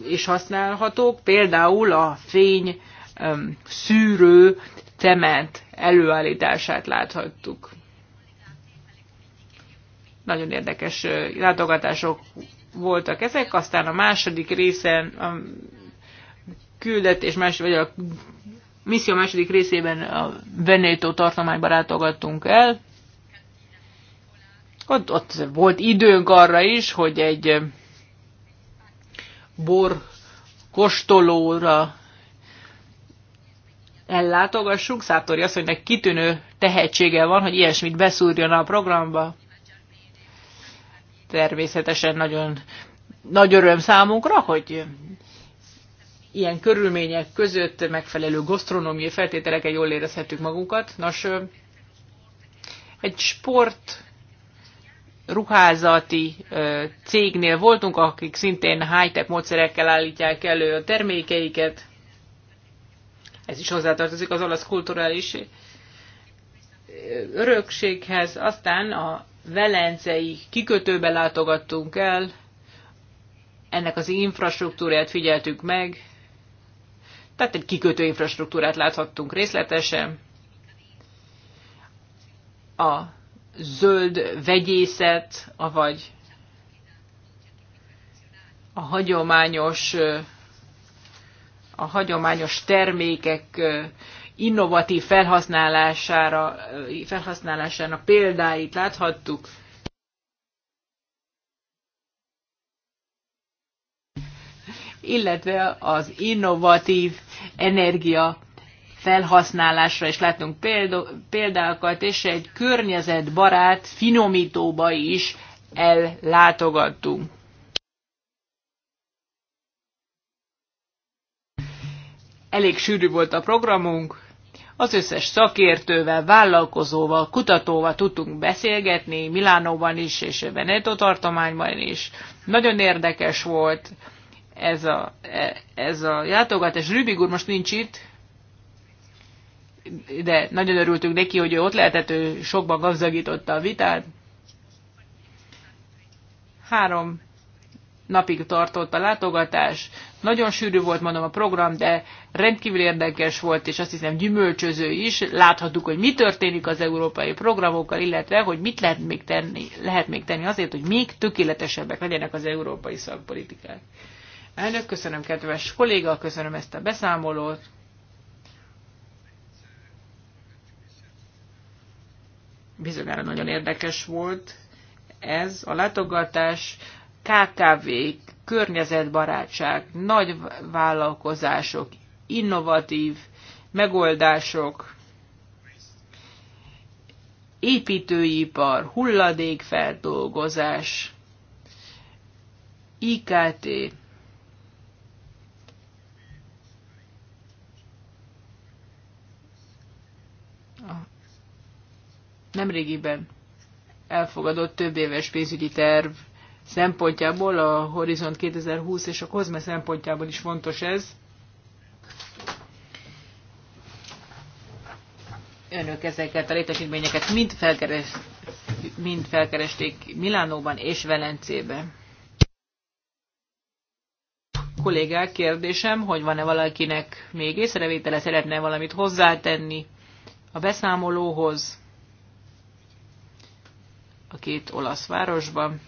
is használhatók, például a fény szűrő cement előállítását láthattuk. Nagyon érdekes látogatások voltak ezek, aztán a második részen a küldetés, más, vagy a misszió második részében a Veneto tartományba látogattunk el. Ott, ott volt időnk arra is, hogy egy bor kostolóra ellátogassunk. Szátori azt mondja, hogy kitűnő tehetsége van, hogy ilyesmit beszúrjon a programba természetesen nagyon nagy öröm számunkra, hogy ilyen körülmények között megfelelő gasztronómiai feltételeken jól érezhetjük magunkat. Nos, egy sport ruházati cégnél voltunk, akik szintén high-tech módszerekkel állítják elő a termékeiket. Ez is hozzátartozik az olasz kulturális örökséghez. Aztán a velencei kikötőbe látogattunk el, ennek az infrastruktúrát figyeltük meg, tehát egy kikötő infrastruktúrát láthattunk részletesen. A zöld vegyészet, avagy a hagyományos, a hagyományos termékek innovatív felhasználására, felhasználásának példáit láthattuk. illetve az innovatív energia felhasználásra is látunk példákat, és egy környezetbarát finomítóba is ellátogattunk. Elég sűrű volt a programunk, az összes szakértővel, vállalkozóval, kutatóval tudtunk beszélgetni, Milánóban is, és Veneto tartományban is. Nagyon érdekes volt ez a, ez a játogatás. Rübig úr most nincs itt, de nagyon örültünk neki, hogy ő ott lehetett, ő sokban gazdagította a vitát. Három napig tartott a látogatás. Nagyon sűrű volt, mondom, a program, de rendkívül érdekes volt, és azt hiszem gyümölcsöző is. Láthattuk, hogy mi történik az európai programokkal, illetve, hogy mit lehet még tenni, lehet még tenni azért, hogy még tökéletesebbek legyenek az európai szakpolitikák. Elnök, köszönöm kedves kolléga, köszönöm ezt a beszámolót. Bizonyára nagyon érdekes volt ez a látogatás kkv környezetbarátság, nagy vállalkozások, innovatív megoldások, építőipar, hulladékfeldolgozás, IKT, nemrégiben elfogadott több éves pénzügyi terv szempontjából, a Horizont 2020 és a COSME szempontjából is fontos ez. Önök ezeket a létesítményeket mind, felkeres, mind felkeresték Milánóban és Velencében. Kollégák, kérdésem, hogy van-e valakinek még észrevétele, szeretne valamit hozzátenni a beszámolóhoz a két olasz városban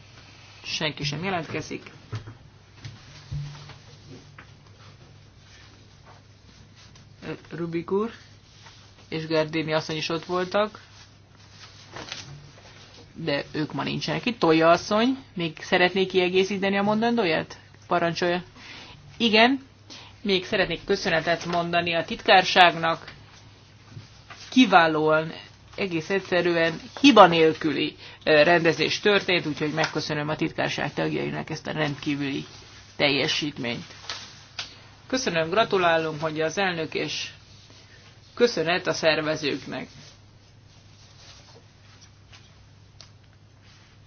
senki sem jelentkezik. Rubik úr és Gerdémi asszony is ott voltak, de ők ma nincsenek itt. Tolja asszony, még szeretnék kiegészíteni a mondandóját? Parancsolja. Igen, még szeretnék köszönetet mondani a titkárságnak. Kiválóan egész egyszerűen hiba nélküli rendezés történt, úgyhogy megköszönöm a titkárság tagjainak ezt a rendkívüli teljesítményt. Köszönöm, gratulálunk, mondja az elnök, és köszönet a szervezőknek.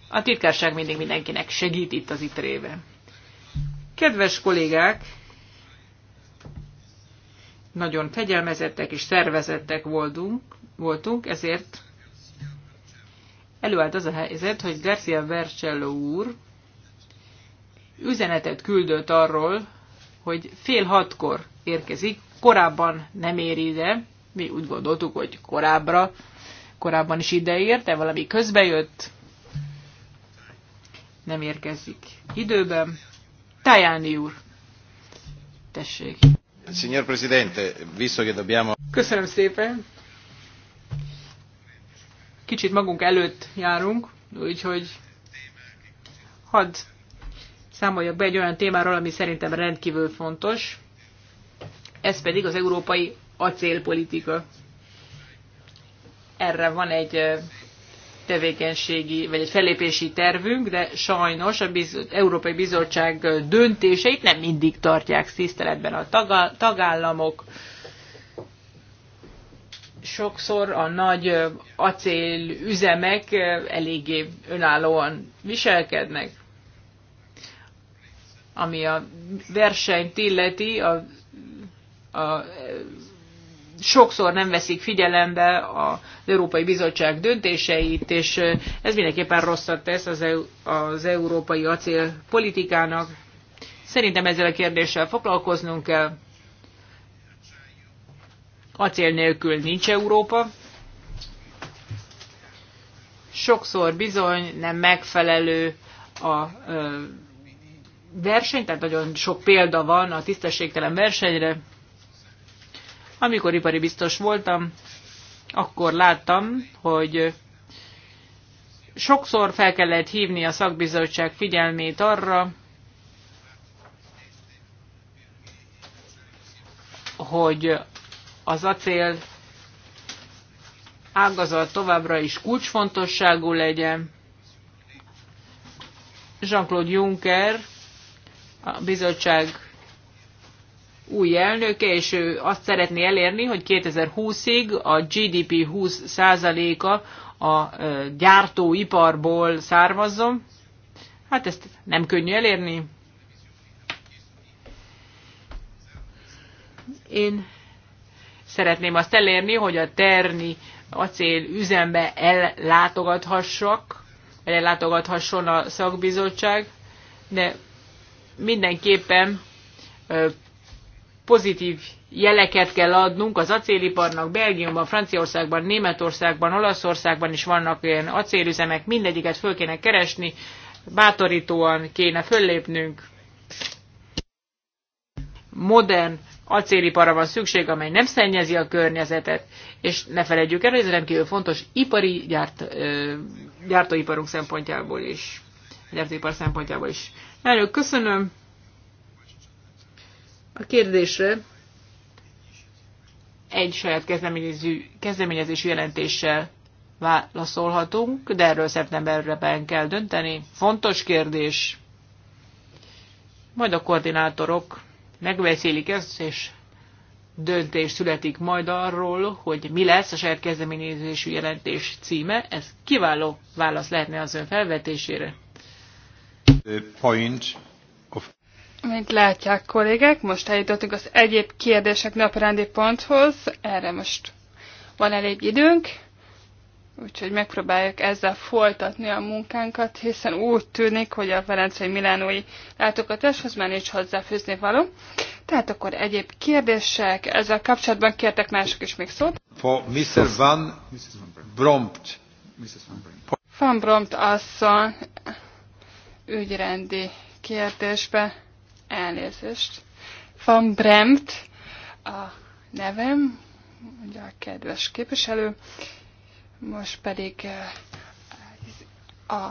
A titkárság mindig mindenkinek segít itt az itrében. Kedves kollégák, nagyon fegyelmezettek és szervezettek voltunk, voltunk, ezért előállt az a helyzet, hogy Garcia Vercello úr üzenetet küldött arról, hogy fél hatkor érkezik, korábban nem ér ide, mi úgy gondoltuk, hogy korábbra, korábban is ide ért, de valami jött, nem érkezik időben. Tajáni úr, tessék. Signor Presidente, visto che dobbiamo... Köszönöm szépen kicsit magunk előtt járunk, úgyhogy hadd számoljak be egy olyan témáról, ami szerintem rendkívül fontos, ez pedig az európai acélpolitika. Erre van egy tevékenységi, vagy egy felépési tervünk, de sajnos az Biz Európai Bizottság döntéseit nem mindig tartják tiszteletben a tagállamok, sokszor a nagy acél üzemek eléggé önállóan viselkednek. Ami a versenyt illeti, a, a, sokszor nem veszik figyelembe az Európai Bizottság döntéseit, és ez mindenképpen rosszat tesz az, az európai acélpolitikának. Szerintem ezzel a kérdéssel foglalkoznunk kell Acél nélkül nincs Európa. Sokszor bizony nem megfelelő a verseny, tehát nagyon sok példa van a tisztességtelen versenyre. Amikor ipari biztos voltam, akkor láttam, hogy sokszor fel kellett hívni a szakbizottság figyelmét arra, hogy az acél ágazat továbbra is kulcsfontosságú legyen. Jean-Claude Juncker, a bizottság új elnöke, és ő azt szeretné elérni, hogy 2020-ig a GDP 20%-a a gyártóiparból származzon. Hát ezt nem könnyű elérni. Én Szeretném azt elérni, hogy a Terni acél üzembe ellátogathassak, ellátogathasson a szakbizottság, de mindenképpen pozitív jeleket kell adnunk az acéliparnak. Belgiumban, Franciaországban, Németországban, Olaszországban is vannak ilyen acélüzemek, mindegyiket föl kéne keresni, bátorítóan kéne föllépnünk. Modern acélipara van szükség, amely nem szennyezi a környezetet, és ne felejtjük el, ez rendkívül fontos ipari gyárt, gyártóiparunk szempontjából is, gyártóipar szempontjából is. Nagyon köszönöm a kérdésre. Egy saját kezdeményező, kezdeményezésű jelentéssel válaszolhatunk, de erről szeptemberben kell dönteni. Fontos kérdés. Majd a koordinátorok megbeszélik ezt, és döntés születik majd arról, hogy mi lesz a saját kezdeményezésű jelentés címe. Ez kiváló válasz lehetne az ön felvetésére. The point of... Mint látják kollégák, most eljutottunk az egyéb kérdések naprendi ponthoz. Erre most van elég időnk. Úgyhogy megpróbáljuk ezzel folytatni a munkánkat, hiszen úgy tűnik, hogy a velencei milánói látogatáshoz már nincs hozzáfűzni való. Tehát akkor egyéb kérdések, ezzel kapcsolatban kértek mások is még szót. For Mr. Van Brompt. Van Brompt asszony ügyrendi kérdésbe elnézést. Van Brempt a nevem, ugye a kedves képviselő. Most pedig eh, a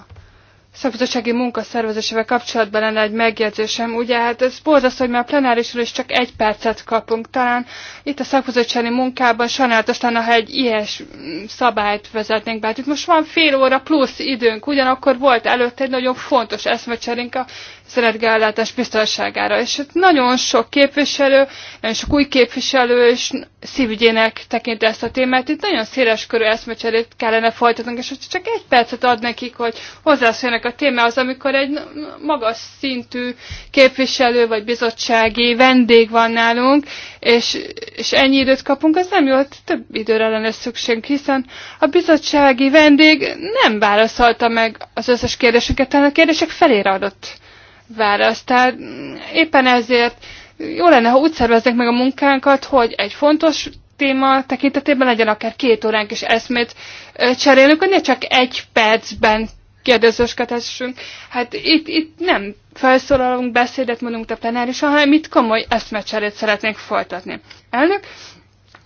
szabadsági munka szervezésével kapcsolatban lenne egy megjegyzésem. Ugye hát ez borzasztó, hogy már a plenárisról is csak egy percet kapunk. Talán itt a szakbizottsági munkában sajnálatos lenne, ha egy ilyes szabályt vezetnénk be. Hát itt most van fél óra plusz időnk, ugyanakkor volt előtte egy nagyon fontos eszmecserénk a energiállátás biztonságára. És itt hát nagyon sok képviselő, nagyon sok új képviselő és szívügyének tekint ezt a témát. Itt nagyon széles körű eszmecserét kellene folytatnunk, és hogy csak egy percet ad nekik, hogy hozzászóljanak a témához, amikor egy magas szintű képviselő vagy bizottsági vendég van nálunk, és, és ennyi időt kapunk, az nem jó, hogy hát több időre lenne szükségünk, hiszen a bizottsági vendég nem válaszolta meg az összes kérdéseket, hanem a kérdések felére adott választ. Tehát éppen ezért jó lenne, ha úgy szerveznek meg a munkánkat, hogy egy fontos téma tekintetében legyen akár két óránk is eszmét cserélünk, hogy ne csak egy percben kérdezősködhessünk. Hát itt, itt nem felszólalunk, beszédet mondunk a plenárisan, hanem itt komoly eszmecserét szeretnénk folytatni. Elnök,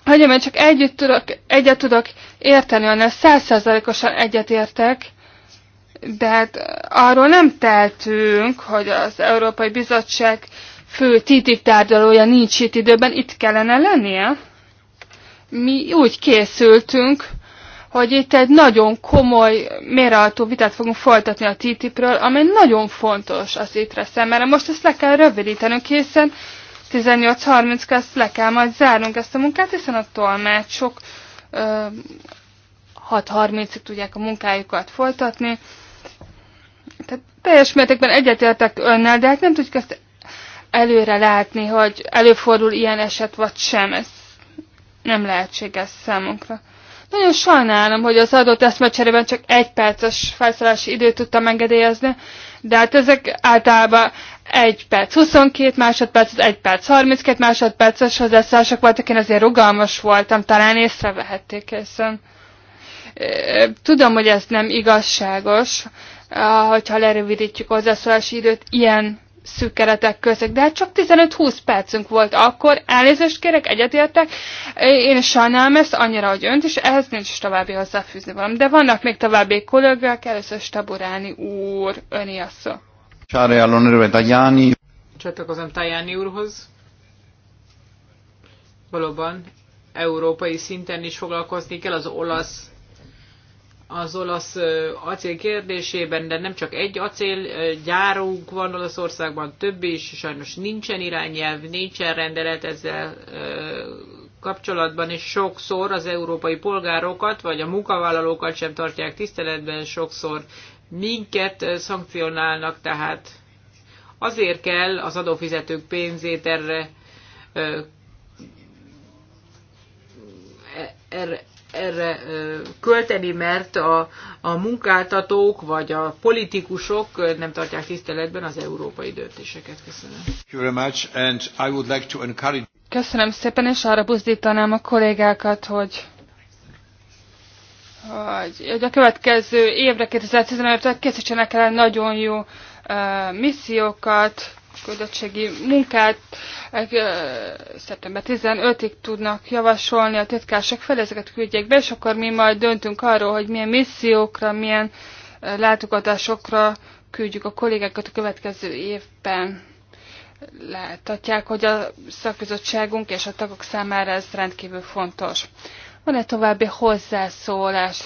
hogy én csak együtt tudok, egyet tudok érteni, annál százszerzalékosan egyet értek, de hát arról nem teltünk, hogy az Európai Bizottság fő TTIP tárgyalója nincs itt időben, itt kellene lennie. Mi úgy készültünk, hogy itt egy nagyon komoly, méreható vitát fogunk folytatni a TTIP-ről, amely nagyon fontos az étre mert Most ezt le kell rövidítenünk, hiszen 18.30-kor ezt le kell majd zárnunk ezt a munkát, hiszen a tolmácsok 6.30-ig tudják a munkájukat folytatni. Tehát teljes mértékben egyetértek önnel, de hát nem tudjuk ezt előre látni, hogy előfordul ilyen eset vagy sem. Ez nem lehetséges számunkra. Nagyon sajnálom, hogy az adott eszmecserében csak egy perces felszállási időt tudtam engedélyezni, de hát ezek általában 1 perc 22 másodperc, az 1 perc 32 másodperces hozzászások voltak, én azért rugalmas voltam, talán észrevehették hiszen. Tudom, hogy ez nem igazságos, Ah, hogyha lerövidítjük a hozzászólási időt, ilyen szűk keretek között, de hát csak 15-20 percünk volt akkor, elnézést kérek, egyetértek, én sajnálom ezt annyira, hogy önt, és ehhez nincs is további hozzáfűzni valam, de vannak még további kollégák, először Staburáni úr, öni a szó. Csatlakozom Tajáni úrhoz. Valóban európai szinten is foglalkozni kell az olasz az olasz acél kérdésében, de nem csak egy gyárunk van Olaszországban, több is, sajnos nincsen irányelv, nincsen rendelet ezzel kapcsolatban, és sokszor az európai polgárokat, vagy a munkavállalókat sem tartják tiszteletben, sokszor minket szankcionálnak, tehát azért kell az adófizetők pénzét erre, e, erre erre költeni, mert a, a munkáltatók vagy a politikusok nem tartják tiszteletben az európai döntéseket. Köszönöm. Köszönöm szépen, és arra buzdítanám a kollégákat, hogy hogy, hogy a következő évre, 2015-re készítsenek el nagyon jó uh, missziókat, küldöttségi munkát eh, szeptember 15-ig tudnak javasolni a titkások fel, ezeket küldjék be, és akkor mi majd döntünk arról, hogy milyen missziókra, milyen eh, látogatásokra küldjük a kollégákat a következő évben. Láthatják, hogy a szakbizottságunk és a tagok számára ez rendkívül fontos. Van-e további hozzászólás?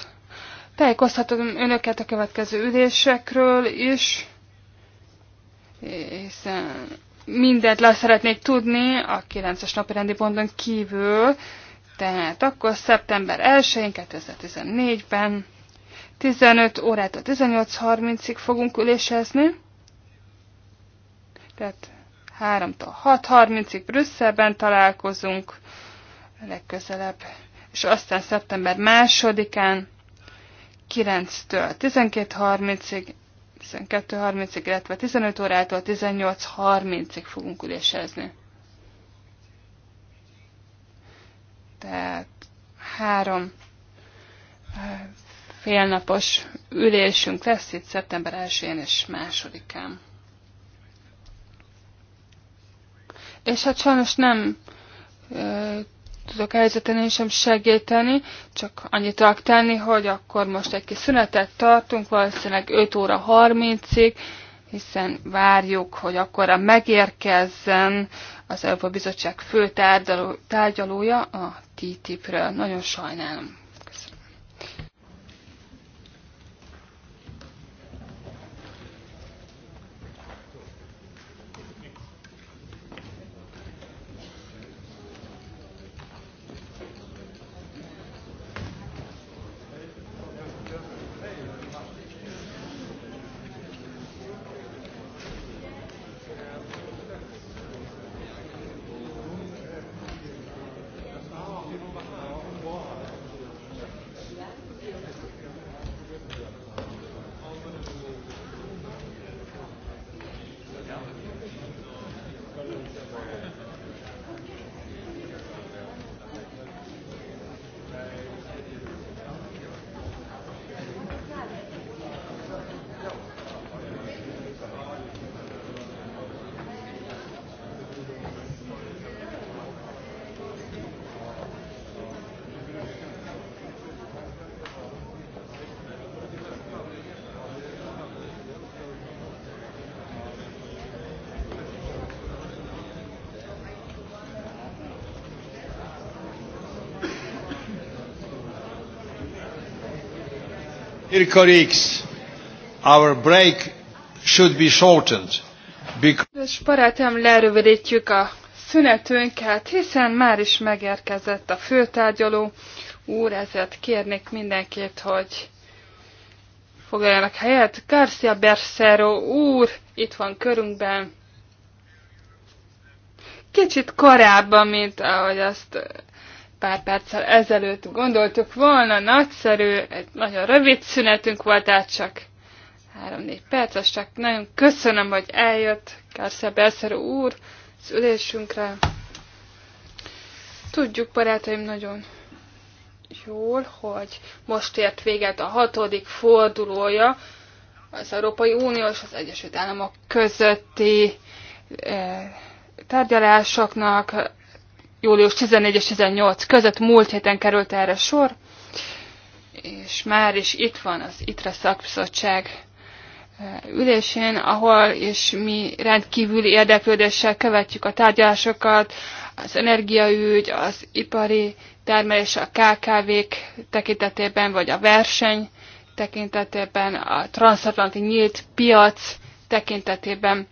Tájékoztatom önöket a következő ülésekről is hiszen mindent le szeretnék tudni a 9-es napi rendi ponton kívül, tehát akkor szeptember 1-én 2014-ben 15 órától 18.30-ig fogunk ülésezni, tehát 3-tól 6.30-ig Brüsszelben találkozunk legközelebb, és aztán szeptember 2-án 9-től 12.30-ig 12.30-ig, illetve 15 órától 18.30-ig fogunk ülésezni. Tehát három félnapos ülésünk lesz itt szeptember 1-én és másodikán. És hát sajnos nem tudok helyzeten én sem segíteni, csak annyit tudok tenni, hogy akkor most egy kis szünetet tartunk, valószínűleg 5 óra 30-ig, hiszen várjuk, hogy akkor megérkezzen az Európa Bizottság fő tárgyalója a TTIP-ről. Nagyon sajnálom. Dear colleagues, our break should be shortened. Kedves barátom, lerövidítjük a szünetünket, hiszen már is megérkezett a főtárgyaló úr, ezért kérnék mindenkit, hogy foglaljanak helyet. Garcia Bercero úr itt van körünkben. Kicsit korábban, mint ahogy azt pár perccel ezelőtt gondoltuk volna, nagyszerű, egy nagyon rövid szünetünk volt, át csak 3-4 perces, csak nagyon köszönöm, hogy eljött Kárszer Belszerű úr az ülésünkre. Tudjuk, barátaim, nagyon jól, hogy most ért véget a hatodik fordulója az Európai Unió és az Egyesült Államok közötti eh, tárgyalásoknak július 14 és 18 között múlt héten került erre sor, és már is itt van az ITRA szakbizottság eh, ülésén, ahol és mi rendkívüli érdeklődéssel követjük a tárgyalásokat, az energiaügy, az ipari termelés, a KKV-k tekintetében, vagy a verseny tekintetében, a transatlanti nyílt piac tekintetében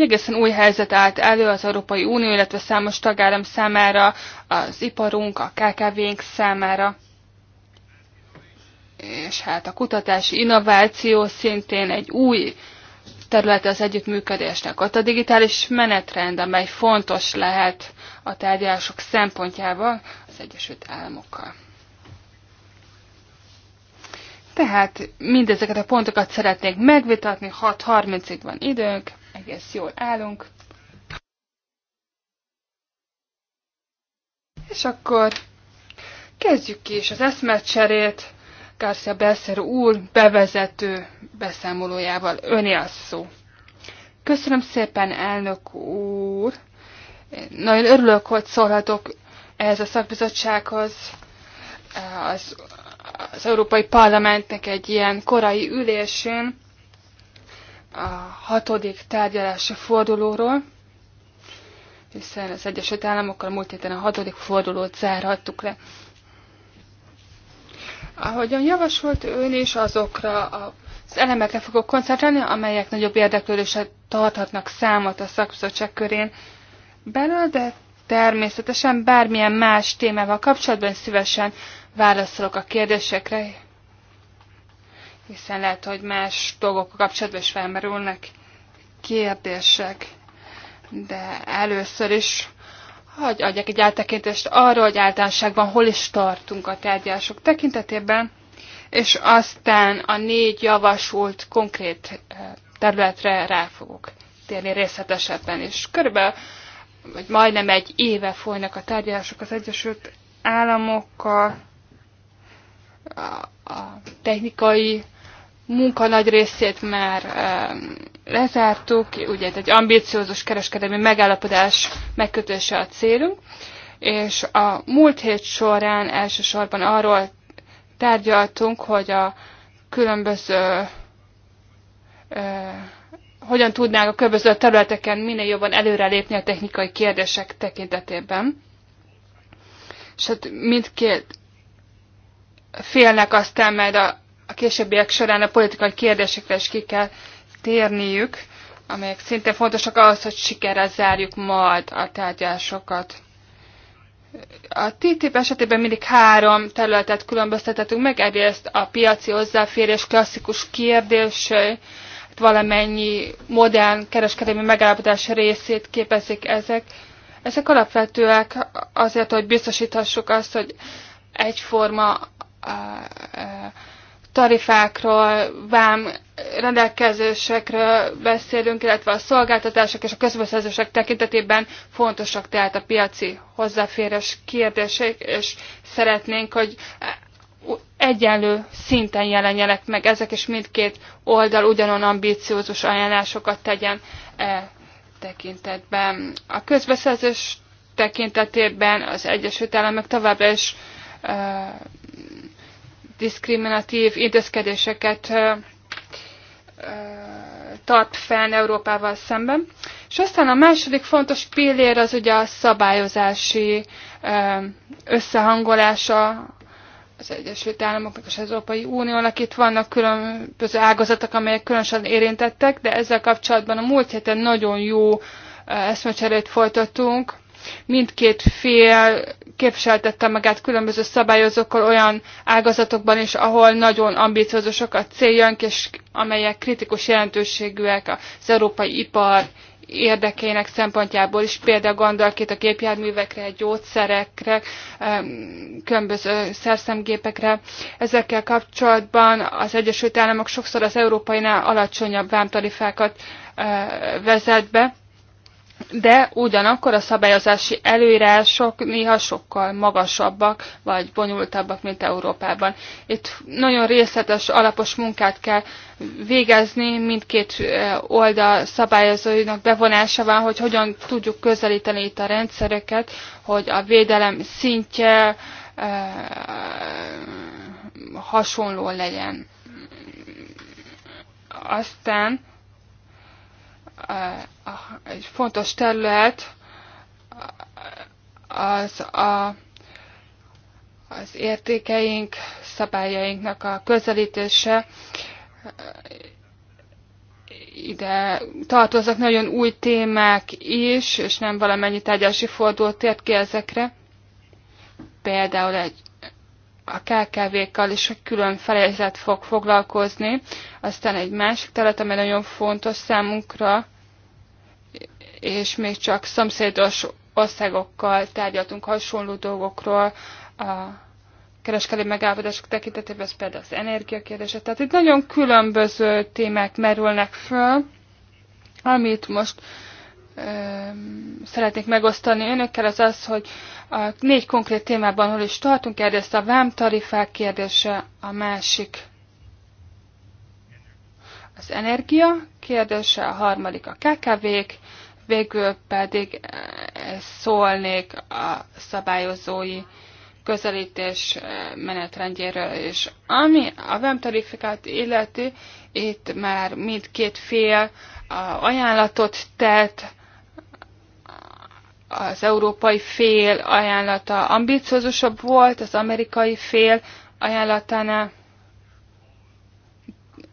egészen új helyzet állt elő az Európai Unió, illetve számos tagállam számára, az iparunk, a KKV-nk számára. És hát a kutatási innováció szintén egy új területe az együttműködésnek. Ott a digitális menetrend, amely fontos lehet a tárgyalások szempontjával az Egyesült Államokkal. Tehát mindezeket a pontokat szeretnék megvitatni, 6.30-ig van időnk, egész jól állunk. És akkor kezdjük ki is az eszmecserét. Garcia Belszer úr bevezető beszámolójával öné a szó. Köszönöm szépen, elnök úr! Nagyon örülök, hogy szólhatok ehhez a szakbizottsághoz. Az, az Európai Parlamentnek egy ilyen korai ülésén a hatodik tárgyalási fordulóról, hiszen az Egyesült Államokkal múlt héten a hatodik fordulót zárhattuk le. Ahogyan javasolt ön is, azokra az elemekre fogok koncentrálni, amelyek nagyobb érdeklődésre tarthatnak számot a szakbizottság körén belül, de természetesen bármilyen más témával kapcsolatban szívesen válaszolok a kérdésekre, hiszen lehet, hogy más dolgok kapcsolatban is felmerülnek kérdések, de először is hogy adjak egy áttekintést arra, hogy általánoságban hol is tartunk a tárgyalások tekintetében, és aztán a négy javasolt konkrét eh, területre rá fogok térni részletesebben is. Körülbelül, vagy majdnem egy éve folynak a tárgyalások az Egyesült Államokkal, a, a technikai munka nagy részét már eh, lezártuk, ugye egy ambíciózus kereskedelmi megállapodás megkötése a célunk, és a múlt hét során elsősorban arról tárgyaltunk, hogy a különböző eh, hogyan tudnánk a különböző területeken minél jobban előrelépni a technikai kérdések tekintetében. És hát mindkét félnek aztán mert a a későbbiek során a politikai kérdésekre is ki kell térniük, amelyek szinte fontosak ahhoz, hogy sikerrel zárjuk majd a tárgyásokat. A TTIP esetében mindig három területet különböztetettünk meg, egyrészt a piaci hozzáférés klasszikus kérdései, hát valamennyi modern kereskedelmi megállapodás részét képezik ezek. Ezek alapvetőek azért, hogy biztosíthassuk azt, hogy egyforma tarifákról, vám rendelkezésekről beszélünk, illetve a szolgáltatások és a közbeszerzések tekintetében fontosak tehát a piaci hozzáférés kérdések, és szeretnénk, hogy egyenlő szinten jelenjenek meg ezek, és mindkét oldal ugyanon ambíciózus ajánlásokat tegyen e tekintetben. A közbeszerzés tekintetében az Egyesült Államok továbbra is e, diszkriminatív intézkedéseket tart fenn Európával szemben. És aztán a második fontos pillér az ugye a szabályozási összehangolása az Egyesült Államoknak és az Európai Uniónak. Itt vannak különböző ágazatok, amelyek különösen érintettek, de ezzel kapcsolatban a múlt héten nagyon jó eszmecserét folytattunk. Mindkét fél képviseltette magát különböző szabályozókkal olyan ágazatokban is, ahol nagyon ambiciózusak a céljaink, és amelyek kritikus jelentőségűek az európai ipar érdekeinek szempontjából is, például gondolk itt a gépjárművekre, gyógyszerekre, különböző szerszemgépekre. Ezekkel kapcsolatban az Egyesült Államok sokszor az európainál alacsonyabb vámtarifákat eh, vezet be de ugyanakkor a szabályozási előírások néha sokkal magasabbak, vagy bonyolultabbak, mint Európában. Itt nagyon részletes, alapos munkát kell végezni, mindkét oldal szabályozóinak van, hogy hogyan tudjuk közelíteni itt a rendszereket, hogy a védelem szintje hasonló legyen. Aztán egy fontos terület az a az értékeink, szabályainknak a közelítése. Ide tartoznak nagyon új témák is, és nem valamennyi tárgyási forduló tért ki ezekre. Például egy a KKV-kkal is egy külön felejezet fog foglalkozni. Aztán egy másik terület, ami nagyon fontos számunkra, és még csak szomszédos országokkal tárgyaltunk hasonló dolgokról, a kereskedelmi megállapodások tekintetében, ez például az energiakérdése. Tehát itt nagyon különböző témák merülnek föl, amit most uh, szeretnék megosztani önökkel, az az, hogy a négy konkrét témában hol is tartunk, ezt a vámtarifák kérdése, a másik az energia kérdése, a harmadik a KKV-k, végül pedig eh, szólnék a szabályozói közelítés eh, menetrendjéről is. Ami a VEM tarifikát illeti, itt már mindkét fél eh, ajánlatot tett, az európai fél ajánlata ambiciózusabb volt, az amerikai fél ajánlatánál,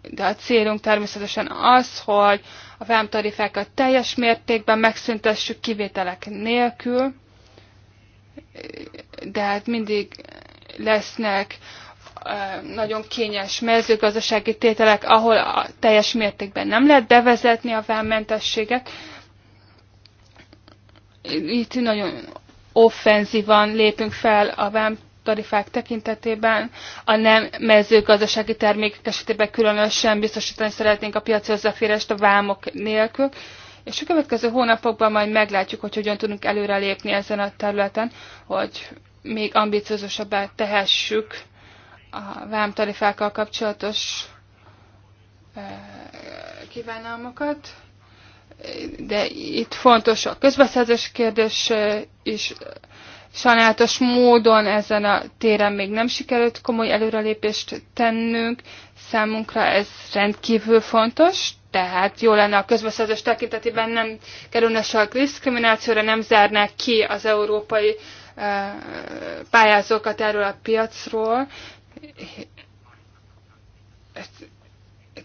de a célunk természetesen az, hogy a vámtarifákat teljes mértékben megszüntessük kivételek nélkül, de hát mindig lesznek nagyon kényes mezőgazdasági tételek, ahol a teljes mértékben nem lehet bevezetni a vámmentességet, itt nagyon offenzívan lépünk fel a vám tarifák tekintetében, a nem mezőgazdasági termékek esetében különösen biztosítani szeretnénk a piaci hozzáférést a vámok nélkül, és a következő hónapokban majd meglátjuk, hogy hogyan tudunk előrelépni ezen a területen, hogy még ambiciózusabbá tehessük a vámtarifákkal kapcsolatos eh, kívánalmakat de itt fontos a közbeszerzés kérdés is. Sajnálatos módon ezen a téren még nem sikerült komoly előrelépést tennünk. Számunkra ez rendkívül fontos, tehát jó lenne a közbeszerzés tekintetében nem kerülne se a diszkriminációra, nem zárnák ki az európai pályázókat erről a piacról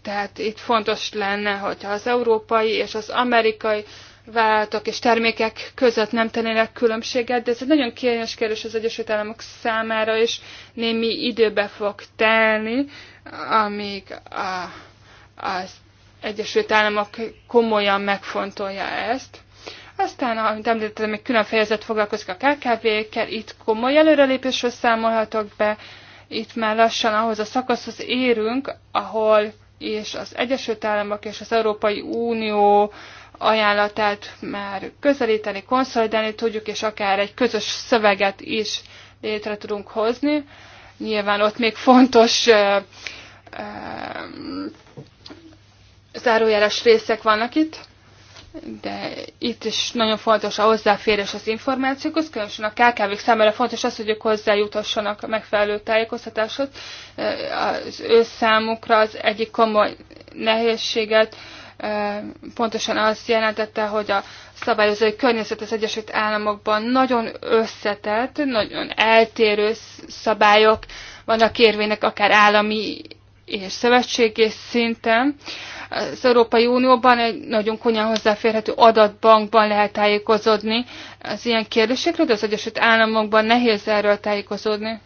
tehát itt fontos lenne, hogyha az európai és az amerikai vállalatok és termékek között nem tennének különbséget, de ez egy nagyon kényes kérdés az Egyesült Államok számára, és némi időbe fog telni, amíg a, az Egyesült Államok komolyan megfontolja ezt. Aztán, amit említettem, egy külön fejezet foglalkozik a KKV-kkel, itt komoly előrelépésről számolhatok be, itt már lassan ahhoz a szakaszhoz érünk, ahol és az Egyesült Államok és az Európai Unió ajánlatát már közelíteni, konszolidálni tudjuk, és akár egy közös szöveget is létre tudunk hozni. Nyilván ott még fontos uh, uh, zárójeles részek vannak itt de itt is nagyon fontos a hozzáférés az információkhoz, különösen a kkv számára fontos az, hogy ők hozzájuthassanak a megfelelő tájékoztatáshoz. Az ő számukra az egyik komoly nehézséget eh, pontosan azt jelentette, hogy a szabályozói környezet az Egyesült Államokban nagyon összetett, nagyon eltérő szabályok vannak érvének akár állami és szövetségi szinten az Európai Unióban egy nagyon könnyen hozzáférhető adatbankban lehet tájékozódni az ilyen kérdésekről, de az Egyesült Államokban nehéz erről tájékozódni.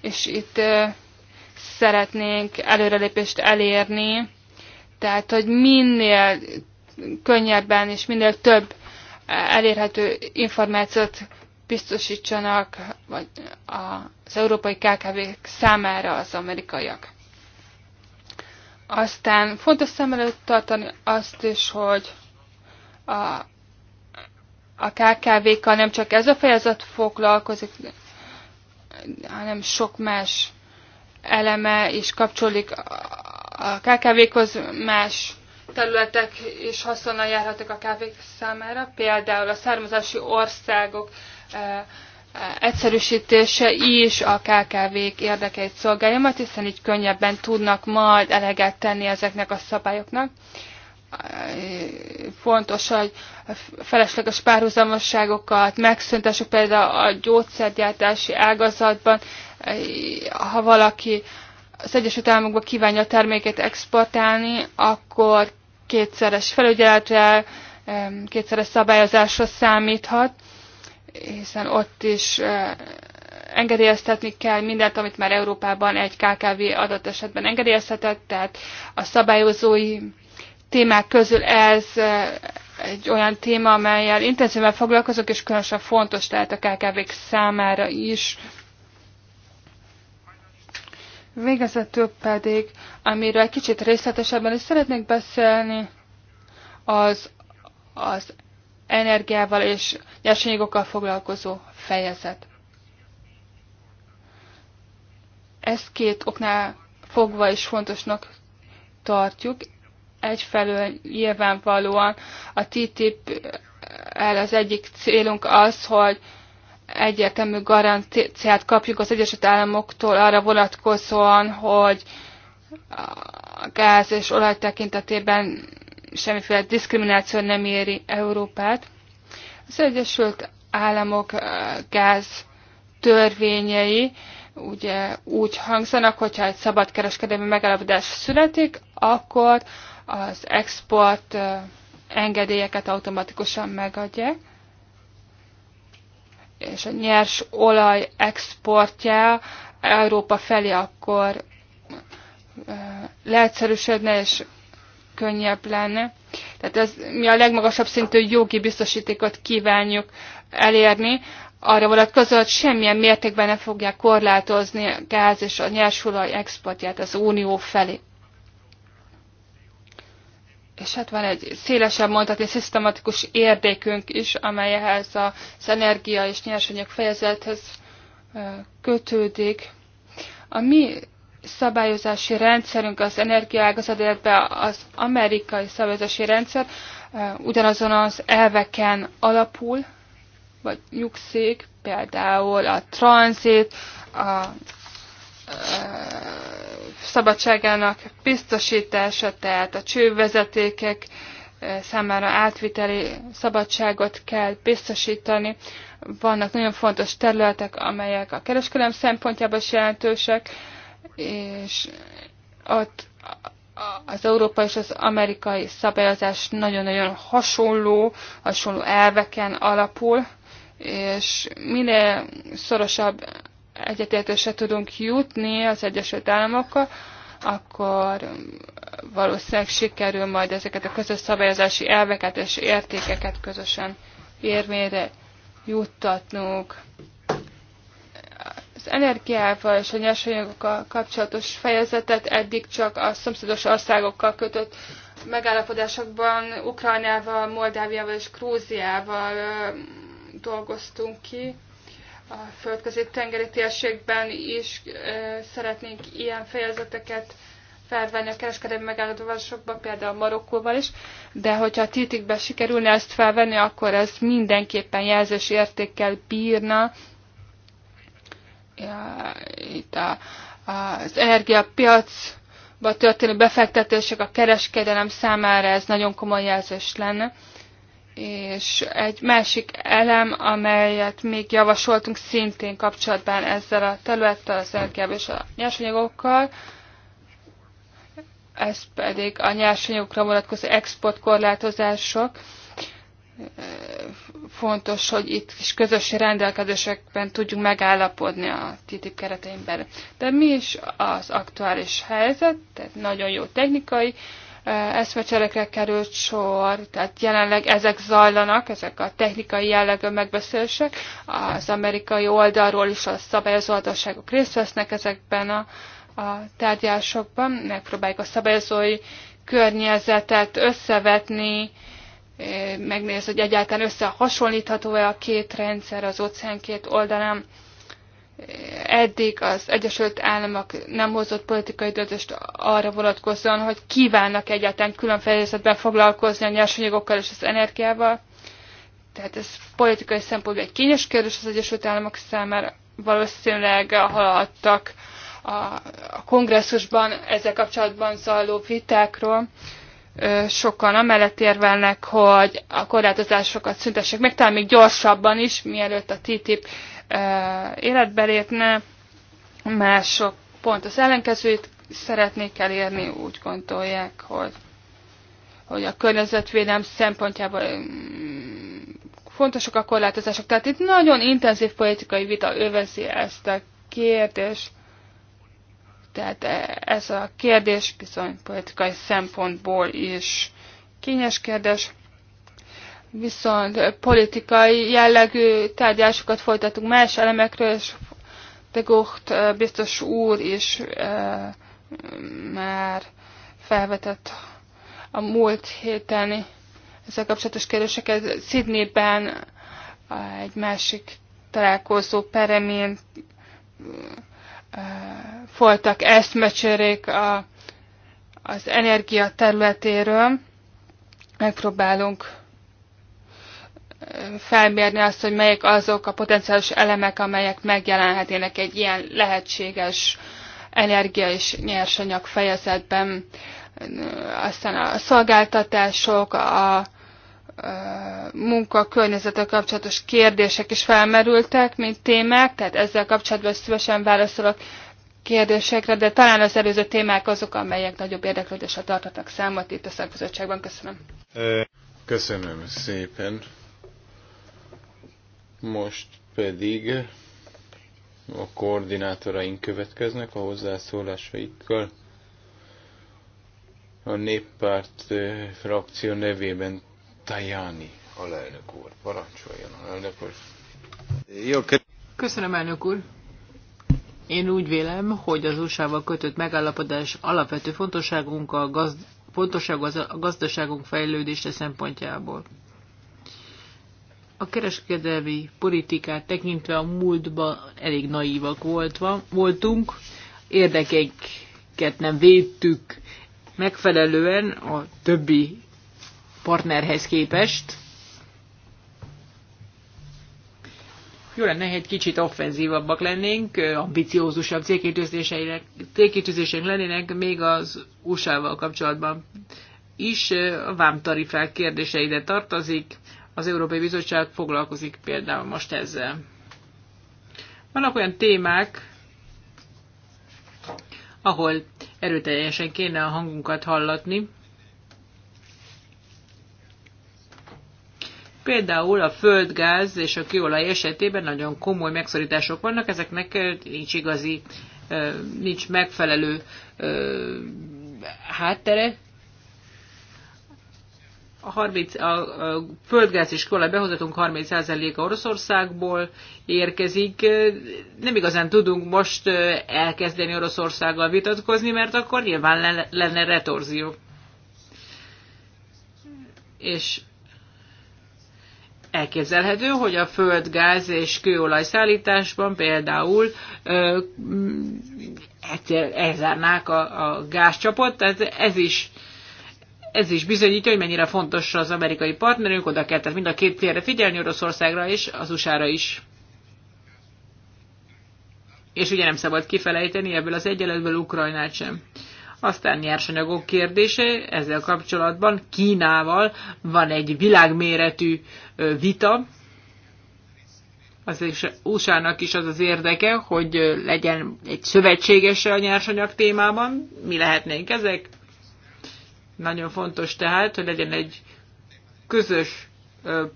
És itt szeretnénk előrelépést elérni, tehát hogy minél könnyebben és minél több elérhető információt biztosítsanak az európai KKV-k számára az amerikaiak. Aztán fontos szem előtt tartani azt is, hogy a, a KKV-kkal nem csak ez a fejezet foglalkozik, hanem sok más eleme is kapcsolódik a KKV-khoz, más területek is haszonnal járhatok a kávék számára, például a származási országok eh, egyszerűsítése is a KKV-k érdekeit szolgálja, majd hiszen így könnyebben tudnak majd eleget tenni ezeknek a szabályoknak. Fontos, hogy felesleges párhuzamosságokat megszüntessük például a gyógyszergyártási ágazatban, ha valaki az Egyesült Államokba kívánja a terméket exportálni, akkor kétszeres felügyeletre, kétszeres szabályozásra számíthat, hiszen ott is engedélyeztetni kell mindent, amit már Európában egy KKV adott esetben engedélyeztetett, tehát a szabályozói témák közül ez egy olyan téma, amelyel intenzíven foglalkozok, és különösen fontos tehát a KKV-k számára is. Végezetül pedig, amiről egy kicsit részletesebben is szeretnék beszélni, az, az energiával és nyersanyagokkal foglalkozó fejezet. Ezt két oknál fogva is fontosnak tartjuk. Egyfelől nyilvánvalóan a TTIP el eh, az egyik célunk az, hogy egyértelmű garanciát kapjuk az Egyesült Államoktól arra vonatkozóan, hogy a gáz és olaj tekintetében semmiféle diszkrimináció nem éri Európát. Az Egyesült Államok gáz törvényei ugye úgy hangzanak, hogyha egy szabadkereskedelmi megállapodás születik, akkor az export engedélyeket automatikusan megadják, és a nyers olaj exportja Európa felé akkor leegyszerűsödne, és könnyebb lenne. Tehát ez, mi a legmagasabb szintű jogi biztosítékot kívánjuk elérni, arra vonatkozó, hogy semmilyen mértékben nem fogják korlátozni a gáz és a nyersolaj exportját az Unió felé. És hát van egy szélesebb mondhatni szisztematikus érdekünk is, amely ehhez az energia és nyersanyag fejezethez kötődik. A mi szabályozási rendszerünk az energiaágazat, illetve az amerikai szabályozási rendszer ugyanazon az elveken alapul, vagy nyugszik, például a tranzit, a szabadságának biztosítása, tehát a csővezetékek számára átviteli szabadságot kell biztosítani. Vannak nagyon fontos területek, amelyek a kereskedelem szempontjából is jelentősek, és ott az európai és az amerikai szabályozás nagyon-nagyon hasonló, hasonló elveken alapul, és minél szorosabb egyetértésre tudunk jutni az Egyesült Államokkal, akkor valószínűleg sikerül majd ezeket a közös szabályozási elveket és értékeket közösen érvényre juttatnunk. Az energiával és a nyersanyagokkal kapcsolatos fejezetet eddig csak a szomszédos országokkal kötött megállapodásokban Ukrajnával, Moldáviával és Grúziával dolgoztunk ki. A földközi tengeri térségben is szeretnénk ilyen fejezeteket felvenni a kereskedelmi megállapodásokba, például Marokkóval is, de hogyha a TTIP-be sikerülne ezt felvenni, akkor ez mindenképpen jelzős értékkel bírna, itt a, az energiapiacba történő befektetések a kereskedelem számára ez nagyon komoly jelzés lenne. És egy másik elem, amelyet még javasoltunk szintén kapcsolatban ezzel a területtel, az energiával és a nyersanyagokkal, ez pedig a nyersanyagokra vonatkozó exportkorlátozások fontos, hogy itt is közös rendelkezésekben tudjunk megállapodni a TTIP keretein belül. De mi is az aktuális helyzet? Tehát nagyon jó technikai eszmecserekre került sor, tehát jelenleg ezek zajlanak, ezek a technikai jellegű megbeszélések, az amerikai oldalról is a szabályozó adosságok részt vesznek ezekben a, a tárgyásokban, megpróbáljuk a szabályozói környezetet összevetni, megnéz, hogy egyáltalán összehasonlítható-e a két rendszer az óceán két oldalán. Eddig az Egyesült Államok nem hozott politikai döntést arra vonatkozóan, hogy kívánnak egyáltalán külön fejezetben foglalkozni a nyersanyagokkal és az energiával. Tehát ez politikai szempontból egy kényes kérdés az Egyesült Államok számára. Valószínűleg haladtak a, a kongresszusban ezzel kapcsolatban zajló vitákról, sokan amellett érvelnek, hogy a korlátozásokat szüntessék meg, talán még gyorsabban is, mielőtt a TTIP életbe lépne. Mások pont az ellenkezőt szeretnék elérni, úgy gondolják, hogy, hogy a környezetvédelem szempontjából fontosak a korlátozások. Tehát itt nagyon intenzív politikai vita övezi ezt a kérdést. Tehát e, ez a kérdés bizony politikai szempontból is kényes kérdés. Viszont politikai jellegű tárgyásokat folytatunk más elemekről, és de Gucht e, biztos úr is e, már felvetett a múlt héten ezzel kapcsolatos kérdéseket. Sydneyben egy másik találkozó peremén folytak eszmecserék a, az energia területéről. Megpróbálunk felmérni azt, hogy melyek azok a potenciális elemek, amelyek megjelenhetének egy ilyen lehetséges energia és nyersanyag fejezetben. Aztán a szolgáltatások, a, munkakörnyezetek kapcsolatos kérdések is felmerültek, mint témák, tehát ezzel kapcsolatban szívesen válaszolok kérdésekre, de talán az előző témák azok, amelyek nagyobb érdeklődésre tartottak számot itt a szakbizottságban. Köszönöm. Köszönöm szépen. Most pedig a koordinátoraink következnek a hozzászólásaikkal. A néppárt frakció nevében Tajani, alelnök úr. Parancsoljon, alelnök úr. Jó, Köszönöm, elnök úr. Én úgy vélem, hogy az USA-val kötött megállapodás alapvető fontosságunk a, gazd- fontosság az a gazdaságunk fejlődése szempontjából. A kereskedelmi politikát tekintve a múltban elég naívak voltva, voltunk, érdekeinket nem védtük megfelelően a többi partnerhez képest. Jó lenne, egy kicsit offenzívabbak lennénk, ambiciózusabb célkítőzéseink lennének még az USA-val kapcsolatban is. A vámtarifák kérdése ide tartozik. Az Európai Bizottság foglalkozik például most ezzel. Vannak olyan témák, ahol erőteljesen kéne a hangunkat hallatni. Például a földgáz és a kőolaj esetében nagyon komoly megszorítások vannak, ezeknek nincs igazi, nincs megfelelő háttere. A, 30, a földgáz és kőolaj behozatunk 30%-a Oroszországból érkezik. Nem igazán tudunk most elkezdeni Oroszországgal vitatkozni, mert akkor nyilván lenne retorzió. És Elképzelhető, hogy a földgáz és kőolaj szállításban például mm, elzárnák a, a gázcsapot, tehát ez is, ez is bizonyítja, hogy mennyire fontos az amerikai partnerünk, oda kell tehát mind a két félre figyelni, Oroszországra és az usa is. És ugye nem szabad kifelejteni ebből az egyenletből Ukrajnát sem. Aztán nyersanyagok kérdése, ezzel kapcsolatban Kínával van egy világméretű vita, az USA-nak is az az érdeke, hogy legyen egy szövetséges a nyersanyag témában. Mi lehetnénk ezek? Nagyon fontos tehát, hogy legyen egy közös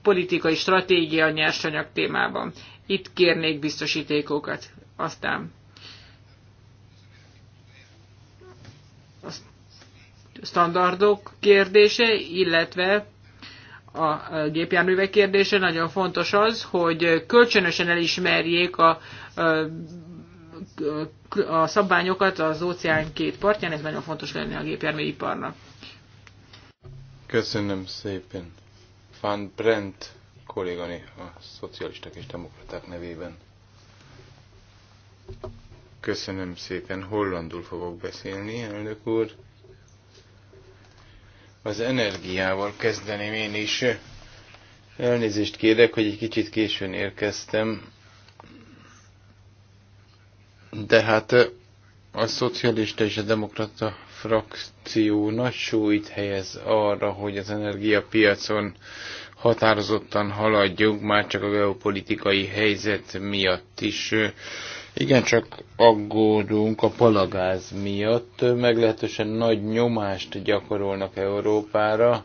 politikai stratégia a nyersanyag témában. Itt kérnék biztosítékokat. Aztán standardok kérdése, illetve a gépjárművek kérdése nagyon fontos az, hogy kölcsönösen elismerjék a, a, a szabványokat az óceán két partján, ez nagyon fontos lenni a gépjárműiparnak. Köszönöm szépen. Van Brent kollégani a szocialisták és demokraták nevében. Köszönöm szépen, hollandul fogok beszélni, elnök úr. Az energiával kezdeném én is. Elnézést kérek, hogy egy kicsit későn érkeztem. De hát a szocialista és a demokrata frakció nagy súlyt helyez arra, hogy az energiapiacon határozottan haladjunk, már csak a geopolitikai helyzet miatt is igen, csak aggódunk a palagáz miatt. Meglehetősen nagy nyomást gyakorolnak Európára.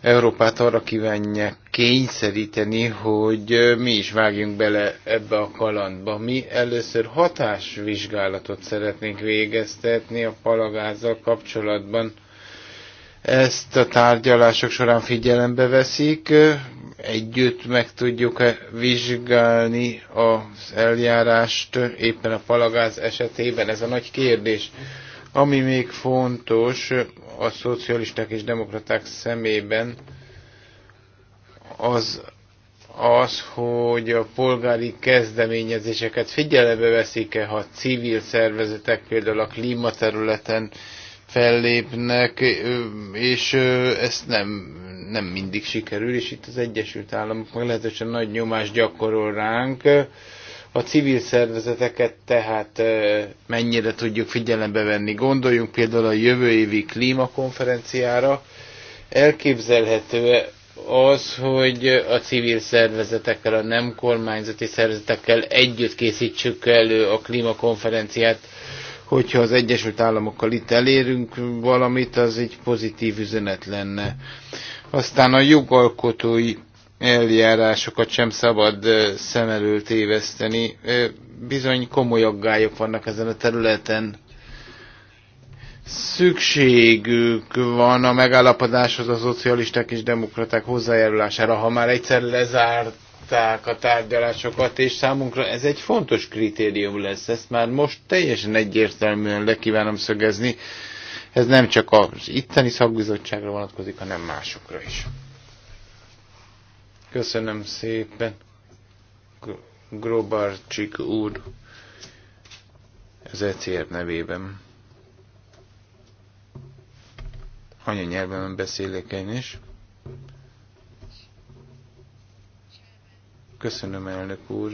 Európát arra kívánják kényszeríteni, hogy mi is vágjunk bele ebbe a kalandba. Mi először hatásvizsgálatot szeretnénk végeztetni a palagázzal kapcsolatban. Ezt a tárgyalások során figyelembe veszik, együtt meg tudjuk -e vizsgálni az eljárást éppen a falagáz esetében? Ez a nagy kérdés. Ami még fontos a szocialisták és demokraták szemében, az az, hogy a polgári kezdeményezéseket figyelembe veszik-e, ha civil szervezetek például a klímaterületen területen fellépnek, és ezt nem, nem mindig sikerül, és itt az Egyesült Államok meglehetősen nagy nyomást gyakorol ránk. A civil szervezeteket tehát mennyire tudjuk figyelembe venni. Gondoljunk például a jövő évi klímakonferenciára. elképzelhető -e az, hogy a civil szervezetekkel, a nem kormányzati szervezetekkel együtt készítsük elő a klímakonferenciát, hogyha az Egyesült Államokkal itt elérünk valamit, az egy pozitív üzenet lenne. Aztán a jogalkotói eljárásokat sem szabad szem elől éveszteni. Bizony komoly aggályok vannak ezen a területen. Szükségük van a megállapodáshoz a szocialisták és demokraták hozzájárulására, ha már egyszer lezárt megnyitották a tárgyalásokat, és számunkra ez egy fontos kritérium lesz. Ezt már most teljesen egyértelműen le kívánom szögezni. Ez nem csak az itteni szakbizottságra vonatkozik, hanem másokra is. Köszönöm szépen, Grobarcsik úr, az ECR nevében. Anyanyelvemen beszélek én is. Köszönöm, elnök úr.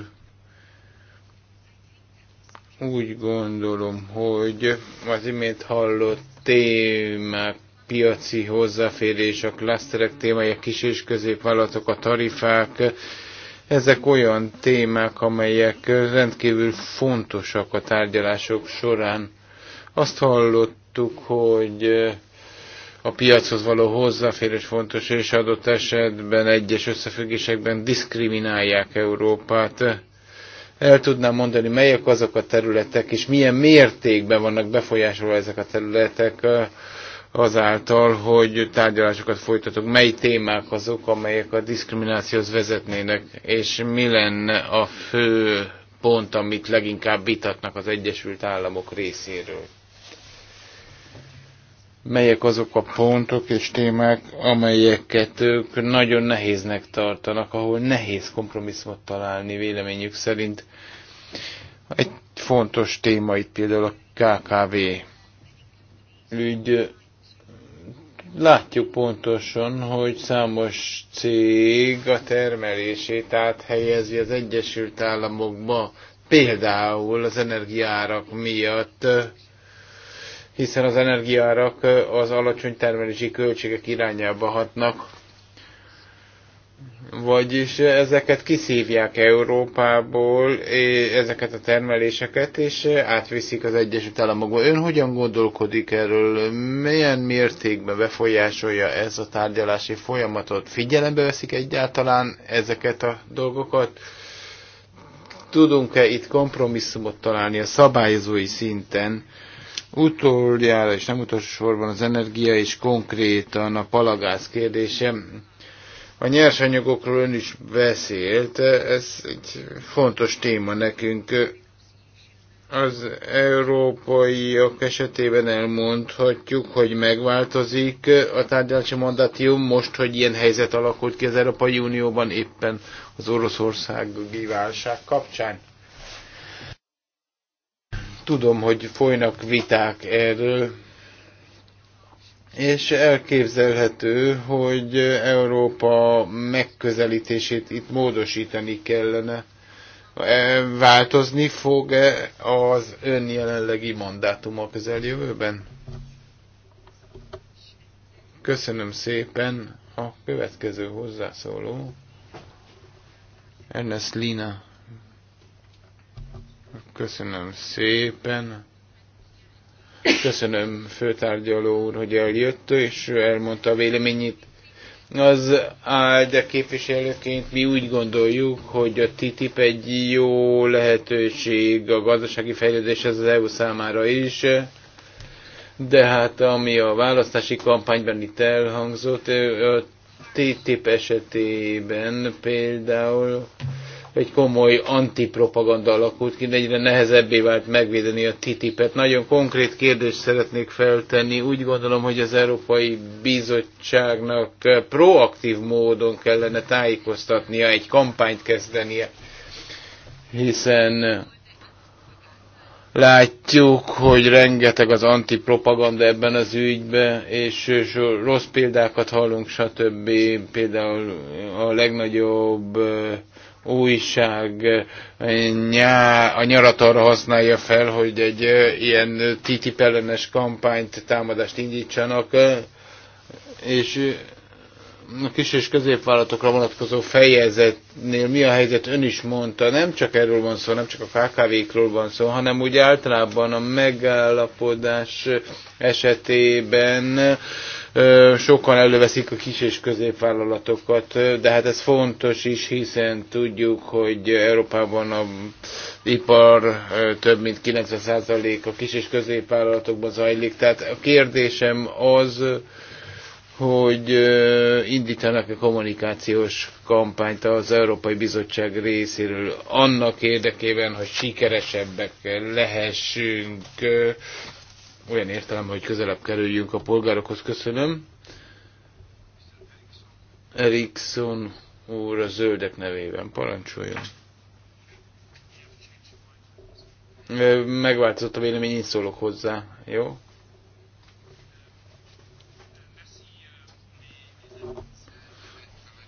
Úgy gondolom, hogy az imént hallott témák piaci hozzáférés, a klaszterek témája, kis és középvállalatok, a tarifák, ezek olyan témák, amelyek rendkívül fontosak a tárgyalások során. Azt hallottuk, hogy a piachoz való hozzáférés fontos, és adott esetben egyes összefüggésekben diszkriminálják Európát. El tudnám mondani, melyek azok a területek, és milyen mértékben vannak befolyásolva ezek a területek azáltal, hogy tárgyalásokat folytatok, mely témák azok, amelyek a diszkriminációhoz vezetnének, és mi lenne a fő pont, amit leginkább vitatnak az Egyesült Államok részéről melyek azok a pontok és témák, amelyeket ők nagyon nehéznek tartanak, ahol nehéz kompromisszumot találni véleményük szerint. Egy fontos téma itt például a KKV ügy. Látjuk pontosan, hogy számos cég a termelését áthelyezi az Egyesült Államokba, például az energiárak miatt hiszen az energiárak az alacsony termelési költségek irányába hatnak. Vagyis ezeket kiszívják Európából, ezeket a termeléseket, és átviszik az Egyesült Államokba. Ön hogyan gondolkodik erről? Milyen mértékben befolyásolja ez a tárgyalási folyamatot? Figyelembe veszik egyáltalán ezeket a dolgokat? Tudunk-e itt kompromisszumot találni a szabályozói szinten? utoljára és nem utolsó sorban az energia és konkrétan a palagáz kérdése. A nyersanyagokról ön is beszélt, ez egy fontos téma nekünk. Az európaiak esetében elmondhatjuk, hogy megváltozik a tárgyalási mandátium most, hogy ilyen helyzet alakult ki az Európai Unióban éppen az Oroszország válság kapcsán. Tudom, hogy folynak viták erről, és elképzelhető, hogy Európa megközelítését itt módosítani kellene. E, változni fog -e az ön jelenlegi a közeljövőben? Köszönöm szépen a következő hozzászóló. Ernest Lina. Köszönöm szépen. Köszönöm főtárgyaló úr, hogy eljött és elmondta a véleményét. Az de képviselőként mi úgy gondoljuk, hogy a TTIP egy jó lehetőség a gazdasági fejlődés az EU számára is, de hát ami a választási kampányban itt elhangzott, a TTIP esetében például egy komoly antipropaganda alakult ki, de egyre nehezebbé vált megvédeni a TTIP-et. Nagyon konkrét kérdést szeretnék feltenni. Úgy gondolom, hogy az Európai Bizottságnak proaktív módon kellene tájékoztatnia, egy kampányt kezdenie, hiszen látjuk, hogy rengeteg az antipropaganda ebben az ügyben, és rossz példákat hallunk, stb. Például a legnagyobb újság nyá, a nyarat arra használja fel, hogy egy ilyen TTIP ellenes kampányt, támadást indítsanak, és a kis és középvállalatokra vonatkozó fejezetnél mi a helyzet, ön is mondta, nem csak erről van szó, nem csak a KKV-król van szó, hanem úgy általában a megállapodás esetében sokan előveszik a kis és középvállalatokat, de hát ez fontos is, hiszen tudjuk, hogy Európában a ipar több mint 90% a kis és középvállalatokban zajlik. Tehát a kérdésem az, hogy indítanak a kommunikációs kampányt az Európai Bizottság részéről annak érdekében, hogy sikeresebbek lehessünk, olyan értelem, hogy közelebb kerüljünk a polgárokhoz. Köszönöm. Erikson úr a zöldek nevében parancsoljon. Megváltozott a vélemény, én szólok hozzá, jó?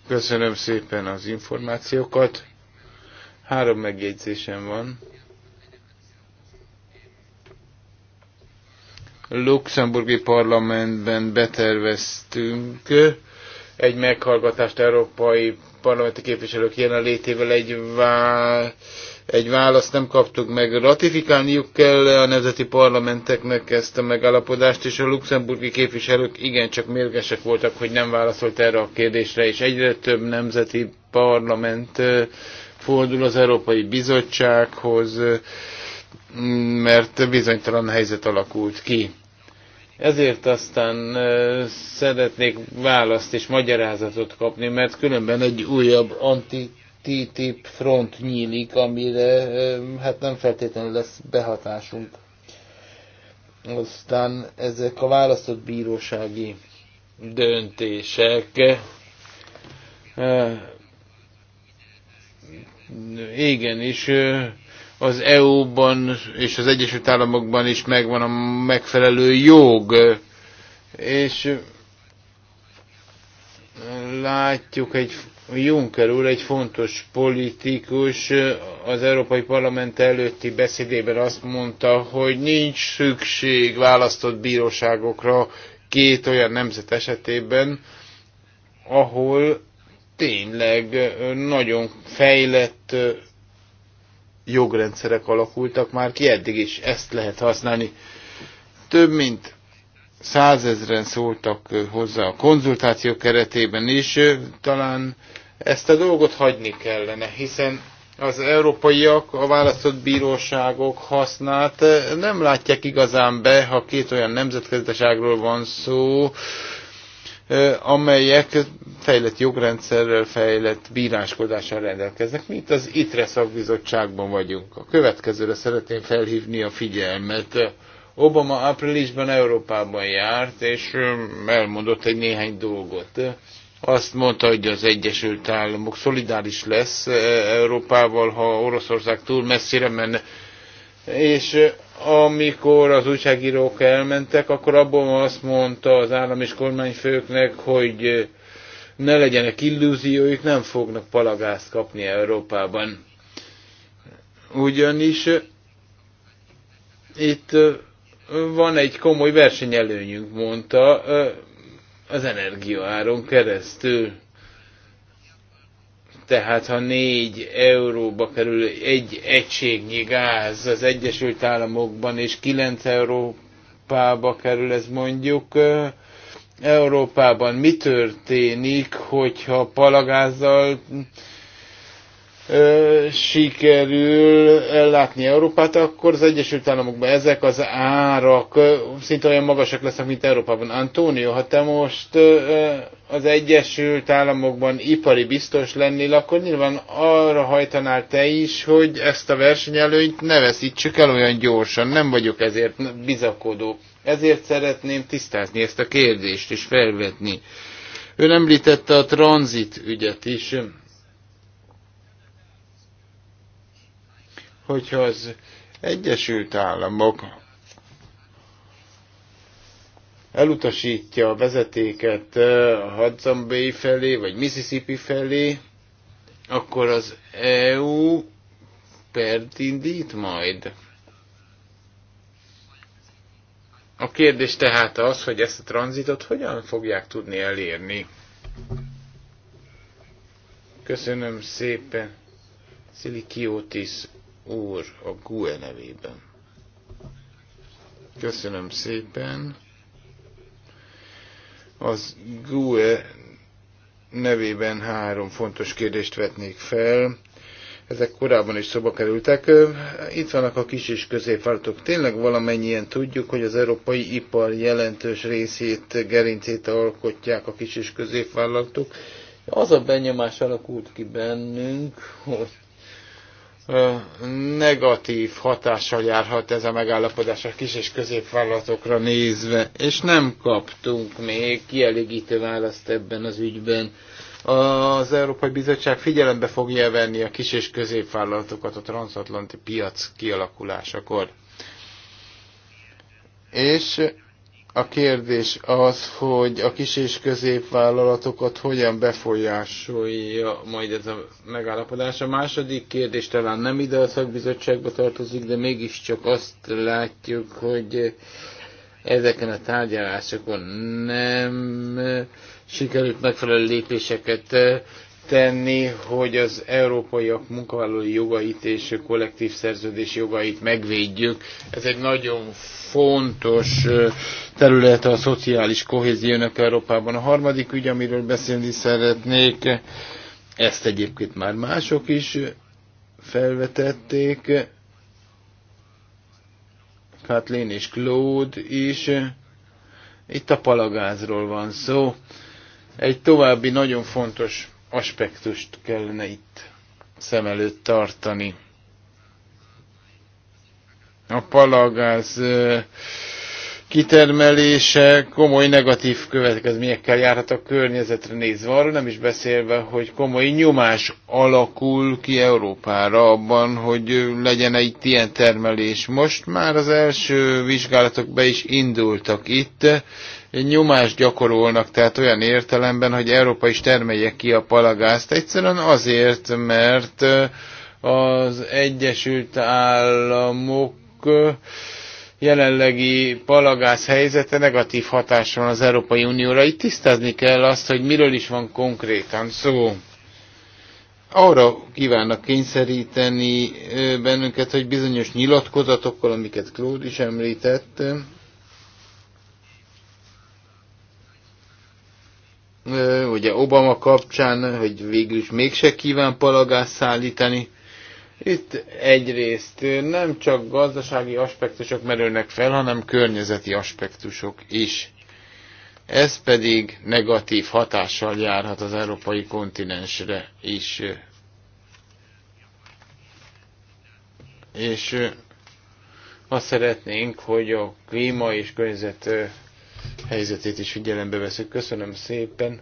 Köszönöm szépen az információkat. Három megjegyzésem van. luxemburgi parlamentben beterveztünk egy meghallgatást európai parlamenti képviselők jelenlétével egy, vá... egy választ nem kaptuk meg. Ratifikálniuk kell a nemzeti parlamenteknek ezt a megállapodást, és a luxemburgi képviselők igencsak mérgesek voltak, hogy nem válaszolt erre a kérdésre, és egyre több nemzeti parlament fordul az Európai Bizottsághoz, mert bizonytalan helyzet alakult ki ezért aztán szeretnék választ és magyarázatot kapni, mert különben egy újabb anti-TTIP front nyílik, amire hát nem feltétlenül lesz behatásunk. Aztán ezek a választott bírósági döntések. Igen, és az EU-ban és az Egyesült Államokban is megvan a megfelelő jog, és látjuk egy Juncker úr, egy fontos politikus az Európai Parlament előtti beszédében azt mondta, hogy nincs szükség választott bíróságokra két olyan nemzet esetében, ahol tényleg nagyon fejlett jogrendszerek alakultak már ki, eddig is ezt lehet használni. Több mint százezren szóltak hozzá a konzultáció keretében is, talán ezt a dolgot hagyni kellene, hiszen az európaiak, a választott bíróságok hasznát nem látják igazán be, ha két olyan nemzetgazdaságról van szó, amelyek fejlett jogrendszerrel, fejlett bíráskodással rendelkeznek. Mi itt az ITRE szakbizottságban vagyunk. A következőre szeretném felhívni a figyelmet. Obama áprilisban Európában járt, és elmondott egy néhány dolgot. Azt mondta, hogy az Egyesült Államok szolidáris lesz Európával, ha Oroszország túl messzire menne. És amikor az újságírók elmentek, akkor abban azt mondta az állam és kormányfőknek, hogy eh, ne legyenek illúzióik, nem fognak palagázt kapni Európában. Ugyanis eh, itt eh, van egy komoly versenyelőnyünk, mondta, az energiaáron keresztül. Tehát ha négy euróba kerül egy egységnyi gáz az Egyesült Államokban, és kilenc Európába kerül ez mondjuk, Európában mi történik, hogyha palagázzal sikerül ellátni Európát, akkor az Egyesült Államokban ezek az árak szinte olyan magasak lesznek, mint Európában. Antonio, ha te most az Egyesült Államokban ipari biztos lennél, akkor nyilván arra hajtanál te is, hogy ezt a versenyelőnyt ne veszítsük el olyan gyorsan. Nem vagyok ezért bizakodó. Ezért szeretném tisztázni ezt a kérdést és felvetni. Ön említette a tranzit ügyet is hogyha az Egyesült Államok elutasítja a vezetéket eh, Hudson Bay felé, vagy Mississippi felé, akkor az EU pert indít majd. A kérdés tehát az, hogy ezt a tranzitot hogyan fogják tudni elérni. Köszönöm szépen, Szili Kiotis úr a GUE nevében. Köszönöm szépen. Az GUE nevében három fontos kérdést vetnék fel. Ezek korábban is szoba kerültek. Itt vannak a kis és középvállalatok. Tényleg valamennyien tudjuk, hogy az európai ipar jelentős részét, gerincét alkotják a kis és középvállalatok. Az a benyomás alakult ki bennünk, hogy negatív hatással járhat ez a megállapodás a kis és középvállalatokra nézve, és nem kaptunk még kielégítő választ ebben az ügyben. Az Európai Bizottság figyelembe fogja venni a kis és középvállalatokat a transatlanti piac kialakulásakor. És a kérdés az, hogy a kis és középvállalatokat hogyan befolyásolja majd ez a megállapodás. A második kérdés talán nem ide a szakbizottságba tartozik, de mégiscsak azt látjuk, hogy ezeken a tárgyalásokon nem sikerült megfelelő lépéseket tenni, hogy az európaiak munkavállalói jogait és kollektív szerződés jogait megvédjük. Ez egy nagyon fontos terület a szociális kohéziónak Európában. A harmadik ügy, amiről beszélni szeretnék, ezt egyébként már mások is felvetették, Kathleen és Claude is. Itt a palagázról van szó. Egy további nagyon fontos aspektust kellene itt szem előtt tartani. A palagáz kitermelése komoly negatív következményekkel járhat a környezetre nézve, arra nem is beszélve, hogy komoly nyomás alakul ki Európára abban, hogy legyen egy ilyen termelés. Most már az első vizsgálatok be is indultak itt, nyomást gyakorolnak, tehát olyan értelemben, hogy Európa is termelje ki a palagázt, egyszerűen azért, mert az Egyesült Államok jelenlegi palagász helyzete negatív hatással van az Európai Unióra. Itt tisztázni kell azt, hogy miről is van konkrétan szó. Arra kívánnak kényszeríteni bennünket, hogy bizonyos nyilatkozatokkal, amiket Claude is említett, ugye Obama kapcsán, hogy végül is mégse kíván palagás szállítani. Itt egyrészt nem csak gazdasági aspektusok merülnek fel, hanem környezeti aspektusok is. Ez pedig negatív hatással járhat az európai kontinensre is. És azt szeretnénk, hogy a klíma és környezet helyzetét is figyelembe veszük. Köszönöm szépen,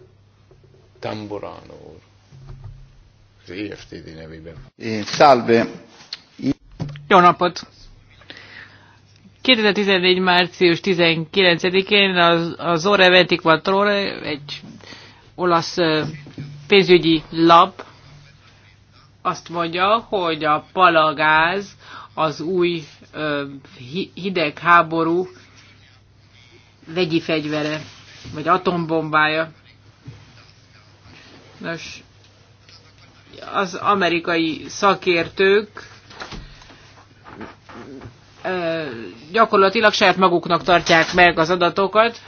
Tamborán úr, az EFTD nevében. Eh, salve! Jó napot! 2014. március 19-én az, az Ore egy olasz pénzügyi lap azt mondja, hogy a palagáz az új hidegháború vegyi fegyvere, vagy atombombája. Nos, az amerikai szakértők gyakorlatilag saját maguknak tartják meg az adatokat,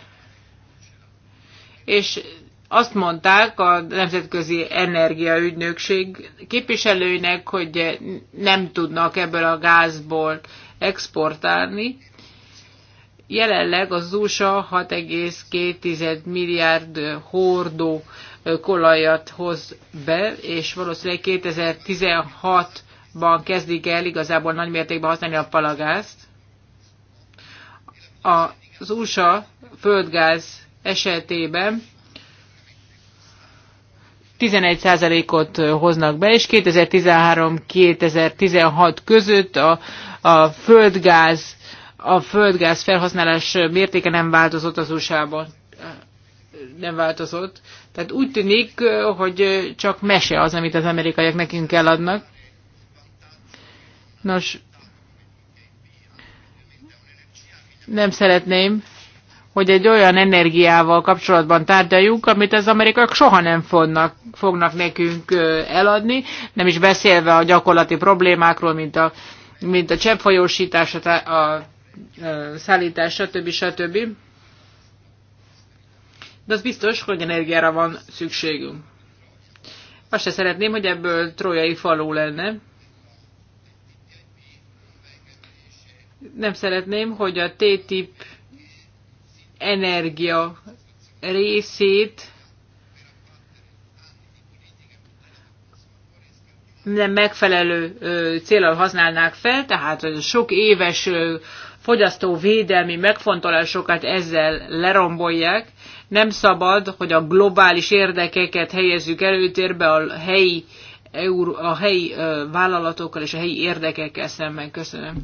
és azt mondták a Nemzetközi Energiaügynökség képviselőinek, hogy nem tudnak ebből a gázból exportálni, Jelenleg az USA 6,2 milliárd hordó kolajat hoz be, és valószínűleg 2016-ban kezdik el igazából nagymértékben használni a palagázt. Az USA földgáz esetében 11%-ot hoznak be, és 2013-2016 között a, a földgáz a földgáz felhasználás mértéke nem változott az USA-ban. Nem változott. Tehát úgy tűnik, hogy csak mese az, amit az amerikaiak nekünk eladnak. Nos, nem szeretném, hogy egy olyan energiával kapcsolatban tárgyaljuk, amit az amerikaiak soha nem fognak, fognak nekünk eladni, nem is beszélve a gyakorlati problémákról, mint a, mint a cseppfolyósítás, a szállítás, stb. stb. De az biztos, hogy energiára van szükségünk. Azt se szeretném, hogy ebből trójai faló lenne. Nem szeretném, hogy a T-tip energia részét nem megfelelő célral használnák fel, tehát sok éves fogyasztóvédelmi megfontolásokat ezzel lerombolják. Nem szabad, hogy a globális érdekeket helyezzük előtérbe a helyi, a helyi vállalatokkal és a helyi érdekekkel szemben. Köszönöm.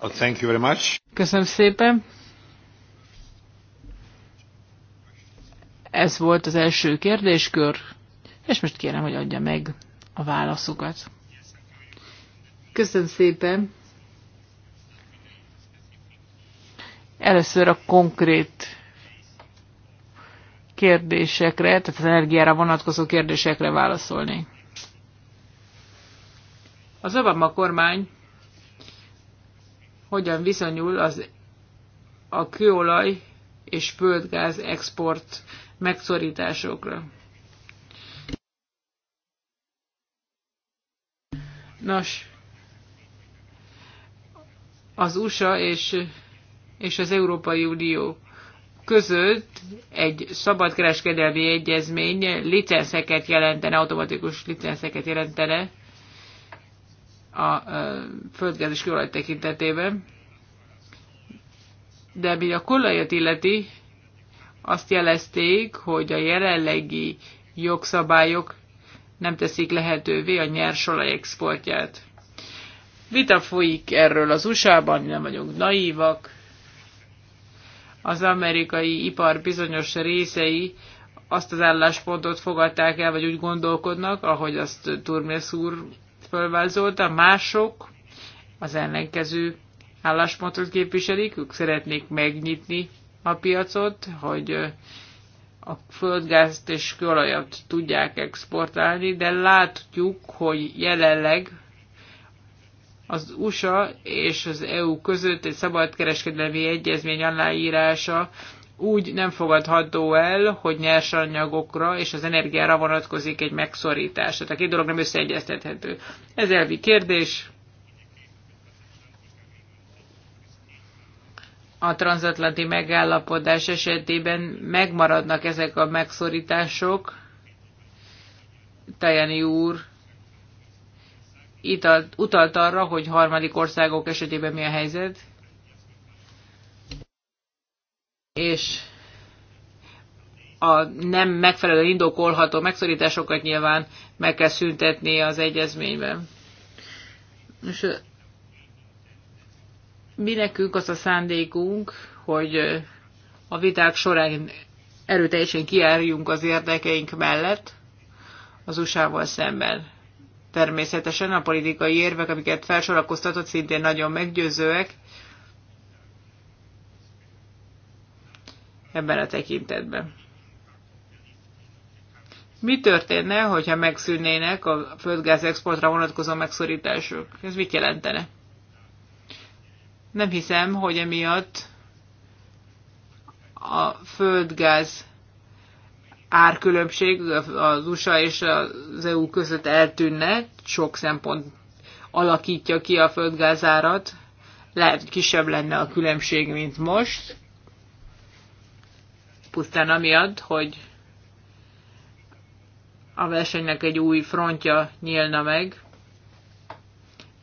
Oh, thank you very much. Köszönöm szépen. Ez volt az első kérdéskör, és most kérem, hogy adja meg a válaszokat. Köszönöm szépen. Először a konkrét kérdésekre, tehát az energiára vonatkozó kérdésekre válaszolni. Az Obama kormány hogyan viszonyul az a kőolaj és földgáz export megszorításokra. Nos, az USA és és az Európai Unió között egy szabadkereskedelmi egyezmény licenszeket jelentene, automatikus licenszeket jelentene a földgáz és kőolaj tekintetében. De mi a kollajat illeti, azt jelezték, hogy a jelenlegi jogszabályok nem teszik lehetővé a nyersolaj exportját. Vita folyik erről az USA-ban, nem vagyunk naívak, az amerikai ipar bizonyos részei azt az álláspontot fogadták el, vagy úgy gondolkodnak, ahogy azt Turmész úr fölvázolta, mások az ellenkező álláspontot képviselik, ők szeretnék megnyitni a piacot, hogy a földgázt és kőolajat tudják exportálni, de látjuk, hogy jelenleg az USA és az EU között egy szabadkereskedelmi egyezmény aláírása úgy nem fogadható el, hogy nyersanyagokra és az energiára vonatkozik egy megszorítás. Tehát a két dolog nem összeegyeztethető. Ez elvi kérdés. A transatlanti megállapodás esetében megmaradnak ezek a megszorítások. Tajani úr italt, utalt arra, hogy harmadik országok esetében mi a helyzet, és a nem megfelelően indokolható megszorításokat nyilván meg kell szüntetni az egyezményben. És mi nekünk az a szándékunk, hogy a viták során erőteljesen kiárjunk az érdekeink mellett az USA-val szemben. Természetesen a politikai érvek, amiket felsorakoztatott, szintén nagyon meggyőzőek ebben a tekintetben. Mi történne, hogyha megszűnnének a földgáz exportra vonatkozó megszorítások? Ez mit jelentene? Nem hiszem, hogy emiatt a földgáz árkülönbség az USA és az EU között eltűnne, sok szempont alakítja ki a földgázárat, lehet kisebb lenne a különbség, mint most, pusztán amiatt, hogy a versenynek egy új frontja nyílna meg,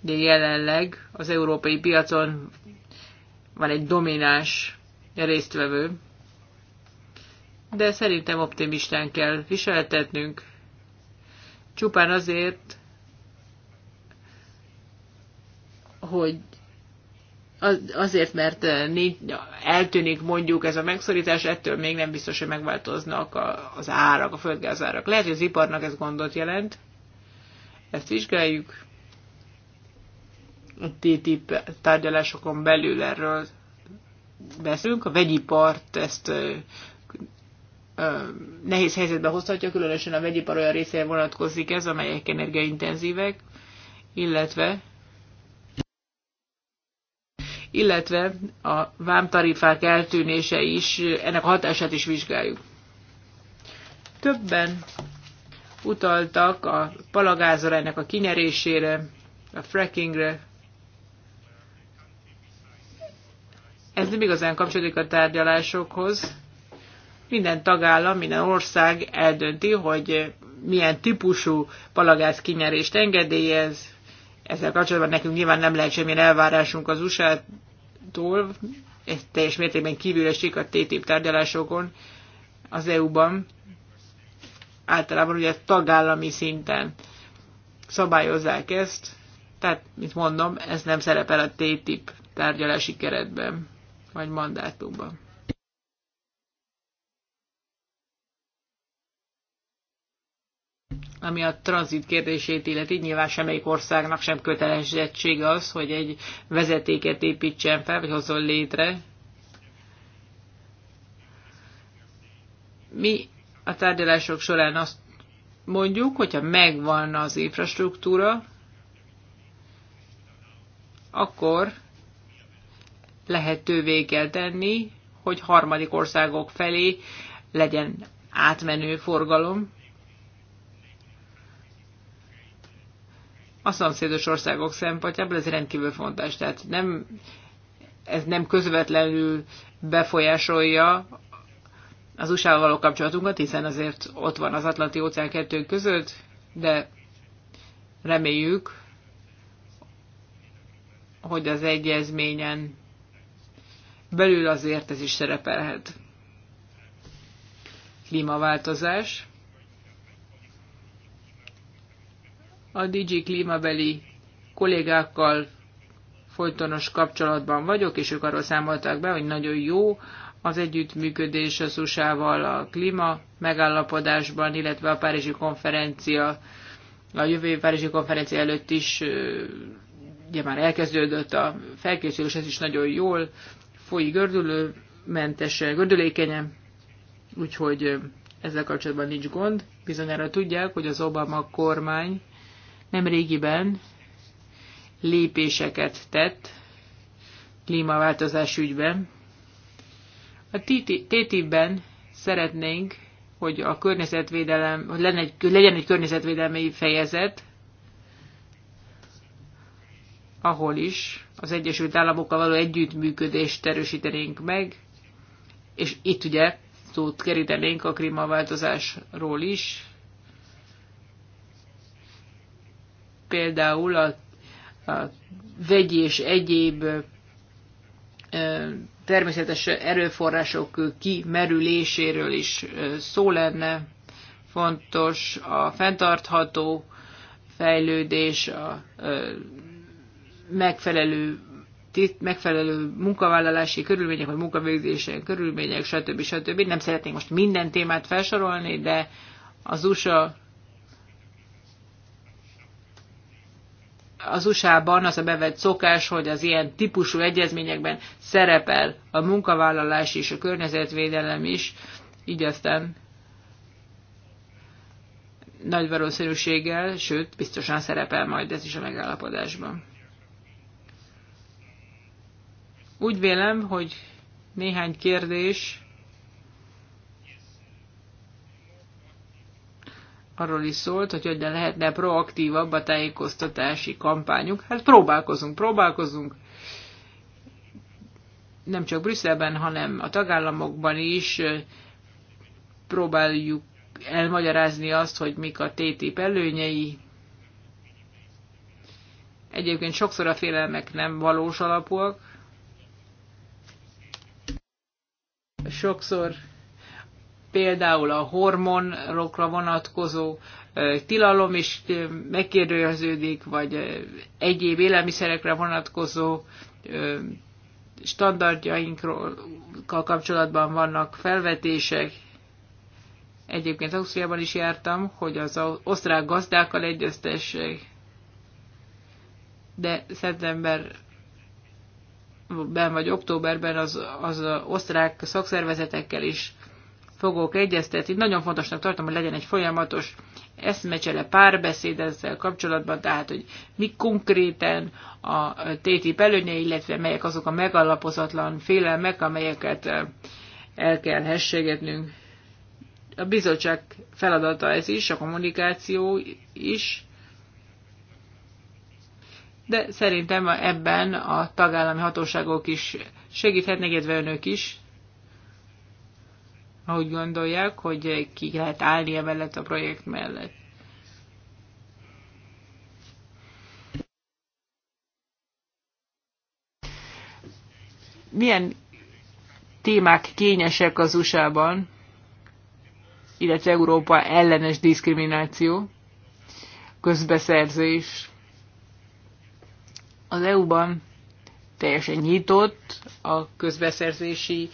de jelenleg az európai piacon van egy domináns résztvevő, de szerintem optimistán kell viseltetnünk. Csupán azért, hogy azért, mert eh, eltűnik mondjuk ez a megszorítás, ettől még nem biztos, hogy megváltoznak az árak, a földgázárak. Lehet, hogy az iparnak ez gondot jelent. Ezt vizsgáljuk. A TTIP tárgyalásokon belül erről beszélünk. A vegyipart ezt eh, nehéz helyzetbe hozhatja, különösen a vegyipar olyan részére vonatkozik ez, amelyek energiaintenzívek, illetve illetve a vámtarifák eltűnése is, ennek a hatását is vizsgáljuk. Többen utaltak a palagázra, ennek a kinyerésére, a frackingre. Ez nem igazán kapcsolódik a tárgyalásokhoz, minden tagállam, minden ország eldönti, hogy milyen típusú palagáz kinyerést engedélyez. Ezzel kapcsolatban nekünk nyilván nem lehet semmilyen elvárásunk az USA-tól, ez teljes mértékben kívül esik a TTIP tárgyalásokon az EU-ban, általában ugye tagállami szinten szabályozzák ezt, tehát, mint mondom, ez nem szerepel a TTIP tárgyalási keretben, vagy mandátumban. Ami a tranzit kérdését illeti, nyilván semmelyik országnak sem kötelezettsége az, hogy egy vezetéket építsen fel, vagy hozzon létre. Mi a tárgyalások során azt mondjuk, hogyha megvan az infrastruktúra, akkor lehetővé kell tenni, hogy harmadik országok felé legyen átmenő forgalom. a szomszédos országok szempontjából ez rendkívül fontos. Tehát nem, ez nem közvetlenül befolyásolja az usa való kapcsolatunkat, hiszen azért ott van az Atlanti óceán kettőnk között, de reméljük, hogy az egyezményen belül azért ez is szerepelhet. Klímaváltozás. A DG klímabeli kollégákkal folytonos kapcsolatban vagyok, és ők arról számoltak be, hogy nagyon jó az együttműködés az USA-val a klíma megállapodásban, illetve a Párizsi konferencia, a jövő Párizsi konferencia előtt is ugye már elkezdődött a felkészülés, ez is nagyon jól folyik gördülőmentesen, gördülékenyen, úgyhogy ezzel kapcsolatban nincs gond. Bizonyára tudják, hogy az Obama kormány nem régiben lépéseket tett klímaváltozás ügyben. A TTIP-ben szeretnénk, hogy a környezetvédelem, hogy legyen egy, legyen egy környezetvédelmi fejezet, ahol is az Egyesült Államokkal való együttműködést erősítenénk meg, és itt ugye szót kerítenénk a klímaváltozásról is, például a, a vegyi és egyéb természetes erőforrások kimerüléséről is szó lenne. Fontos a fenntartható fejlődés, a megfelelő megfelelő munkavállalási körülmények, vagy munkavégzési körülmények, stb. stb. Nem szeretnék most minden témát felsorolni, de az USA az USA-ban az a bevett szokás, hogy az ilyen típusú egyezményekben szerepel a munkavállalás és a környezetvédelem is, így aztán nagy valószínűséggel, sőt, biztosan szerepel majd ez is a megállapodásban. Úgy vélem, hogy néhány kérdés arról is szólt, hogy hogyan lehetne proaktívabb a tájékoztatási kampányunk. Hát próbálkozunk, próbálkozunk. Nem csak Brüsszelben, hanem a tagállamokban is próbáljuk elmagyarázni azt, hogy mik a TTIP előnyei. Egyébként sokszor a félelmek nem valós alapúak. Sokszor például a hormonokra vonatkozó tilalom is megkérdőjeződik, vagy egyéb élelmiszerekre vonatkozó standardjainkkal kapcsolatban vannak felvetések. Egyébként Ausztriában is jártam, hogy az osztrák gazdákkal egyeztessék. De szeptember ben vagy októberben az, az osztrák szakszervezetekkel is fogok egyeztetni. Nagyon fontosnak tartom, hogy legyen egy folyamatos eszmecsele, párbeszéd ezzel kapcsolatban, tehát, hogy mi konkrétan a TTIP előnye, illetve melyek azok a megalapozatlan félelmek, amelyeket eh, el kell hessegetnünk. A bizottság feladata ez is, a kommunikáció is, de szerintem ebben a tagállami hatóságok is segíthetnek, illetve önök is ahogy gondolják, hogy ki lehet állni mellett a projekt mellett. Milyen témák kényesek az USA-ban, illetve Európa ellenes diszkrimináció, közbeszerzés. Az EU-ban teljesen nyitott a közbeszerzési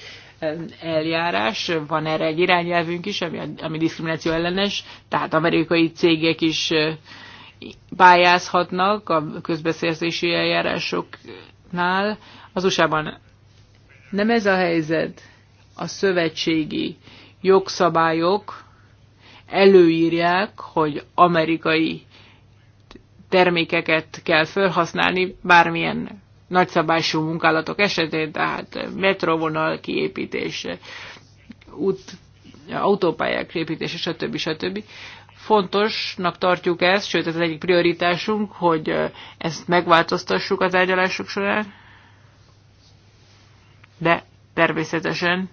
eljárás, van erre egy irányelvünk is, ami, ami diszkrimináció ellenes, tehát amerikai cégek is pályázhatnak a közbeszerzési eljárásoknál. Az USA-ban nem ez a helyzet, a szövetségi jogszabályok előírják, hogy amerikai termékeket kell felhasználni bármilyen nagyszabású munkálatok esetén, tehát metrovonal kiépítése, út, autópályák építése, stb. stb. Fontosnak tartjuk ezt, sőt ez az egyik prioritásunk, hogy ezt megváltoztassuk az tárgyalások során, de természetesen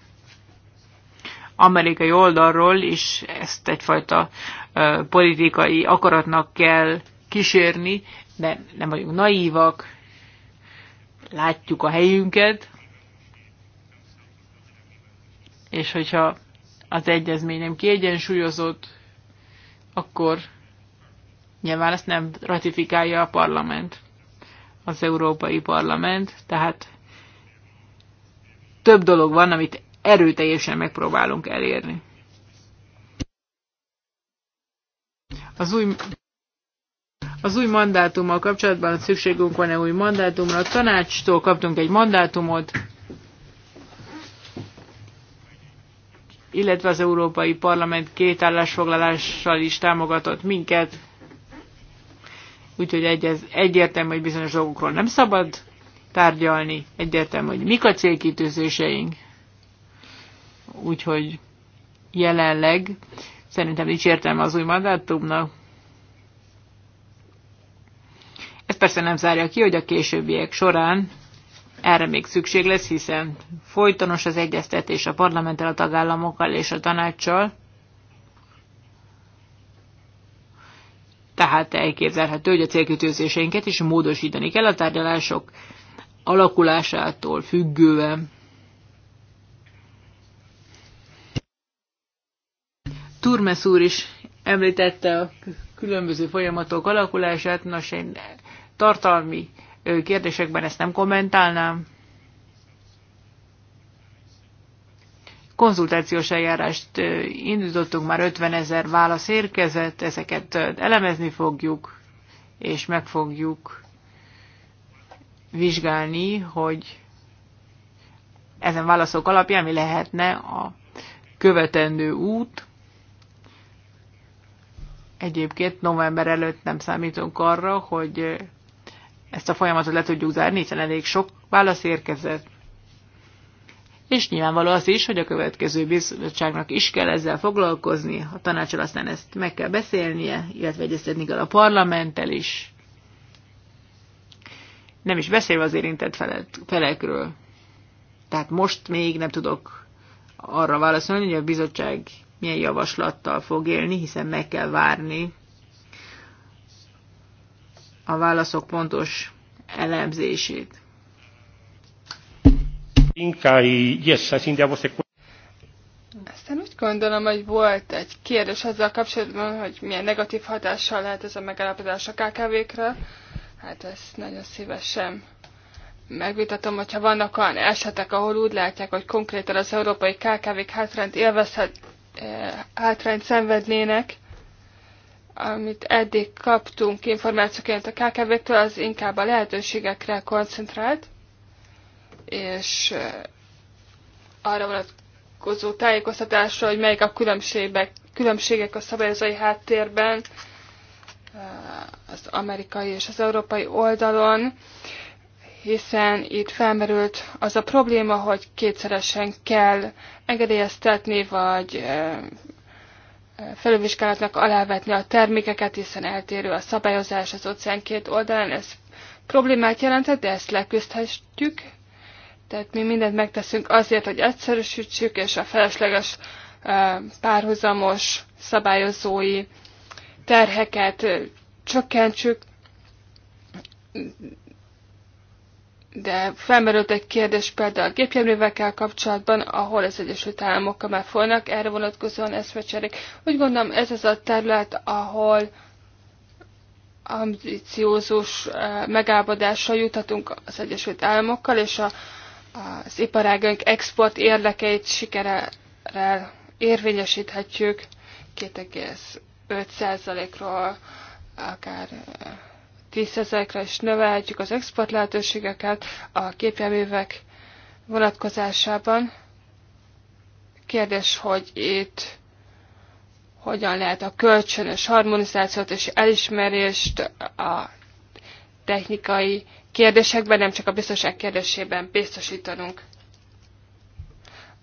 amerikai oldalról is ezt egyfajta politikai akaratnak kell kísérni, de nem vagyunk naívak, látjuk a helyünket, és hogyha az egyezmény nem kiegyensúlyozott, akkor nyilván ezt nem ratifikálja a parlament, az Európai Parlament, tehát több dolog van, amit erőteljesen megpróbálunk elérni. Az új az új mandátummal kapcsolatban szükségünk van-e új mandátumra? A tanácstól kaptunk egy mandátumot, illetve az Európai Parlament két állásfoglalással is támogatott minket, úgyhogy egy, egyértelmű, hogy bizonyos dolgokról nem szabad tárgyalni, egyértelmű, hogy mik a célkitűzéseink, úgyhogy jelenleg szerintem nincs értelme az új mandátumnak, persze nem zárja ki, hogy a későbbiek során erre még szükség lesz, hiszen folytonos az egyeztetés a parlamenttel, a tagállamokkal és a tanácssal. Tehát elképzelhető, hogy a célkitűzéseinket is módosítani kell a tárgyalások alakulásától függően. Turmes úr is említette a különböző folyamatok alakulását, nos én tartalmi kérdésekben ezt nem kommentálnám. Konzultációs eljárást indítottunk, már 50 ezer válasz érkezett, ezeket elemezni fogjuk, és meg fogjuk vizsgálni, hogy ezen válaszok alapján mi lehetne a követendő út. Egyébként november előtt nem számítunk arra, hogy ezt a folyamatot le tudjuk zárni, hiszen elég sok válasz érkezett. És nyilvánvaló az is, hogy a következő bizottságnak is kell ezzel foglalkozni, a tanácsal aztán ezt meg kell beszélnie, illetve egyeztetni kell a parlamenttel is. Nem is beszélve az érintett felek, felekről. Tehát most még nem tudok arra válaszolni, hogy a bizottság milyen javaslattal fog élni, hiszen meg kell várni a válaszok pontos elemzését. Aztán úgy gondolom, hogy volt egy kérdés azzal kapcsolatban, hogy milyen negatív hatással lehet ez a megállapodás a KKV-kre. Hát ezt nagyon szívesen megvitatom, hogyha vannak olyan esetek, ahol úgy látják, hogy konkrétan az európai KKV-k hátrányt élvezhet, eh, hátrányt szenvednének, amit eddig kaptunk információként a KKV-től, az inkább a lehetőségekre koncentrált, és eh, arra vonatkozó tájékoztatásra, hogy melyik a különbségek, különbségek a szabályozói háttérben, eh, az amerikai és az európai oldalon, hiszen itt felmerült az a probléma, hogy kétszeresen kell engedélyeztetni, vagy eh, felülvizsgálatnak alávetni a termékeket, hiszen eltérő a szabályozás az óceán két oldalán. Ez problémát jelentett, de ezt leküzdhetjük. Tehát mi mindent megteszünk azért, hogy egyszerűsítsük, és a felesleges párhuzamos szabályozói terheket csökkentsük, de felmerült egy kérdés például a gépjárművekkel kapcsolatban, ahol az Egyesült Államokkal már folynak erre vonatkozóan eszmecserék. Úgy gondolom ez az a terület, ahol ambiciózus eh, megállapodásra juthatunk az Egyesült Államokkal, és a, az iparágunk export érdekeit sikerrel érvényesíthetjük 2,5%-ról akár eh, tízezekre, és növelhetjük az export lehetőségeket a gépjárművek vonatkozásában. Kérdés, hogy itt hogyan lehet a kölcsönös harmonizációt és elismerést a technikai kérdésekben, nem csak a biztonság kérdésében biztosítanunk.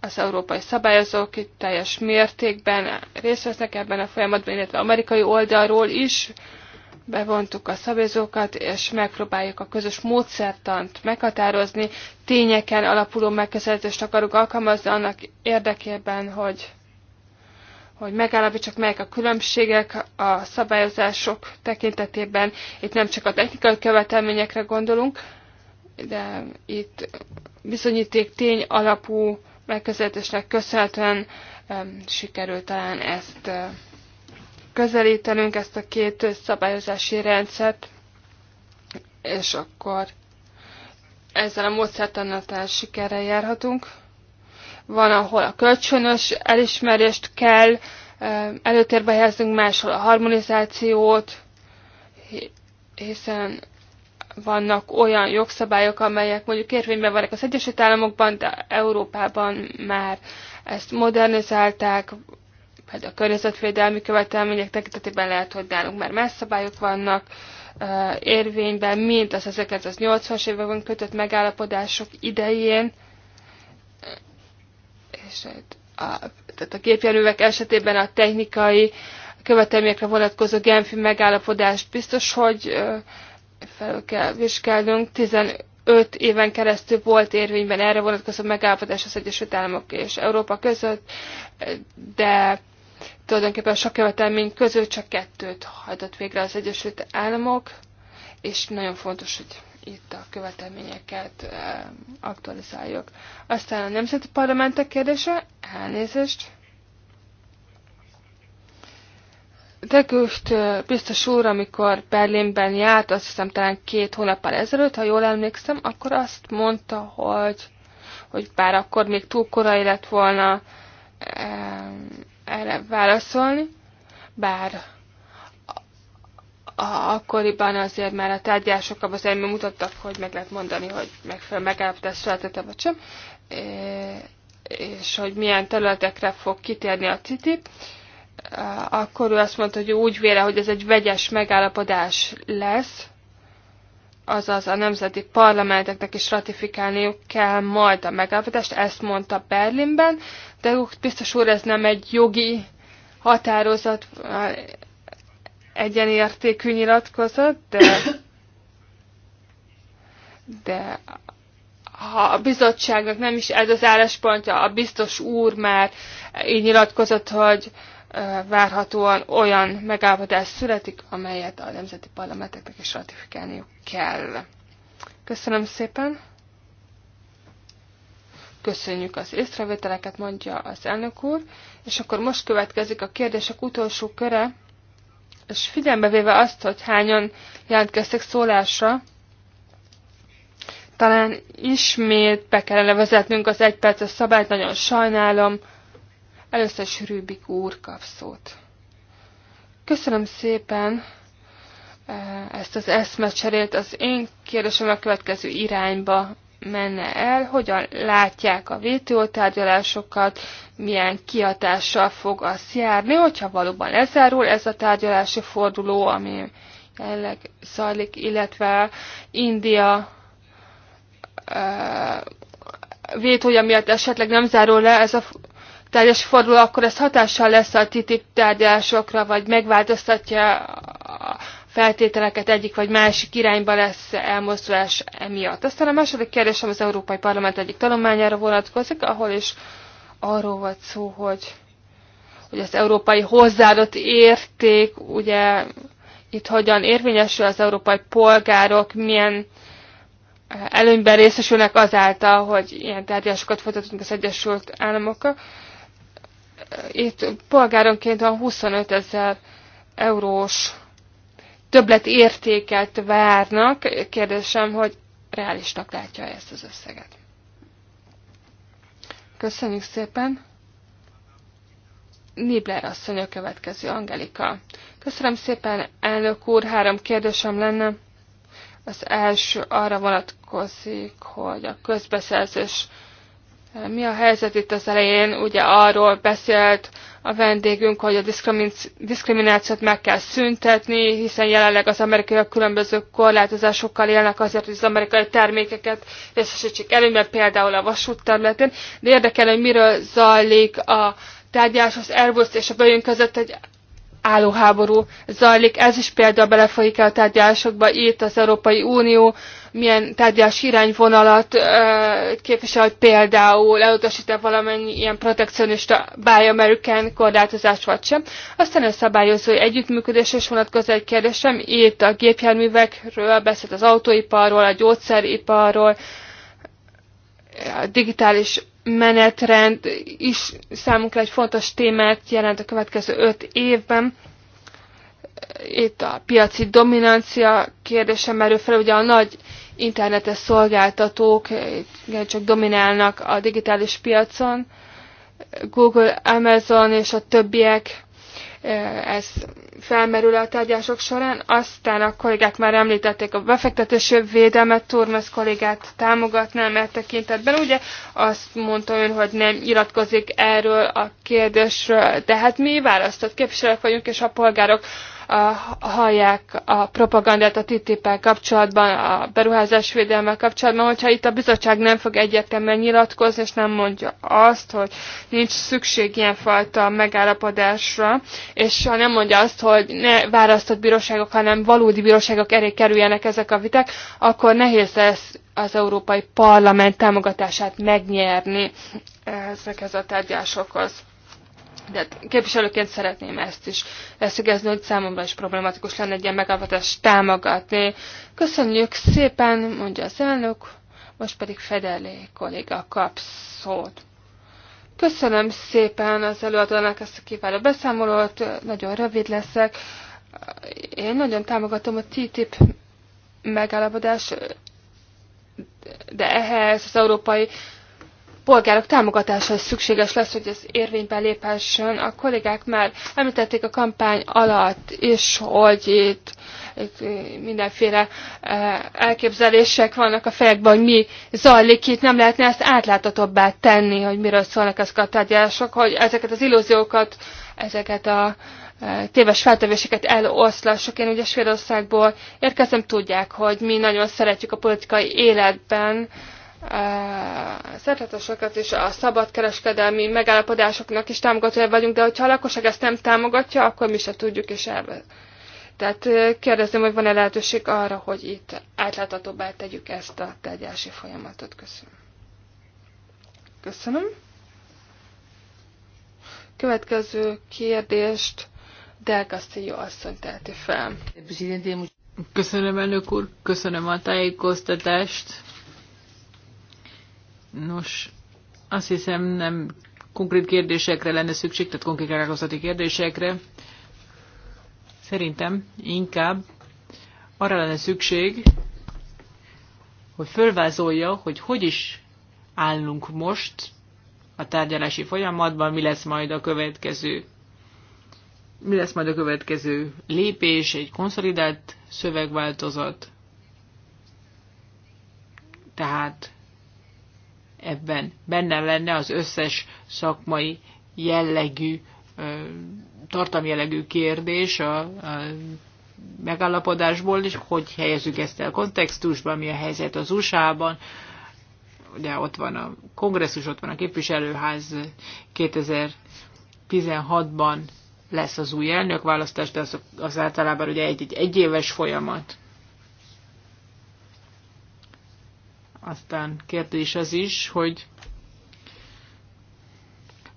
Az európai szabályozók itt teljes mértékben részt vesznek ebben a folyamatban, illetve amerikai oldalról is bevontuk a szabályozókat, és megpróbáljuk a közös módszertant meghatározni, tényeken alapuló megközelítést akarunk alkalmazni annak érdekében, hogy, hogy megállapítsak, melyek a különbségek a szabályozások tekintetében. Itt nem csak a technikai követelményekre gondolunk, de itt bizonyíték tény alapú megközelítésnek köszönhetően sikerült talán ezt közelítenünk ezt a két szabályozási rendszert, és akkor ezzel a módszertanatán sikerrel járhatunk. Van, ahol a kölcsönös elismerést kell előtérbe helyeznünk, máshol a harmonizációt, hiszen vannak olyan jogszabályok, amelyek mondjuk érvényben vannak az Egyesült Államokban, de Európában már ezt modernizálták, például a környezetvédelmi követelmények tekintetében lehet, hogy nálunk már más szabályok vannak érvényben, mint az 1980-as években kötött megállapodások idején. És hát a, tehát a gépjárművek esetében a technikai követelményekre vonatkozó Genfi megállapodást biztos, hogy fel kell vizsgálnunk. 15 éven keresztül volt érvényben erre vonatkozó megállapodás az Egyesült Államok és Európa között, de tulajdonképpen sok követelmény közül csak kettőt hajtott végre az Egyesült Államok, és nagyon fontos, hogy itt a követelményeket e, aktualizáljuk. Aztán a nemzeti parlamentek kérdése, elnézést. Tegőst eh, biztos úr, amikor Berlinben járt, azt hiszem talán két hónappal ezelőtt, ha jól emlékszem, akkor azt mondta, hogy, hogy bár akkor még túl korai lett volna erre válaszolni, bár a, akkoriban azért már a tárgyásokkal azért mutattak, hogy meg lehet mondani, hogy megfelelő megállapodás született vagy sem, és hogy milyen területekre fog kitérni a TTIP. Akkor ő azt mondta, hogy úgy véle, hogy ez egy vegyes megállapodás lesz, azaz a nemzeti parlamenteknek is ratifikálniuk kell majd a megállapodást, ezt mondta Berlinben, de biztos úr, ez nem egy jogi határozat, egyenértékű nyilatkozat, de, de ha a bizottságnak nem is ez az álláspontja, a biztos úr már így nyilatkozott, hogy várhatóan olyan megállapodás születik, amelyet a nemzeti parlamenteknek is ratifikálniuk kell. Köszönöm szépen! Köszönjük az észrevételeket, mondja az elnök úr, és akkor most következik a kérdések utolsó köre, és figyelembe véve azt, hogy hányan jelentkeztek szólásra, talán ismét be kellene vezetnünk az egy perces szabályt, nagyon sajnálom, Először is úr kap szót. Köszönöm szépen eh, ezt az eszmecserét. Az én kérdésem a következő irányba menne el, hogyan látják a VTO tárgyalásokat, milyen kihatással fog az járni, hogyha valóban lezárul ez a tárgyalási forduló, ami jelenleg zajlik, illetve India eh, vétója miatt esetleg nem zárul le ez a teljes forduló akkor ez hatással lesz a TTIP tárgyalásokra, vagy megváltoztatja a feltételeket egyik vagy másik irányba lesz elmozdulás emiatt. Aztán a második kérdésem az Európai Parlament egyik tanulmányára vonatkozik, ahol is arról volt szó, hogy, hogy az európai hozzáadott érték, ugye itt hogyan érvényesül az európai polgárok, milyen előnyben részesülnek azáltal, hogy ilyen tárgyalásokat folytatunk az Egyesült Államokkal itt polgáronként van 25 ezer eurós többlet értéket várnak. Kérdésem, hogy reálisnak látja ezt az összeget. Köszönjük szépen! Nibler asszony a következő, Angelika. Köszönöm szépen, elnök úr, három kérdésem lenne. Az első arra vonatkozik, hogy a közbeszerzés mi a helyzet itt az elején? Ugye arról beszélt a vendégünk, hogy a diszkriminációt meg kell szüntetni, hiszen jelenleg az amerikaiak különböző korlátozásokkal élnek azért, hogy az amerikai termékeket részesítsék előnyben, például a vasút területén. De érdekel, hogy miről zajlik a tárgyalás az Airbus és a Boeing között egy álló háború zajlik. Ez is például belefolyik el a tárgyalásokba. Itt az Európai Unió milyen tárgyalási irányvonalat képvisel, például elutasít-e valamennyi ilyen protekcionista buy American korlátozás vagy sem. Aztán a szabályozói együttműködés is vonatkozó egy kérdésem. Itt a gépjárművekről beszélt az autóiparról, a gyógyszeriparról, a digitális menetrend is számunkra egy fontos témát jelent a következő öt évben. Itt a piaci dominancia kérdése merül fel, ugye a nagy internetes szolgáltatók csak dominálnak a digitális piacon, Google, Amazon és a többiek ez felmerül a tárgyások során. Aztán a kollégák már említették a befektetési védelmet, Turmes kollégát támogatnám e tekintetben. Ugye azt mondta ön, hogy nem iratkozik erről a kérdésről, de hát mi választott képviselők vagyunk, és a polgárok hallják a propagandát a ttip kapcsolatban, a beruházásvédelmel kapcsolatban, hogyha itt a bizottság nem fog egyértelműen nyilatkozni, és nem mondja azt, hogy nincs szükség ilyenfajta megállapodásra, és ha nem mondja azt, hogy ne választott bíróságok, hanem valódi bíróságok elé kerüljenek ezek a viták, akkor nehéz lesz az Európai Parlament támogatását megnyerni ezekhez a tárgyásokhoz de hát képviselőként szeretném ezt is leszögezni, hogy számomra is problematikus lenne egy ilyen megállapodást támogatni. Köszönjük szépen, mondja az elnök, most pedig Federlé kolléga kap szót. Köszönöm szépen az előadónak ezt a kiváló beszámolót, nagyon rövid leszek. Én nagyon támogatom a TTIP megállapodás, de ehhez az európai polgárok támogatása is szükséges lesz, hogy ez érvénybe léphessen. A kollégák már említették a kampány alatt is, hogy itt, itt mindenféle elképzelések vannak a fejekben, hogy mi zajlik itt, nem lehetne ezt átláthatóbbá tenni, hogy miről szólnak ezek a tárgyalások, hogy ezeket az illúziókat, ezeket a téves feltevéseket eloszlassuk. Én ugye Svédországból érkezem, tudják, hogy mi nagyon szeretjük a politikai életben szerzeteseket és a kereskedelmi megállapodásoknak is támogatója vagyunk, de hogyha a lakosság ezt nem támogatja, akkor mi se tudjuk és elve. Tehát kérdezem, hogy van-e lehetőség arra, hogy itt átláthatóbbá tegyük ezt a tárgyási folyamatot. Köszönöm. Köszönöm. Következő kérdést Del Castillo asszony teheti fel. Köszönöm, elnök úr. Köszönöm a tájékoztatást Nos, azt hiszem nem konkrét kérdésekre lenne szükség, tehát konkrét kérdésekre, kérdésekre. Szerintem inkább arra lenne szükség, hogy fölvázolja, hogy hogy is állunk most a tárgyalási folyamatban, mi lesz majd a következő mi lesz majd a következő lépés, egy konszolidált szövegváltozat. Tehát ebben benne lenne az összes szakmai jellegű, tartalmi jellegű kérdés a, a megállapodásból, és hogy helyezzük ezt el kontextusban, mi a helyzet az USA-ban, ugye ott van a kongresszus, ott van a képviselőház 2016-ban lesz az új elnök de az, az általában ugye egy, egy egyéves folyamat. Aztán kérdés az is, hogy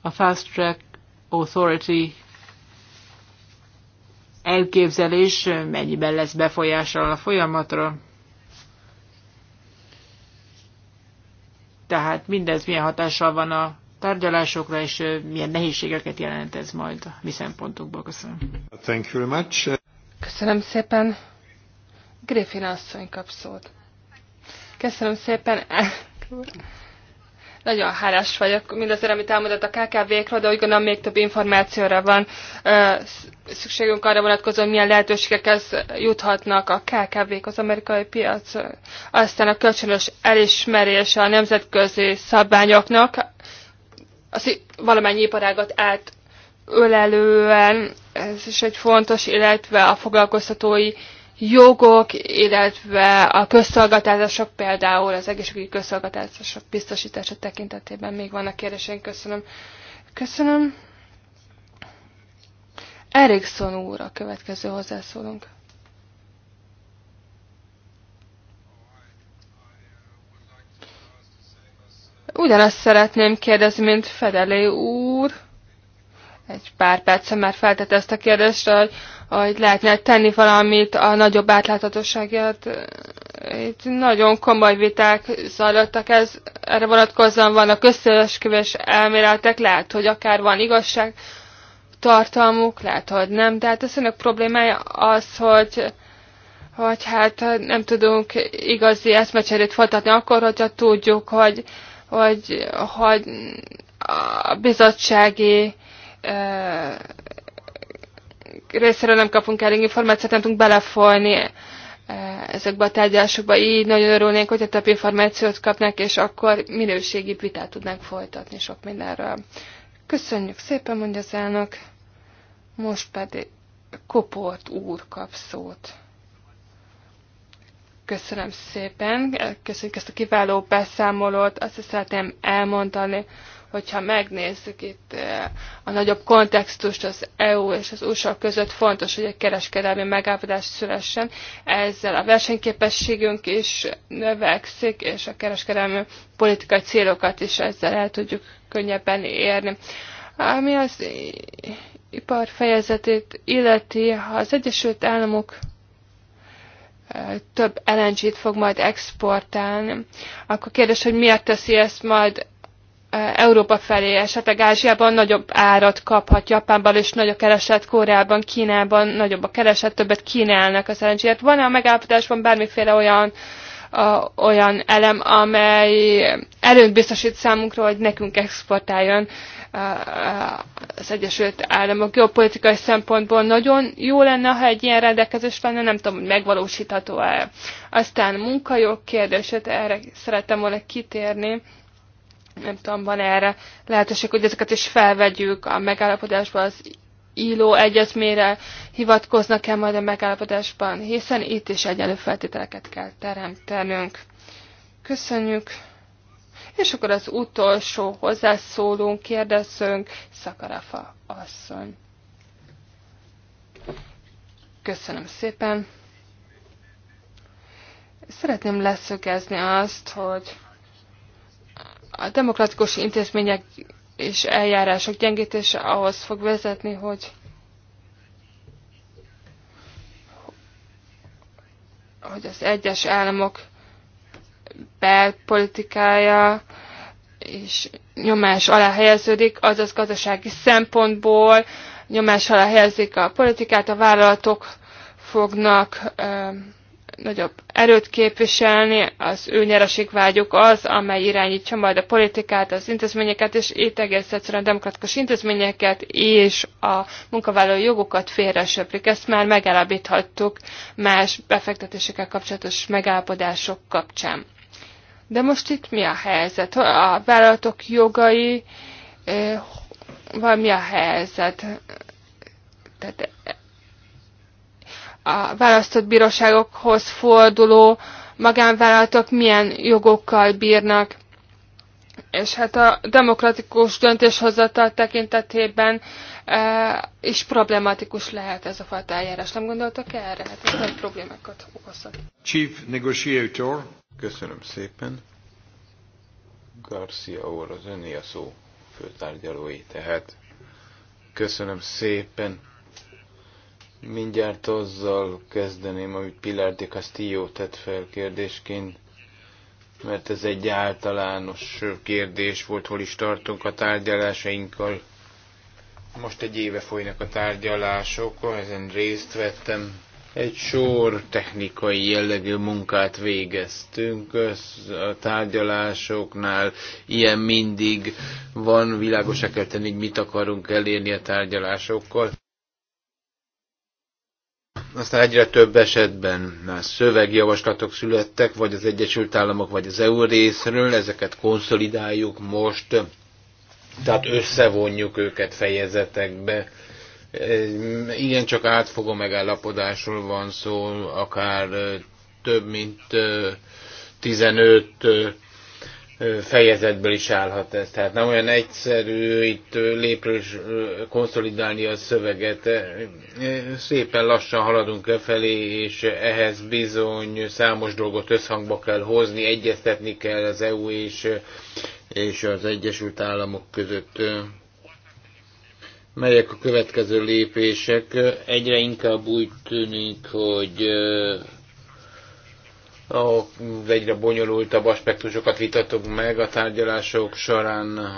a Fast Track Authority elképzelés mennyiben lesz befolyással a folyamatra. Tehát mindez milyen hatással van a tárgyalásokra, és milyen nehézségeket jelent ez majd a mi szempontokból. Köszönöm. Thank you very much. Köszönöm szépen. Griffin asszony kap szót. Köszönöm szépen. Nagyon hálás vagyok mindazért, amit elmondott a KKV-król, de úgy gondolom még több információra van szükségünk arra vonatkozóan, milyen lehetőségekhez juthatnak a KKV-k az amerikai piac. Aztán a kölcsönös elismerése a nemzetközi szabványoknak, az valamennyi iparágat átölelően, ez is egy fontos, illetve a foglalkoztatói jogok, illetve a közszolgáltatások, például az egészségügyi közszolgáltatások biztosítása tekintetében még vannak kérdéseink. Köszönöm. Köszönöm. Erikson úr a következő hozzászólunk. Ugyanazt szeretném kérdezni, mint Fedelé úr egy pár percen már feltette ezt a kérdést, hogy, hogy lehetne tenni valamit a nagyobb átláthatóságért. Itt nagyon komoly viták zajlottak ez, erre vonatkozóan vannak összeesküvés elméletek, lehet, hogy akár van igazság tartalmuk, lehet, hogy nem. Tehát az önök problémája az, hogy hogy hát nem tudunk igazi eszmecserét folytatni akkor, hogyha tudjuk, hogy, hogy, hogy a bizottsági részéről nem kapunk elég információt, nem tudunk belefolni ezekbe a tárgyalásokba. Így nagyon örülnénk, hogyha több információt kapnak, és akkor minőségi vitát tudnánk folytatni sok mindenről. Köszönjük szépen, mondja az elnök. Most pedig Koport úr kap szót. Köszönöm szépen, köszönjük ezt a kiváló beszámolót, azt szeretném elmondani, hogyha megnézzük itt eh, a nagyobb kontextust az EU és az USA között, fontos, hogy egy kereskedelmi megállapodás szülessen. Ezzel a versenyképességünk is növekszik, és a kereskedelmi politikai célokat is ezzel el tudjuk könnyebben érni. Ami az ipar fejezetét illeti, ha az Egyesült Államok eh, több lng fog majd exportálni. Akkor kérdés, hogy miért teszi ezt majd Európa felé, esetleg Ázsiában nagyobb árat kaphat Japánban, és nagy a kereset Koreában, Kínában, nagyobb a kereset, többet kínálnak a szerencséért. Van-e a megállapodásban bármiféle olyan, a, olyan elem, amely előnyt biztosít számunkra, hogy nekünk exportáljon az Egyesült Államok geopolitikai szempontból nagyon jó lenne, ha egy ilyen rendelkezés lenne, nem tudom, hogy megvalósítható-e. Aztán munkajog kérdését, erre szerettem volna kitérni nem tudom, van erre lehetőség, hogy ezeket is felvegyük a megállapodásba, az író egyezményre hivatkoznak-e majd a megállapodásban, hiszen itt is egyenlő feltételeket kell teremtenünk. Köszönjük! És akkor az utolsó hozzászólunk, kérdezzünk, Szakarafa asszony. Köszönöm szépen! Szeretném leszögezni azt, hogy a demokratikus intézmények és eljárások gyengítése ahhoz fog vezetni, hogy hogy az egyes államok belpolitikája és nyomás alá helyeződik, azaz gazdasági szempontból nyomás alá helyezik a politikát, a vállalatok fognak nagyobb erőt képviselni, az ő vágyuk az, amely irányítja majd a politikát, az intézményeket, és itt egész egyszerűen a demokratikus intézményeket és a munkavállalói jogokat félresöplik. Ezt már megállapíthattuk más befektetésekkel kapcsolatos megállapodások kapcsán. De most itt mi a helyzet? A vállalatok jogai, vagy eh, mi a helyzet? Tehát a választott bíróságokhoz forduló magánvállalatok milyen jogokkal bírnak. És hát a demokratikus döntéshozatal tekintetében e, is problematikus lehet ez a fajta eljárás. Nem gondoltak -e erre? Hát ez nagy problémákat okozhat. Chief Negotiator. Köszönöm szépen. Garcia úr, az öné a szó főtárgyalói, tehát köszönöm szépen Mindjárt azzal kezdeném, amit Pilar de Castillo tett fel kérdésként, mert ez egy általános kérdés volt, hol is tartunk a tárgyalásainkkal. Most egy éve folynak a tárgyalások, ezen részt vettem. Egy sor technikai jellegű munkát végeztünk a tárgyalásoknál. Ilyen mindig van, világosá kell tenni, hogy mit akarunk elérni a tárgyalásokkal. Aztán egyre több esetben már szövegjavaslatok születtek, vagy az Egyesült Államok, vagy az EU részről, ezeket konszolidáljuk most, tehát összevonjuk őket fejezetekbe. Igen, csak átfogó megállapodásról van szó, akár több mint 15 fejezetből is állhat ez. Tehát nem olyan egyszerű itt lépről konszolidálni a szöveget. Szépen lassan haladunk lefelé, és ehhez bizony számos dolgot összhangba kell hozni, egyeztetni kell az EU és, és az Egyesült Államok között. Melyek a következő lépések? Egyre inkább úgy tűnik, hogy a egyre bonyolultabb aspektusokat vitatok meg a tárgyalások során,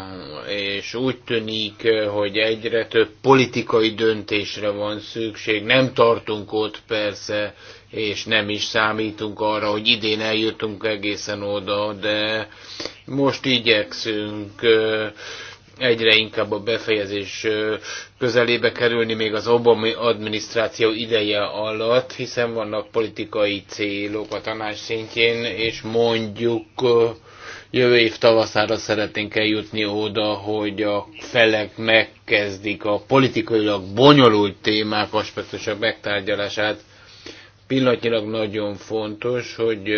és úgy tűnik, hogy egyre több politikai döntésre van szükség. Nem tartunk ott persze, és nem is számítunk arra, hogy idén eljutunk egészen oda, de most igyekszünk egyre inkább a befejezés közelébe kerülni még az Obama adminisztráció ideje alatt, hiszen vannak politikai célok a tanács szintjén, és mondjuk jövő év tavaszára szeretnénk eljutni oda, hogy a felek megkezdik a politikailag bonyolult témák aspektusok megtárgyalását. Pillanatnyilag nagyon fontos, hogy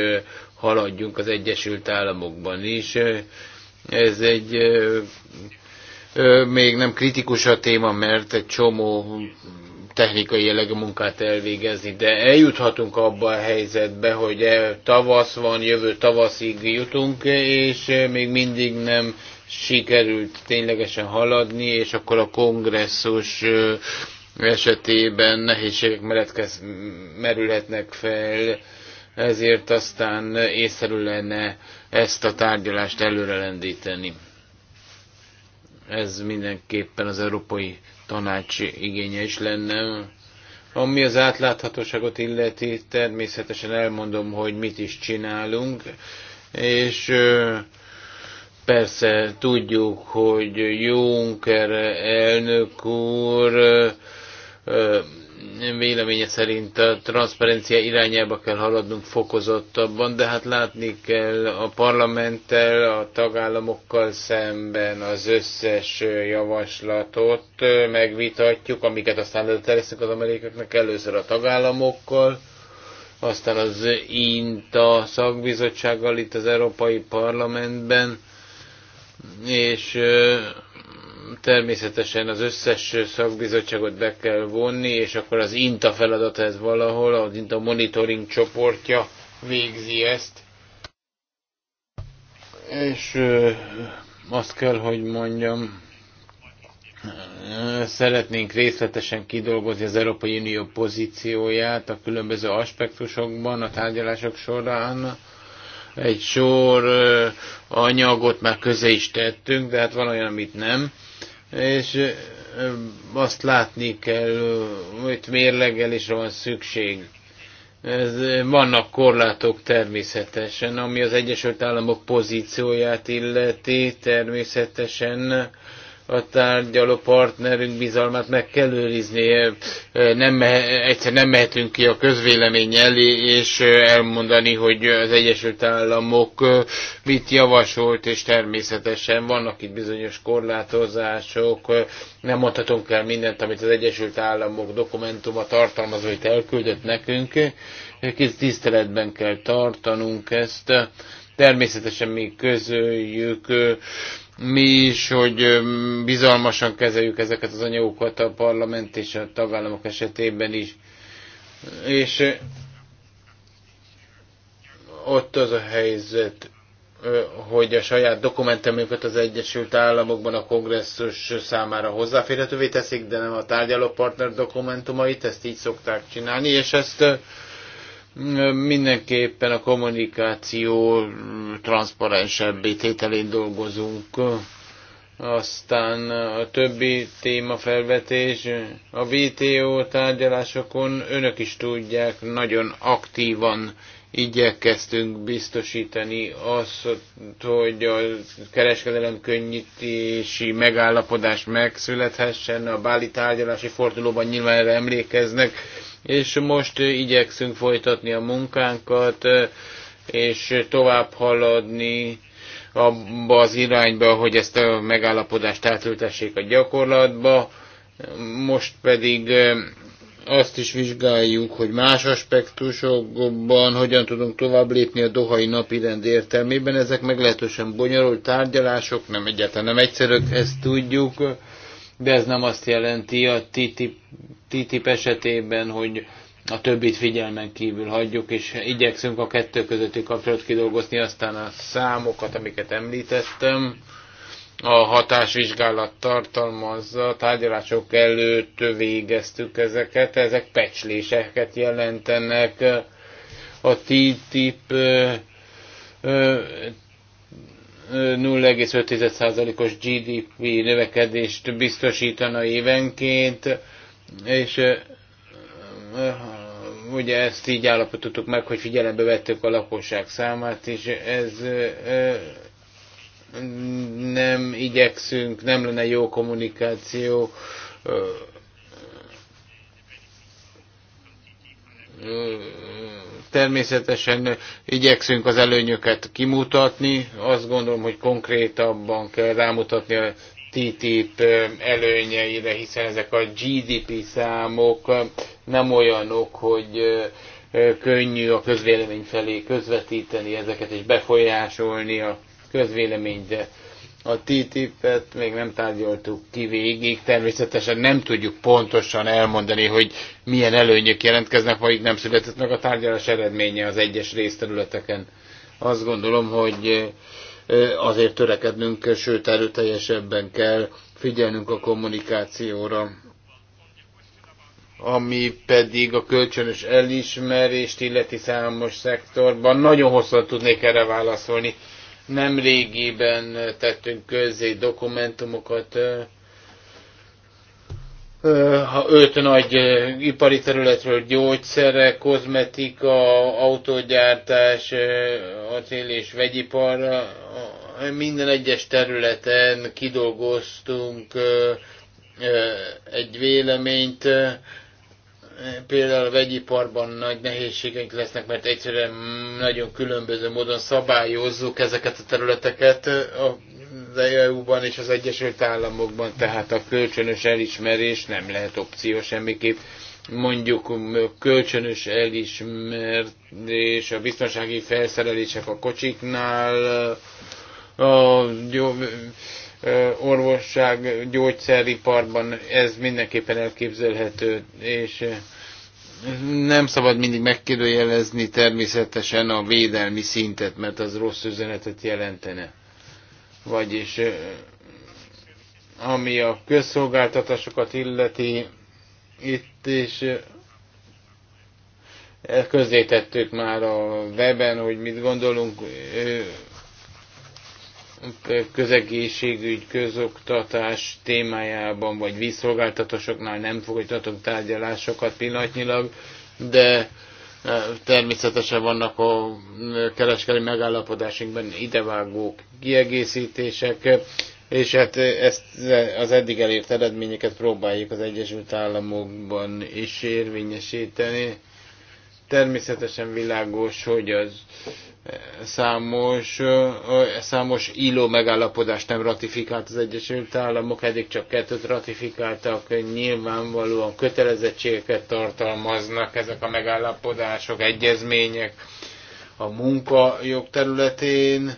haladjunk az Egyesült Államokban is. Ez egy még nem kritikus a téma, mert egy csomó technikai jellegű munkát elvégezni, de eljuthatunk abba a helyzetbe, hogy e tavasz van, jövő tavaszig jutunk, és még mindig nem sikerült ténylegesen haladni, és akkor a kongresszus esetében nehézségek meretkez, merülhetnek fel, ezért aztán észszerű lenne ezt a tárgyalást előrelendíteni. Ez mindenképpen az Európai Tanács igénye is lenne. Ami az átláthatóságot illeti, természetesen elmondom, hogy mit is csinálunk, és persze tudjuk, hogy Juncker elnök úr véleménye szerint a transzparencia irányába kell haladnunk fokozottabban, de hát látni kell a parlamenttel, a tagállamokkal szemben az összes javaslatot megvitatjuk, amiket aztán leteresztünk az amerikaknak először a tagállamokkal, aztán az INTA szakbizottsággal itt az Európai Parlamentben, és természetesen az összes szakbizottságot be kell vonni, és akkor az INTA feladata ez valahol, az INTA monitoring csoportja végzi ezt. És ö, azt kell, hogy mondjam, szeretnénk részletesen kidolgozni az Európai Unió pozícióját a különböző aspektusokban, a tárgyalások során. Egy sor anyagot már közé is tettünk, de hát van olyan, amit nem és azt látni kell, hogy mérlegelésre van szükség. Ez, vannak korlátok természetesen, ami az Egyesült Államok pozícióját illeti, természetesen a tárgyaló partnerünk bizalmát meg kell őrizni. Nem, egyszer nem mehetünk ki a közvélemény elé, és elmondani, hogy az Egyesült Államok mit javasolt, és természetesen vannak itt bizonyos korlátozások. Nem mondhatunk el mindent, amit az Egyesült Államok dokumentuma hogy elküldött nekünk. Kicsit tiszteletben kell tartanunk ezt. Természetesen mi közöljük mi is, hogy bizalmasan kezeljük ezeket az anyagokat a parlament és a tagállamok esetében is. És ott az a helyzet, hogy a saját dokumentumokat az Egyesült Államokban a kongresszus számára hozzáférhetővé teszik, de nem a tárgyalópartner dokumentumait, ezt így szokták csinálni, és ezt Mindenképpen a kommunikáció transzparensebbé tételén dolgozunk. Aztán a többi témafelvetés, a VTO tárgyalásokon önök is tudják, nagyon aktívan igyekeztünk biztosítani azt, hogy a kereskedelem könnyítési megállapodás megszülethessen, a báli tárgyalási fordulóban nyilván erre emlékeznek, és most igyekszünk folytatni a munkánkat, és tovább haladni abba az irányba, hogy ezt a megállapodást átültessék a gyakorlatba. Most pedig azt is vizsgáljuk, hogy más aspektusokban hogyan tudunk tovább lépni a dohai rend értelmében. Ezek meglehetősen bonyolult tárgyalások, nem egyáltalán nem egyszerűek, ezt tudjuk, de ez nem azt jelenti a TTIP, TTIP esetében, hogy a többit figyelmen kívül hagyjuk, és igyekszünk a kettő közötti kapcsolat kidolgozni, aztán a számokat, amiket említettem a hatásvizsgálat tartalmazza, a tárgyalások előtt végeztük ezeket, ezek pecsléseket jelentenek. A TTIP 0,5%-os GDP növekedést biztosítana évenként, és ugye ezt így állapítottuk meg, hogy figyelembe vettük a lakosság számát, és ez nem igyekszünk, nem lenne jó kommunikáció, természetesen igyekszünk az előnyöket kimutatni. Azt gondolom, hogy konkrétabban kell rámutatni a TTIP előnyeire, hiszen ezek a GDP számok nem olyanok, hogy könnyű a közvélemény felé közvetíteni ezeket és befolyásolni a közvélemény, de a TTIP-et még nem tárgyaltuk ki végig. Természetesen nem tudjuk pontosan elmondani, hogy milyen előnyök jelentkeznek, vagy nem született meg a tárgyalás eredménye az egyes részterületeken. Azt gondolom, hogy azért törekednünk, sőt erőteljesebben kell figyelnünk a kommunikációra, ami pedig a kölcsönös elismerést illeti számos szektorban. Nagyon hosszan tudnék erre válaszolni nem régiben tettünk közzé dokumentumokat, ha öt nagy ipari területről gyógyszerek, kozmetika, autógyártás, acél és vegyipar, minden egyes területen kidolgoztunk egy véleményt, például a vegyiparban nagy nehézségeink lesznek, mert egyszerűen nagyon különböző módon szabályozzuk ezeket a területeket az EU-ban és az Egyesült Államokban, tehát a kölcsönös elismerés nem lehet opció semmiképp. Mondjuk kölcsönös elismerés a biztonsági felszerelések a kocsiknál, a jó, orvosság, gyógyszeriparban ez mindenképpen elképzelhető, és nem szabad mindig megkérdőjelezni természetesen a védelmi szintet, mert az rossz üzenetet jelentene. Vagyis ami a közszolgáltatásokat illeti, itt is közzétettük már a weben, hogy mit gondolunk közegészségügy, közoktatás témájában, vagy vízszolgáltatásoknál nem folytatunk tárgyalásokat pillanatnyilag, de eh, természetesen vannak a eh, kereskedelmi megállapodásunkban idevágó kiegészítések, és hát eh, ezt az eddig elért eredményeket próbáljuk az Egyesült Államokban is érvényesíteni. Természetesen világos, hogy az Számos, számos illó megállapodást nem ratifikált az Egyesült Államok, eddig csak kettőt ratifikáltak, nyilvánvalóan kötelezettségeket tartalmaznak ezek a megállapodások, egyezmények a munkajog területén.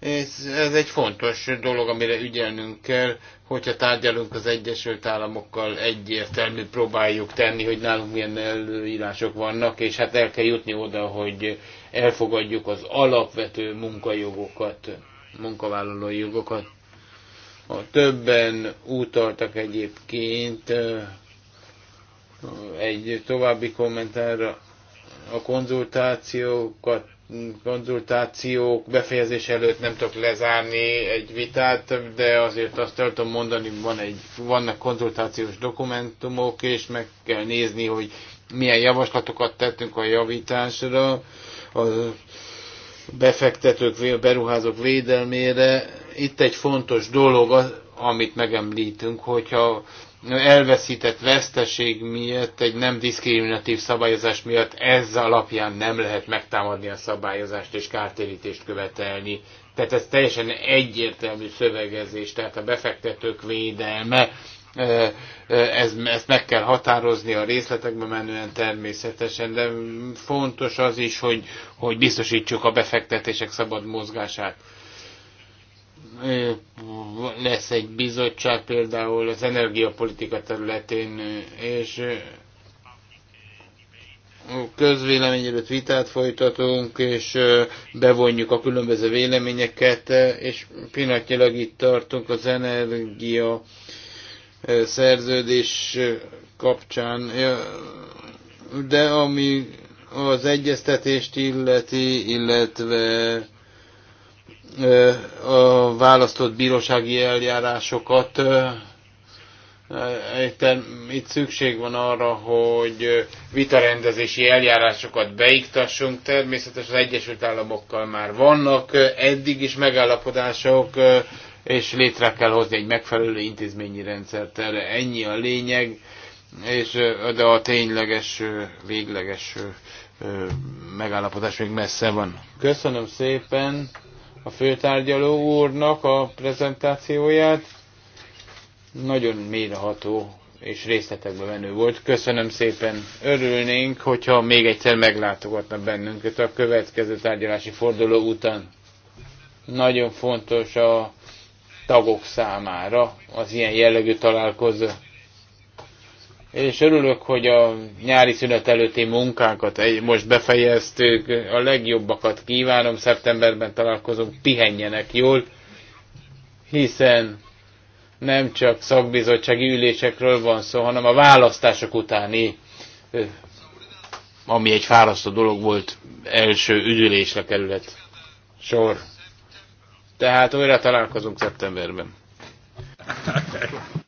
Ez, ez egy fontos dolog, amire ügyelnünk kell, hogyha tárgyalunk az Egyesült Államokkal, egyértelmű próbáljuk tenni, hogy nálunk milyen előírások vannak, és hát el kell jutni oda, hogy elfogadjuk az alapvető munkajogokat, munkavállalói jogokat. A többen utaltak egyébként egy további kommentárra a konzultációkat konzultációk befejezés előtt nem tudok lezárni egy vitát, de azért azt el tudom mondani, van egy, vannak konzultációs dokumentumok, és meg kell nézni, hogy milyen javaslatokat tettünk a javításra, a befektetők, beruházók védelmére. Itt egy fontos dolog, amit megemlítünk, hogyha elveszített veszteség miatt, egy nem diszkriminatív szabályozás miatt ez alapján nem lehet megtámadni a szabályozást és kártérítést követelni. Tehát ez teljesen egyértelmű szövegezés, tehát a befektetők védelme ez, ezt meg kell határozni a részletekbe menően természetesen, de fontos az is, hogy, hogy biztosítsuk a befektetések szabad mozgását lesz egy bizottság például az energiapolitika területén, és közvélemény vitát folytatunk, és bevonjuk a különböző véleményeket, és pillanatnyilag itt tartunk az energia szerződés kapcsán. De ami az egyeztetést illeti, illetve a választott bírósági eljárásokat. Itt szükség van arra, hogy vitarendezési eljárásokat beiktassunk. Természetesen az Egyesült Államokkal már vannak eddig is megállapodások és létre kell hozni egy megfelelő intézményi rendszert erre. Ennyi a lényeg, és, de a tényleges, végleges megállapodás még messze van. Köszönöm szépen a főtárgyaló úrnak a prezentációját. Nagyon mélyreható és részletekbe menő volt. Köszönöm szépen. Örülnénk, hogyha még egyszer meglátogatna bennünket a következő tárgyalási forduló után. Nagyon fontos a tagok számára az ilyen jellegű találkozó. És örülök, hogy a nyári szünet előtti munkánkat most befejeztük, a legjobbakat kívánom, szeptemberben találkozunk, pihenjenek jól, hiszen nem csak szakbizottsági ülésekről van szó, hanem a választások utáni, ami egy fárasztó dolog volt, első üdülésre került sor. Tehát újra találkozunk szeptemberben.